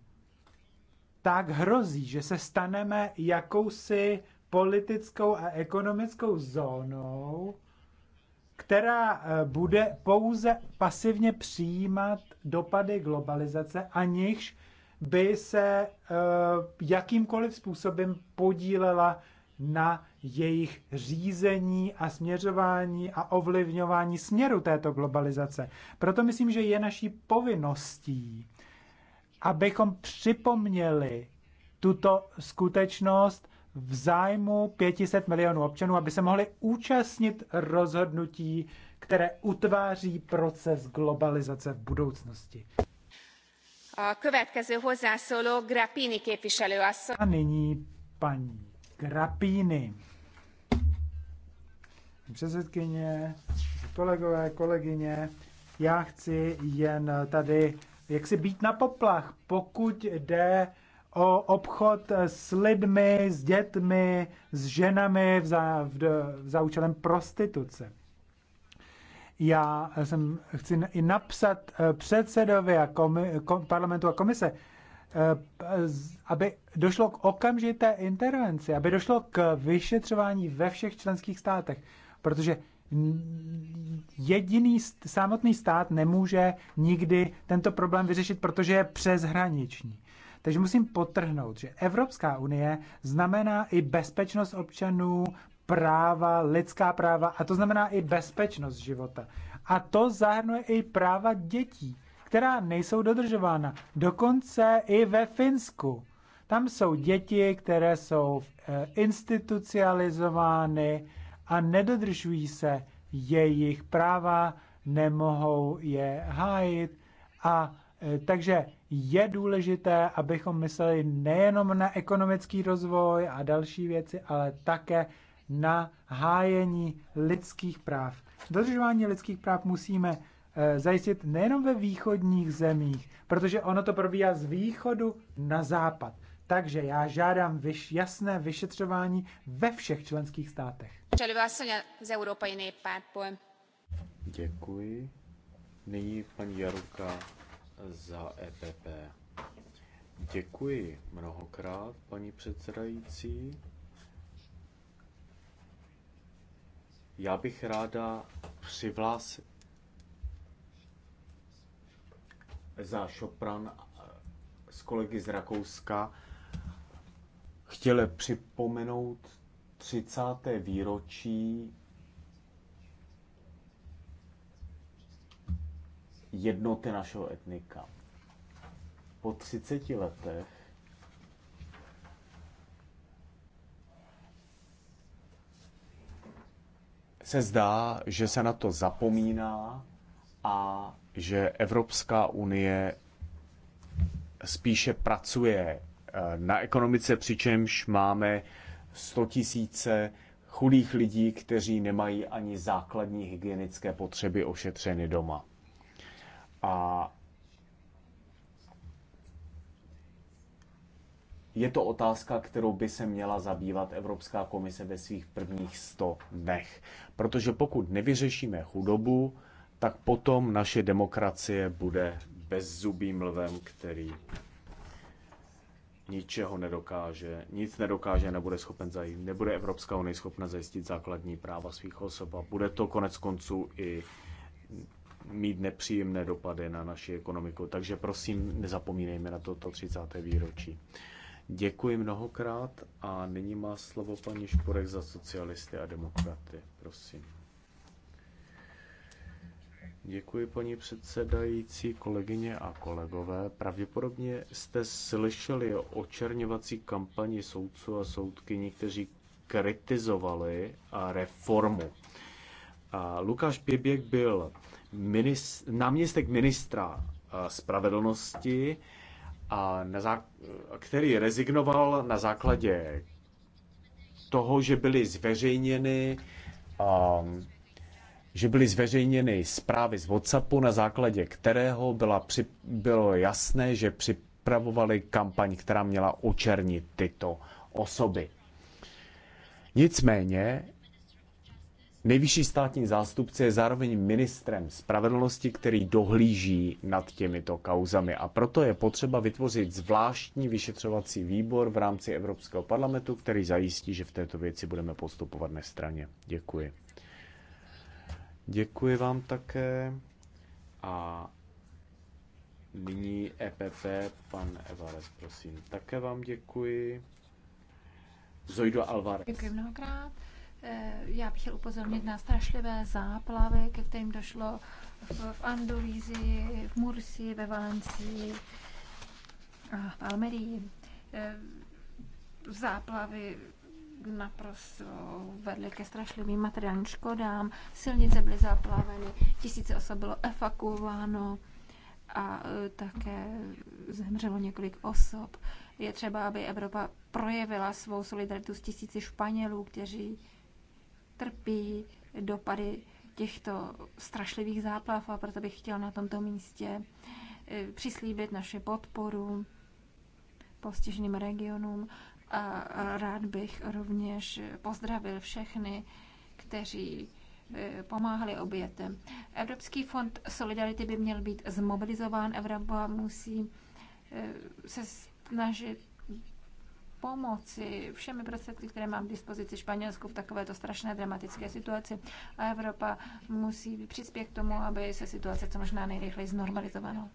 tak hrozí, že se staneme jakousi politickou a ekonomickou zónou, která eh, bude pouze pasivně přijímat dopady globalizace, aniž by se eh, jakýmkoliv způsobem podílela na jejich řízení a směřování a ovlivňování směru této globalizace. Proto myslím, že je naší povinností abychom připomněli tuto skutečnost v zájmu 500 milionů občanů, aby se mohli účastnit rozhodnutí, které utváří proces globalizace v budoucnosti. A következő hozzászóló Grappini képviselő asszony. A nyní paní Grappini. Předsedkyně, kolegové, kolegyně, já chci jen tady jak si být na poplach, pokud jde o obchod s lidmi, s dětmi, s ženami v za, v, za účelem prostituce. Já jsem, chci i napsat eh, předsedovi a komi, kom, parlamentu a komise, eh, aby došlo k okamžité intervenci, aby došlo k vyšetřování ve všech členských státech, protože jediný samotný stát nemůže nikdy tento problém vyřešit, protože je přeshraniční. Takže musím potrhnout, že Evropská unie znamená i bezpečnost občanů, práva, lidská práva, a to znamená i bezpečnost života. A to zahrnuje i práva dětí, která nejsou dodržována. Dokonce i ve Finsku. Tam jsou děti, které jsou eh, institucionalizovány, a nedodržují se jejich práva, nemohou je hájit a e, takže je důležité, abychom mysleli nejenom na ekonomický rozvoj a další věci, ale také na hájení lidských práv. Dodržování lidských práv musíme e, zajistit nejenom ve východních zemích, protože ono to probíhá z východu na západ. Takže já žádám vyš, jasné vyšetřování ve všech členských státech. Děkuji. Nyní paní Jaruka za EPP. Děkuji mnohokrát, paní předsedající. Já bych ráda přivlásil za Šopran s kolegy z Rakouska chtěl připomenout 30. výročí jednoty našeho etnika. Po 30 letech se zdá, že se na to zapomíná a že Evropská unie spíše pracuje Eh, na ekonomice, přičemž máme 100 tisíce chudých lidí, kteří nemají ani základní hygienické potřeby ošetřeny doma. A je to otázka, kterou by se měla zabývat Evropská komise ve svých prvních 100 dnech. Protože pokud nevyřešíme chudobu, tak potom naše demokracie bude bezzubým lvem, který ničeho nedokáže, nic nedokáže, nebude schopen zajít, nebude Evropská unie schopna zajistit základní práva svých osob a bude to konec konců i mít nepříjemné dopady na naši ekonomiku. Takže prosím, nezapomínejme na toto 30. výročí. Děkuji mnohokrát a nyní má slovo paní Šporek za socialisty a demokraty. Prosím. Děkuji, paní předsedající, kolegyně a kolegové. Pravděpodobně jste slyšeli o očerňovací kampani soudců a soudkyní, kteří kritizovali reformu. Lukáš Pěběk byl minist, náměstek ministra spravedlnosti, a na zá, který rezignoval na základě toho, že byly zveřejněny um, že byly zveřejněny zprávy z WhatsAppu, na základě kterého byla při, bylo jasné, že připravovali kampaň, která měla očernit tyto osoby. Nicméně nejvyšší státní zástupce je zároveň ministrem spravedlnosti, který dohlíží nad těmito kauzami. A proto je potřeba vytvořit zvláštní vyšetřovací výbor v rámci Evropského parlamentu, který zajistí, že v této věci budeme postupovat nestraně. Děkuji. Děkuji vám také. A nyní EPP, pan Evarez, prosím. Také vám děkuji. Zojdo Alvarez. Děkuji mnohokrát. Eh, já bych chtěl upozornit na strašlivé záplavy, ke kterým došlo v Andovízi, v Mursi, ve Valencii a v Almerii. Eh, záplavy naprosto vedly ke strašlivým materiálním škodám. Silnice byly zaplaveny, tisíce osob bylo evakuováno a e, také zemřelo několik osob. Je třeba, aby Evropa projevila svou solidaritu s tisíci Španělů, kteří trpí dopady těchto strašlivých záplav a proto bych chtěl na tomto místě e, přislíbit naši podporu postiženým regionům a rád bych rovněž pozdravil všechny, kteří e, pomáhali obětem. Evropský fond Solidarity by měl být zmobilizován. Evropa musí e, se snažit pomoci všemi prostředky, které mám k dispozici Španělsku v takovéto strašné dramatické situaci. A Evropa musí přispět k tomu, aby se situace co možná nejrychleji znormalizovala.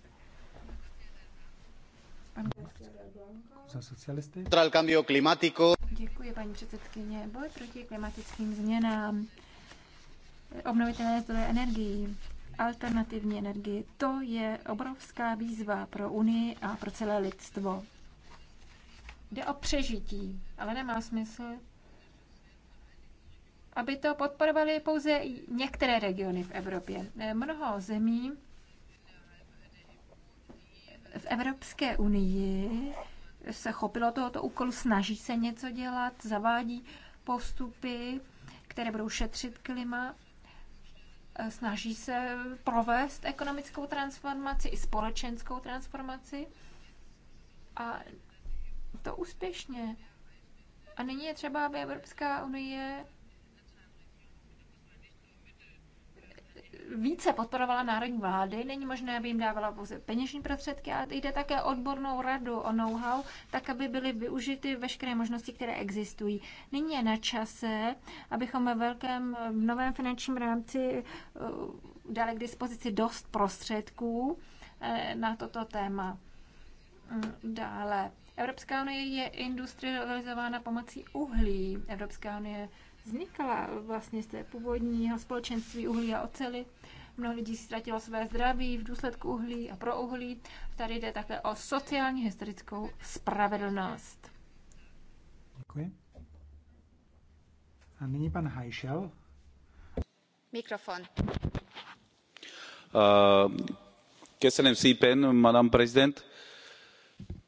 Za socialisty. Děkuji, paní předsedkyně. Boj proti klimatickým změnám, obnovitelné zdroje energií, alternativní energii, to je obrovská výzva pro Unii a pro celé lidstvo. Jde o přežití, ale nemá smysl, aby to podporovaly pouze některé regiony v Evropě. Mnoho zemí v Evropské unii se chopilo tohoto úkolu, snaží se něco dělat, zavádí postupy, které budou šetřit klima, snaží se provést ekonomickou transformaci i společenskou transformaci a to úspěšně. A nyní je třeba, aby Evropská unie více podporovala národní vlády. Není možné, aby jim dávala pouze peněžní prostředky, ale jde také odbornou radu o know-how, tak aby byly využity veškeré možnosti, které existují. Nyní je na čase, abychom ve velkém v novém finančním rámci eh, dali k dispozici dost prostředků eh, na toto téma. Mm, dále. Evropská unie je industrializována pomocí uhlí. Evropská unie vznikala vlastně z té původního společenství uhlí a ocely. Mnoho lidí ztratilo své zdraví v důsledku uhlí a pro uhlí. Tady jde také o sociální historickou spravedlnost. Děkuji. A nyní pan Hajšel. Mikrofon. Eh, Köszönöm szépen, madam prezident.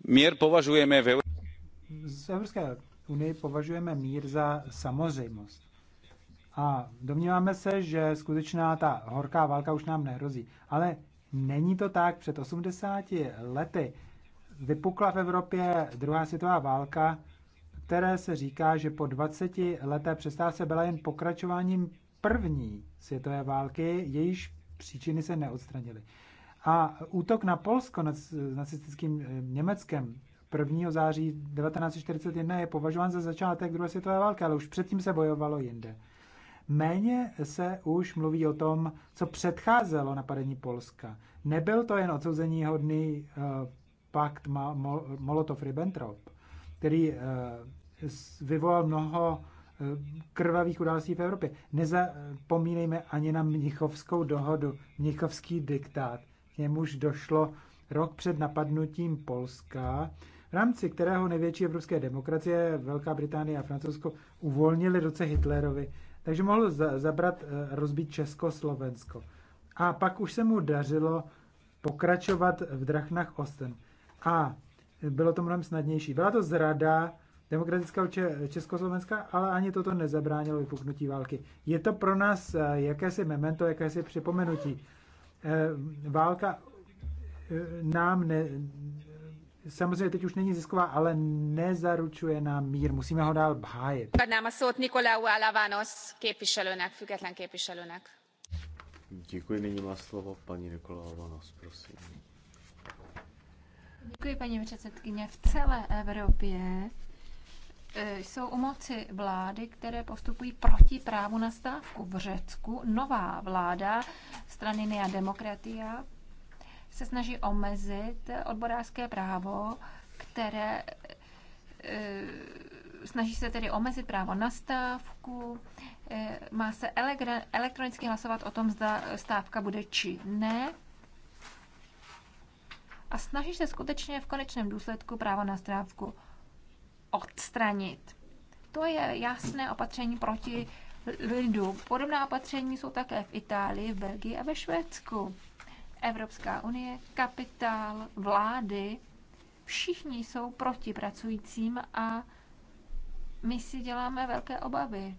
Mír považujeme v Evropské unii považujeme mír za samozřejmost. A domníváme se, že skutečná ta horká válka už nám nehrozí. Ale není to tak. Před 80 lety vypukla v Evropě druhá světová válka, které se říká, že po 20 leté přestávce byla jen pokračováním první světové války, jejíž příčiny se neodstranily. A útok na Polsko nacistickým eh, Německem 1. září 1941 je považován za začátek druhé světové války, ale už předtím se bojovalo jinde. Méně se už mluví o tom, co předcházelo napadení Polska. Nebyl to jen odsouzení hodný uh, pakt Mo Molotov-Ribbentrop, který uh, vyvolal mnoho eh, krvavých událostí v Evropě. Nezapomínejme ani na Mnichovskou dohodu, Mnichovský diktát. K němuž došlo rok před napadnutím Polska, v rámci kterého největší evropské demokracie, Velká Británie a Francouzsko, uvolnili ruce Hitlerovi, takže mohl za, zabrat, eh, rozbít Československo. A pak už se mu dařilo pokračovat v Drachnách Osten. A bylo to mnohem snadnější. Byla to zrada demokratického Československa, ale ani toto nezabránilo vypuknutí války. Je to pro nás eh, jakési memento, jakési připomenutí. Eh, válka nám ne, samozřejmě teď už není zisková, ale nezaručuje nám mír. Musíme ho dál hájit. Nikolau Děkuji, nyní má slovo paní Nikolau Alavános, prosím. Děkuji, paní předsedkyně. V celé Evropě e, jsou u moci vlády, které postupují proti právu na stávku. V Řecku nová vláda strany Nea Demokratia se snaží omezit odborářské právo, které e, snaží se tedy omezit právo na stávku, e, má se elektronicky hlasovat o tom, zda stávka bude či ne. A snaží se skutečně v konečném důsledku právo na stávku odstranit. To je jasné opatření proti lidu. Podobná opatření jsou také v Itálii, v Belgii a ve Švédsku. Evropská unie, kapitál, vlády, všichni jsou proti pracujícím a my si děláme velké obavy.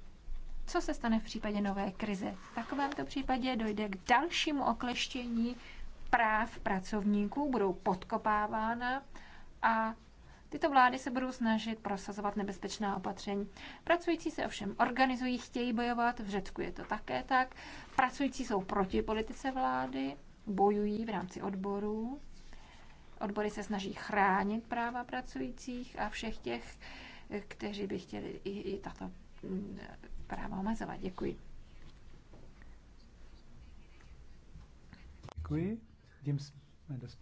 Co se stane v případě nové krize? V takovémto případě dojde k dalšímu okleštění práv pracovníků, budou podkopávána a Tyto vlády se budou snažit prosazovat nebezpečná opatření. Pracující se ovšem organizují, chtějí bojovat, v Řecku je to také tak. Pracující jsou proti politice vlády bojují v rámci odborů. Odbory se snaží chránit práva pracujících a všech těch, kteří by chtěli i, i tato mm, práva omezovat. Děkuji. Děkuji. Tím jsme dospěli